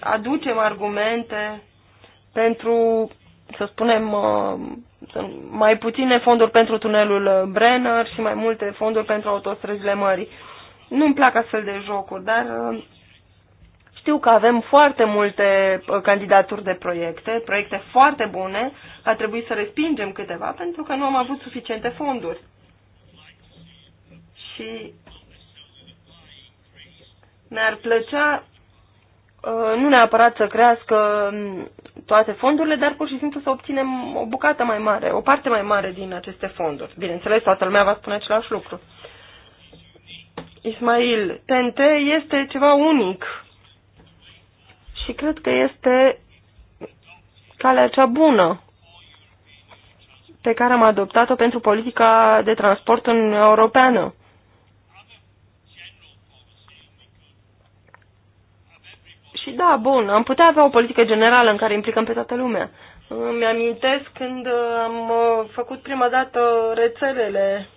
aducem argumente pentru, să spunem, uh, mai puține fonduri pentru tunelul Brenner și mai multe fonduri pentru autostrăzile mării. Nu-mi plac astfel de jocuri, dar uh, știu că avem foarte multe uh, candidaturi de proiecte, proiecte foarte bune, a trebuit să respingem câteva pentru că nu am avut suficiente fonduri și mi-ar plăcea uh, nu neapărat să crească mm, toate fondurile, dar pur și simplu să obținem o bucată mai mare, o parte mai mare din aceste fonduri. Bineînțeles, toată lumea va spune același lucru. Ismail, TNT este ceva unic și cred că este calea cea bună pe care am adoptat-o pentru politica de transport în Europeană. Și da, bun, am putea avea o politică generală în care implicăm pe toată lumea. Îmi amintesc când uh, am uh, făcut prima dată rețelele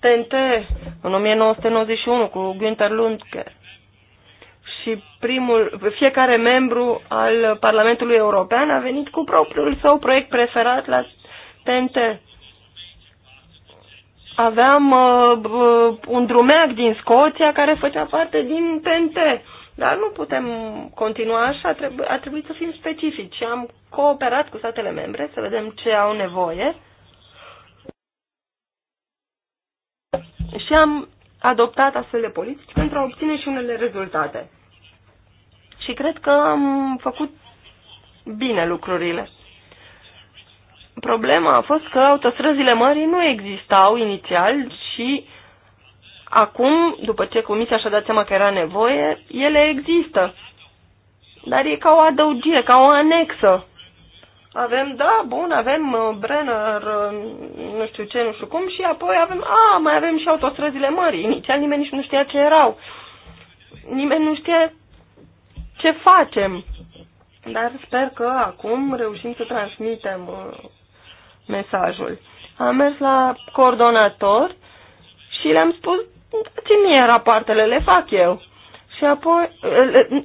TNT în 1991 cu Günther Lundke și primul, fiecare membru al Parlamentului European a venit cu propriul său proiect preferat la TNT. Aveam uh, uh, un drumeac din Scoția care făcea parte din TNT dar nu putem continua așa, a trebuit să fim specifici și am cooperat cu statele membre să vedem ce au nevoie și am adoptat astfel de politici pentru a obține și unele rezultate. Și cred că am făcut bine lucrurile. Problema a fost că autostrăzile mării nu existau inițial și Acum, după ce comisia și-a dat seama că era nevoie, ele există. Dar e ca o adăugire, ca o anexă. Avem, da, bun, avem uh, Brenner, uh, nu știu ce, nu știu cum, și apoi avem, a, mai avem și autostrăzile mării. Inițial nimeni nici nu știa ce erau. Nimeni nu știa ce facem. Dar sper că acum reușim să transmitem uh, mesajul. Am mers la coordonator și le-am spus dați-mi mie rapoartele, le fac eu. Și apoi,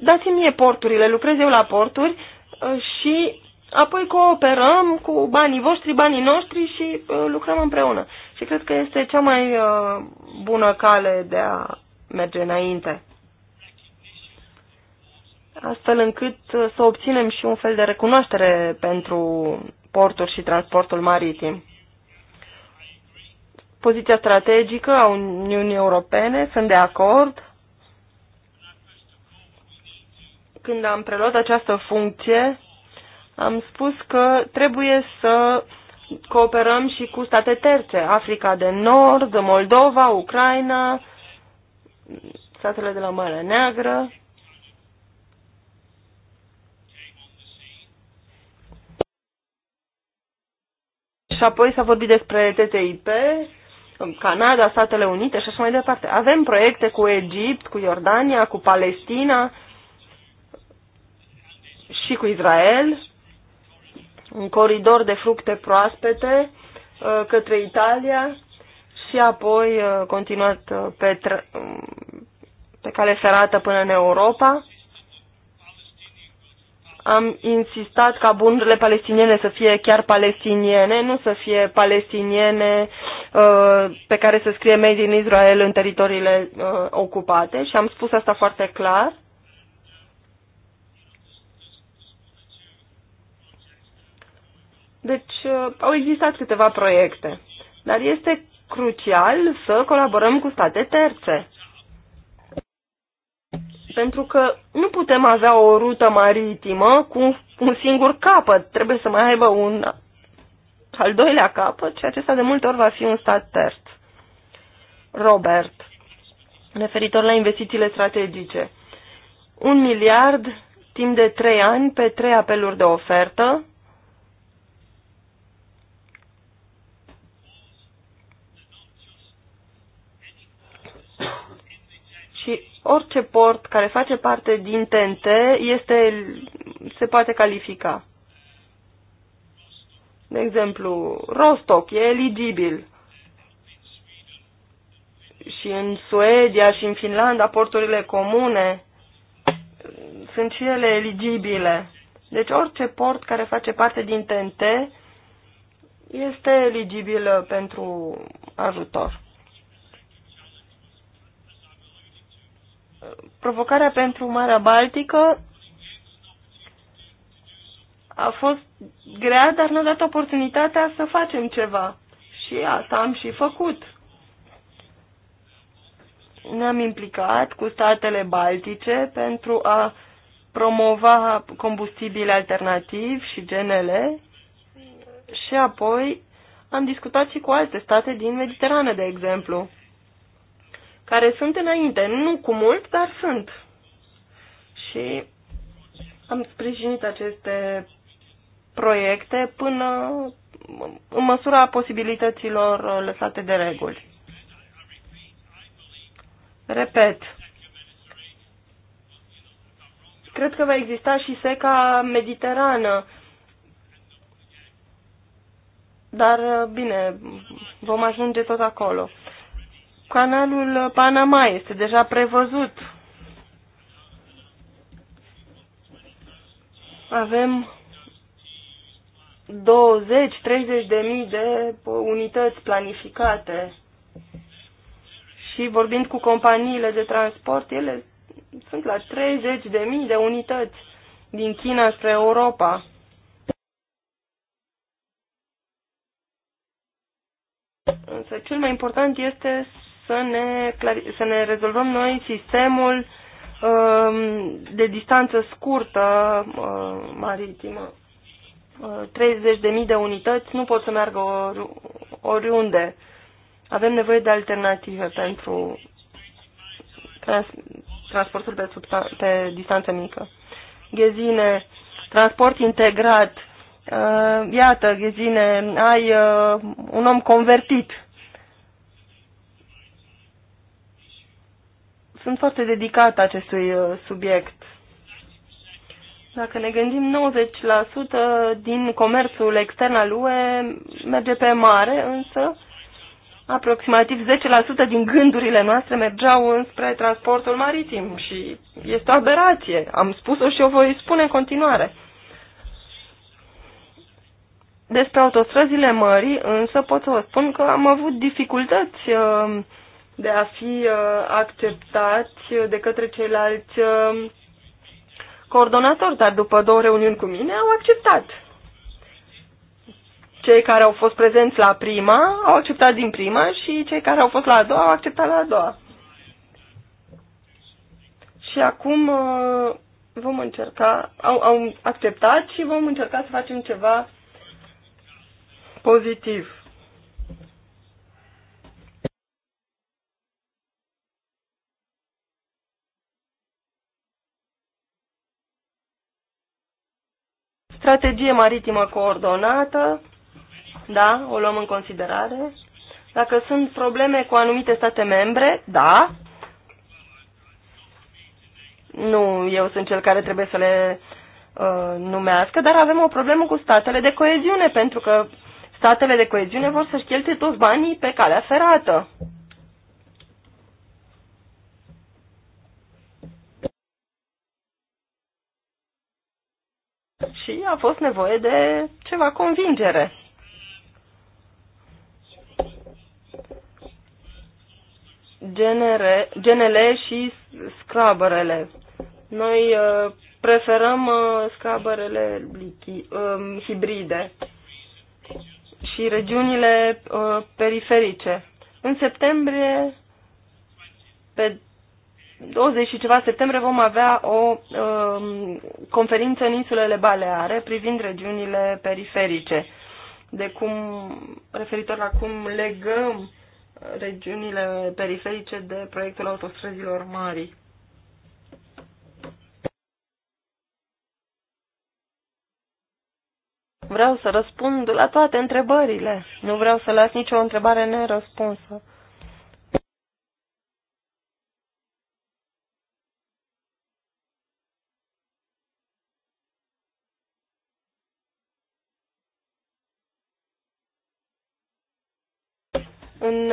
dați-mi mie porturile, lucrez eu la porturi uh, și apoi cooperăm cu banii voștri, banii noștri și uh, lucrăm împreună. Și cred că este cea mai uh, bună cale de a merge înainte. Astfel încât să obținem și un fel de recunoaștere pentru porturi și transportul maritim poziția strategică a Uniunii Europene, sunt de acord. Când am preluat această funcție, am spus că trebuie să cooperăm și cu state terțe, Africa de Nord, Moldova, Ucraina, statele de la Marea Neagră. Și apoi s-a vorbit despre TTIP Canada, Statele Unite și așa mai departe. Avem proiecte cu Egipt, cu Iordania, cu Palestina și cu Israel, un coridor de fructe proaspete uh, către Italia și apoi uh, continuat uh, pe, um, pe cale ferată până în Europa am insistat ca bunurile palestiniene să fie chiar palestiniene, nu să fie palestiniene uh, pe care să scrie Made in Israel în teritoriile uh, ocupate și am spus asta foarte clar. Deci uh, au existat câteva proiecte, dar este crucial să colaborăm cu state terțe. Pentru că nu putem avea o rută maritimă cu un singur capăt. Trebuie să mai aibă un al doilea capăt și acesta de multe ori va fi un stat terț. Robert, referitor la investițiile strategice. Un miliard timp de trei ani pe trei apeluri de ofertă, și orice port care face parte din TNT este, se poate califica. De exemplu, Rostock e eligibil. Și în Suedia și în Finlanda porturile comune sunt și ele eligibile. Deci orice port care face parte din TNT este eligibil pentru ajutor. provocarea pentru Marea Baltică a fost grea, dar ne-a dat oportunitatea să facem ceva. Și asta am și făcut. Ne-am implicat cu statele baltice pentru a promova combustibile alternativi și GNL și apoi am discutat și cu alte state din Mediterană, de exemplu care sunt înainte, nu cu mult, dar sunt. Și am sprijinit aceste proiecte până în măsura posibilităților lăsate de reguli. Repet, cred că va exista și seca mediterană, dar bine, vom ajunge tot acolo. Canalul Panama este deja prevăzut. Avem 20-30 de mii de unități planificate și vorbind cu companiile de transport, ele sunt la 30 de mii de unități din China spre Europa. Însă cel mai important este să ne, să ne rezolvăm noi sistemul um, de distanță scurtă uh, maritimă. 30.000 uh, de unități nu pot să meargă ori, oriunde. Avem nevoie de alternative pentru trans, transportul pe, pe distanță mică. Ghezine, transport integrat. Uh, iată, Ghezine, ai un om convertit sunt foarte dedicată acestui uh, subiect. Dacă ne gândim, 90% din comerțul extern al UE merge pe mare, însă aproximativ 10% din gândurile noastre mergeau înspre transportul maritim și este o aberație. Am spus-o și o voi spune în continuare. Despre autostrăzile mării, însă pot să vă spun că am avut dificultăți uh, de a fi uh, acceptați de către ceilalți uh, coordonatori, dar după două reuniuni cu mine au acceptat. Cei care au fost prezenți la prima au acceptat din prima și cei care au fost la a doua au acceptat la a doua. Și acum uh, vom încerca, au, au acceptat și vom încerca să facem ceva pozitiv. strategie maritimă coordonată, da, o luăm în considerare. Dacă sunt probleme cu anumite state membre, da. Nu, eu sunt cel care trebuie să le uh, numească, dar avem o problemă cu statele de coeziune, pentru că statele de coeziune vor să-și cheltuie toți banii pe calea ferată. și a fost nevoie de ceva convingere. Genere, genele și scrabărele. Noi uh, preferăm uh, scrabărele uh, um, hibride și regiunile uh, periferice. În septembrie, pe 20 și ceva septembrie vom avea o um, conferință în insulele Baleare privind regiunile periferice, de cum, referitor la cum legăm regiunile periferice de proiectul autostrăzilor mari. Vreau să răspund la toate întrebările. Nu vreau să las nicio întrebare nerăspunsă.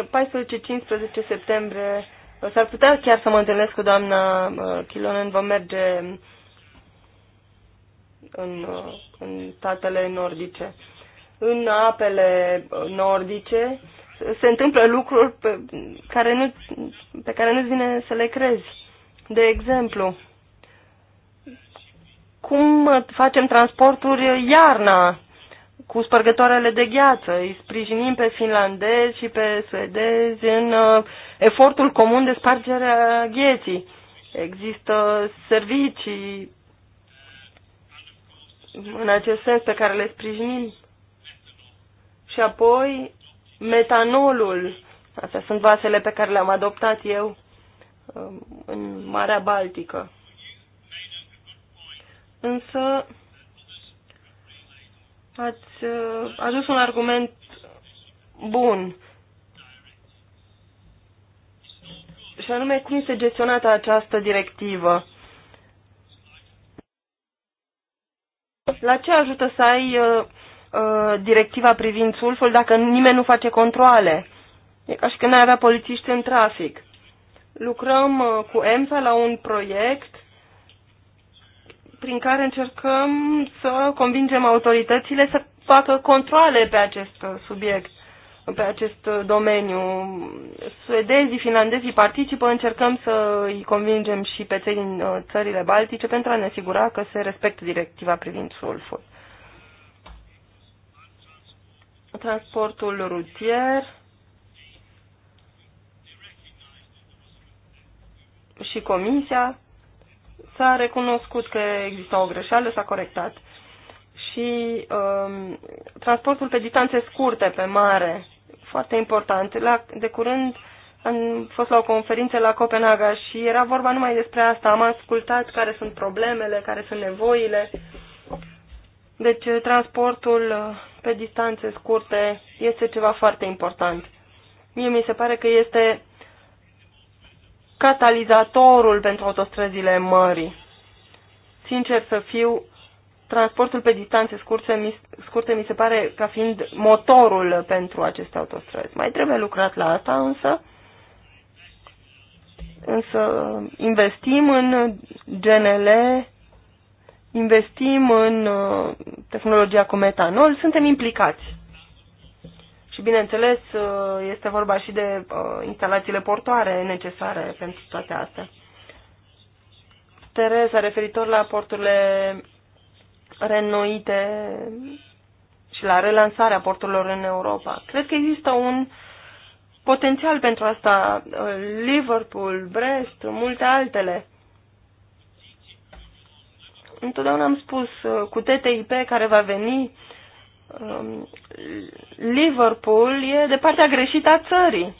14-15 septembrie s-ar putea chiar să mă întâlnesc cu doamna uh, Chilonen, vom merge în, uh, în statele nordice. În apele nordice se întâmplă lucruri pe care nu, pe care nu vine să le crezi. De exemplu, cum facem transporturi iarna cu spărgătoarele de gheață. Îi sprijinim pe finlandezi și pe suedezi în uh, efortul comun de spargere a gheții. Există servicii în acest sens pe care le sprijinim. Și apoi metanolul. Astea sunt vasele pe care le-am adoptat eu um, în Marea Baltică. Însă Ați uh, adus un argument bun. Și anume, cum este gestionată această directivă? La ce ajută să ai uh, uh, directiva privind sulful dacă nimeni nu face controle? E ca și când ai avea polițiști în trafic. Lucrăm uh, cu EMSA la un proiect prin care încercăm să convingem autoritățile să facă controle pe acest subiect, pe acest domeniu. Suedezii, finlandezii participă, încercăm să îi convingem și pe cei din uh, țările baltice pentru a ne asigura că se respectă directiva privind sulful. Transportul rutier și comisia s-a recunoscut că există o greșeală, s-a corectat. Și um, transportul pe distanțe scurte, pe mare, foarte important. La, de curând am fost la o conferință la Copenhaga și era vorba numai despre asta. Am ascultat care sunt problemele, care sunt nevoile. Deci transportul uh, pe distanțe scurte este ceva foarte important. Mie mi se pare că este catalizatorul pentru autostrăzile mării. Sincer să fiu, transportul pe distanțe scurte mi, scurte mi se pare ca fiind motorul pentru aceste autostrăzi. Mai trebuie lucrat la asta însă, însă investim în GNL, investim în uh, tehnologia cu metanol, suntem implicați. Și bineînțeles, uh, este vorba și de uh, instalațiile portoare necesare pentru toate astea. Tereza, referitor la porturile renoite și la relansarea porturilor în Europa, cred că există un potențial pentru asta. Uh, Liverpool, Brest, multe altele. Întotdeauna am spus, cu TTIP care va veni, Um, Liverpool e de partea greșită a țării.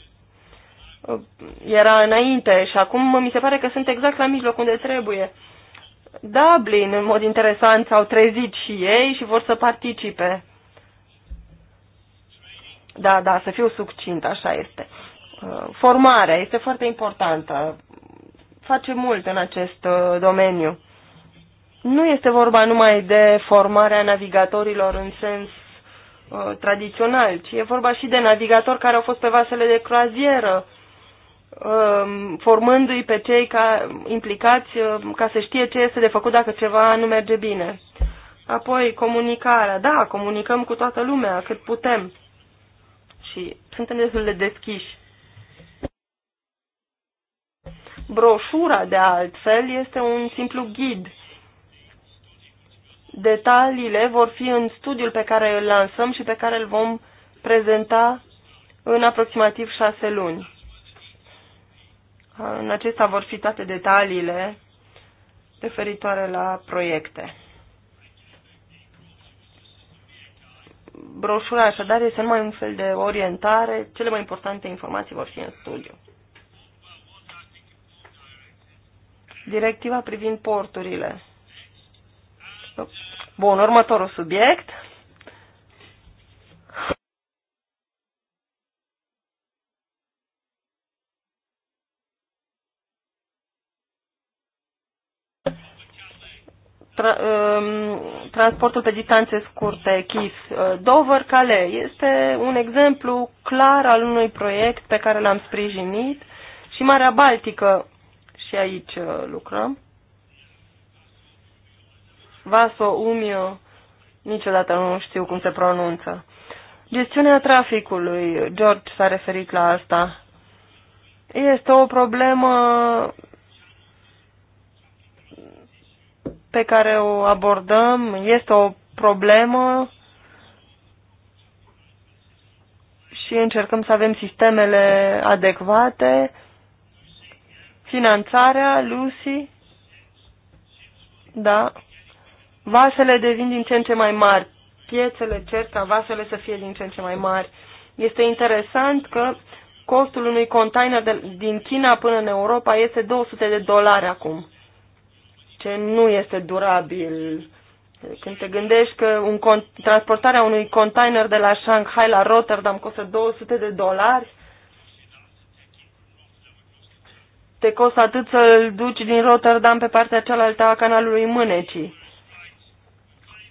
Uh, era înainte și acum mi se pare că sunt exact la mijloc unde trebuie. Dublin, în mod interesant, s-au trezit și ei și vor să participe. Da, da, să fiu succint, așa este. Uh, formarea este foarte importantă. Face mult în acest uh, domeniu. Nu este vorba numai de formarea navigatorilor în sens Uh, tradițional, ci e vorba și de navigatori care au fost pe vasele de croazieră, um, formându-i pe cei ca, implicați uh, ca să știe ce este de făcut dacă ceva nu merge bine. Apoi, comunicarea. Da, comunicăm cu toată lumea cât putem. Și suntem destul de deschiși. Broșura, de altfel, este un simplu ghid Detaliile vor fi în studiul pe care îl lansăm și pe care îl vom prezenta în aproximativ șase luni. În acesta vor fi toate detaliile referitoare la proiecte. Broșura așadar este numai un fel de orientare, cele mai importante informații vor fi în studiu. Directiva privind porturile. Bun, următorul subiect. Um, transportul pe distanțe scurte, KIS. Uh, Dover Cale este un exemplu clar al unui proiect pe care l-am sprijinit și Marea Baltică și aici uh, lucrăm. Vaso Umio, niciodată nu știu cum se pronunță. Gestiunea traficului, George s-a referit la asta. Este o problemă pe care o abordăm, este o problemă și încercăm să avem sistemele adecvate. Finanțarea, Lucy, da. Vasele devin din ce în ce mai mari. Piețele cer ca vasele să fie din ce în ce mai mari. Este interesant că costul unui container de, din China până în Europa este 200 de dolari acum, ce nu este durabil. Când te gândești că un, transportarea unui container de la Shanghai la Rotterdam costă 200 de dolari, te costă atât să-l duci din Rotterdam pe partea cealaltă a canalului Mânecii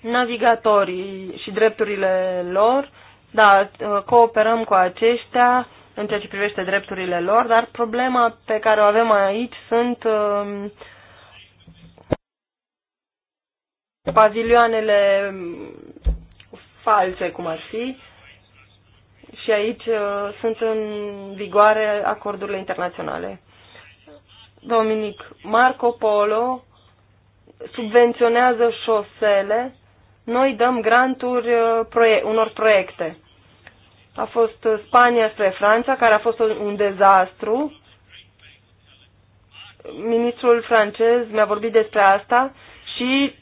navigatorii și drepturile lor, da, cooperăm cu aceștia în ceea ce privește drepturile lor, dar problema pe care o avem aici sunt um, pavilioanele false, cum ar fi, și aici uh, sunt în vigoare acordurile internaționale. Dominic, Marco Polo subvenționează șosele noi dăm granturi uh, unor proiecte. A fost uh, Spania spre Franța, care a fost un dezastru. Ministrul francez mi-a vorbit despre asta și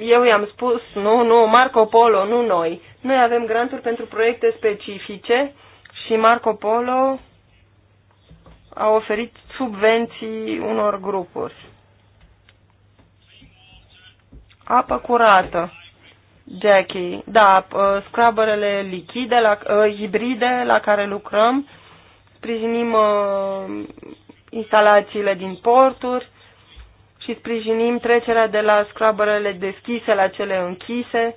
eu i-am spus, nu, nu, Marco Polo, nu noi. Noi avem granturi pentru proiecte specifice și Marco Polo a oferit subvenții unor grupuri. Apă curată. Jackie. Da, uh, scrubberele lichide, la, uh, hibride la care lucrăm, sprijinim uh, instalațiile din porturi și sprijinim trecerea de la scrubberele deschise la cele închise,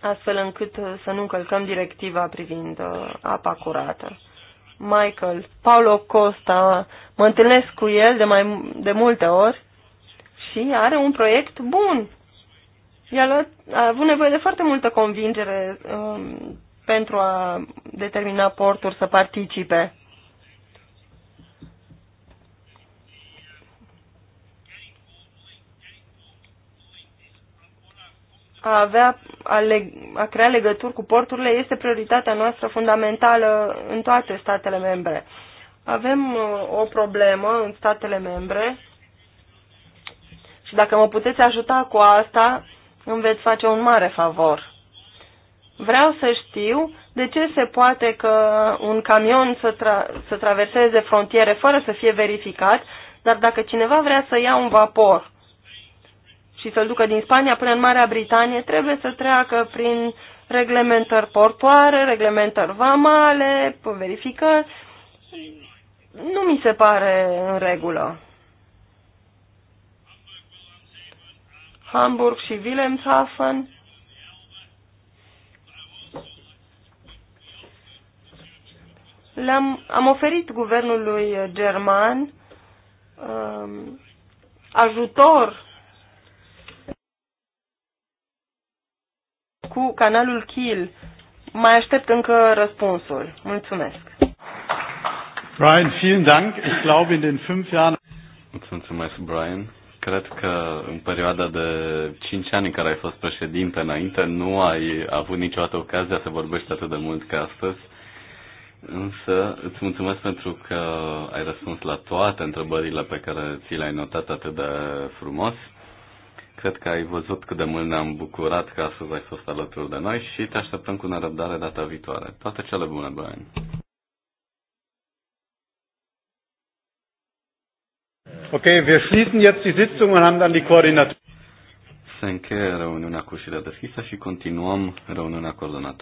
astfel încât să nu încălcăm directiva privind apa curată. Michael, Paulo Costa, mă întâlnesc cu el de, mai, de multe ori și are un proiect bun. El a, a avut nevoie de foarte multă convingere um, pentru a determina porturi să participe. a, avea, a, leg, a crea legături cu porturile este prioritatea noastră fundamentală în toate statele membre. Avem uh, o problemă în statele membre și dacă mă puteți ajuta cu asta, îmi veți face un mare favor. Vreau să știu de ce se poate că un camion să, tra- să traverseze frontiere fără să fie verificat, dar dacă cineva vrea să ia un vapor și să-l ducă din Spania până în Marea Britanie, trebuie să treacă prin reglementări portoare, reglementări vamale, verificări. Nu mi se pare în regulă. Hamburg și Wilhelmshaven. Le-am am oferit guvernului german um, ajutor cu canalul Kiel. Mai aștept încă răspunsul. Mulțumesc. Brian, vielen Dank. Ich glaube, in den fünf Jahren. Mulțumesc, Brian cred că în perioada de 5 ani în care ai fost președinte înainte, nu ai avut niciodată ocazia să vorbești atât de mult ca astăzi. Însă îți mulțumesc pentru că ai răspuns la toate întrebările pe care ți le-ai notat atât de frumos. Cred că ai văzut cât de mult ne-am bucurat că astăzi ai fost alături de noi și te așteptăm cu nerăbdare data viitoare. Toate cele bune, băieți. Okay, wir schließen jetzt die Sitzung und haben dann die Koordinatoren. Se încheie reuniunea cu ușile deschisă și continuăm reuniunea coordonată.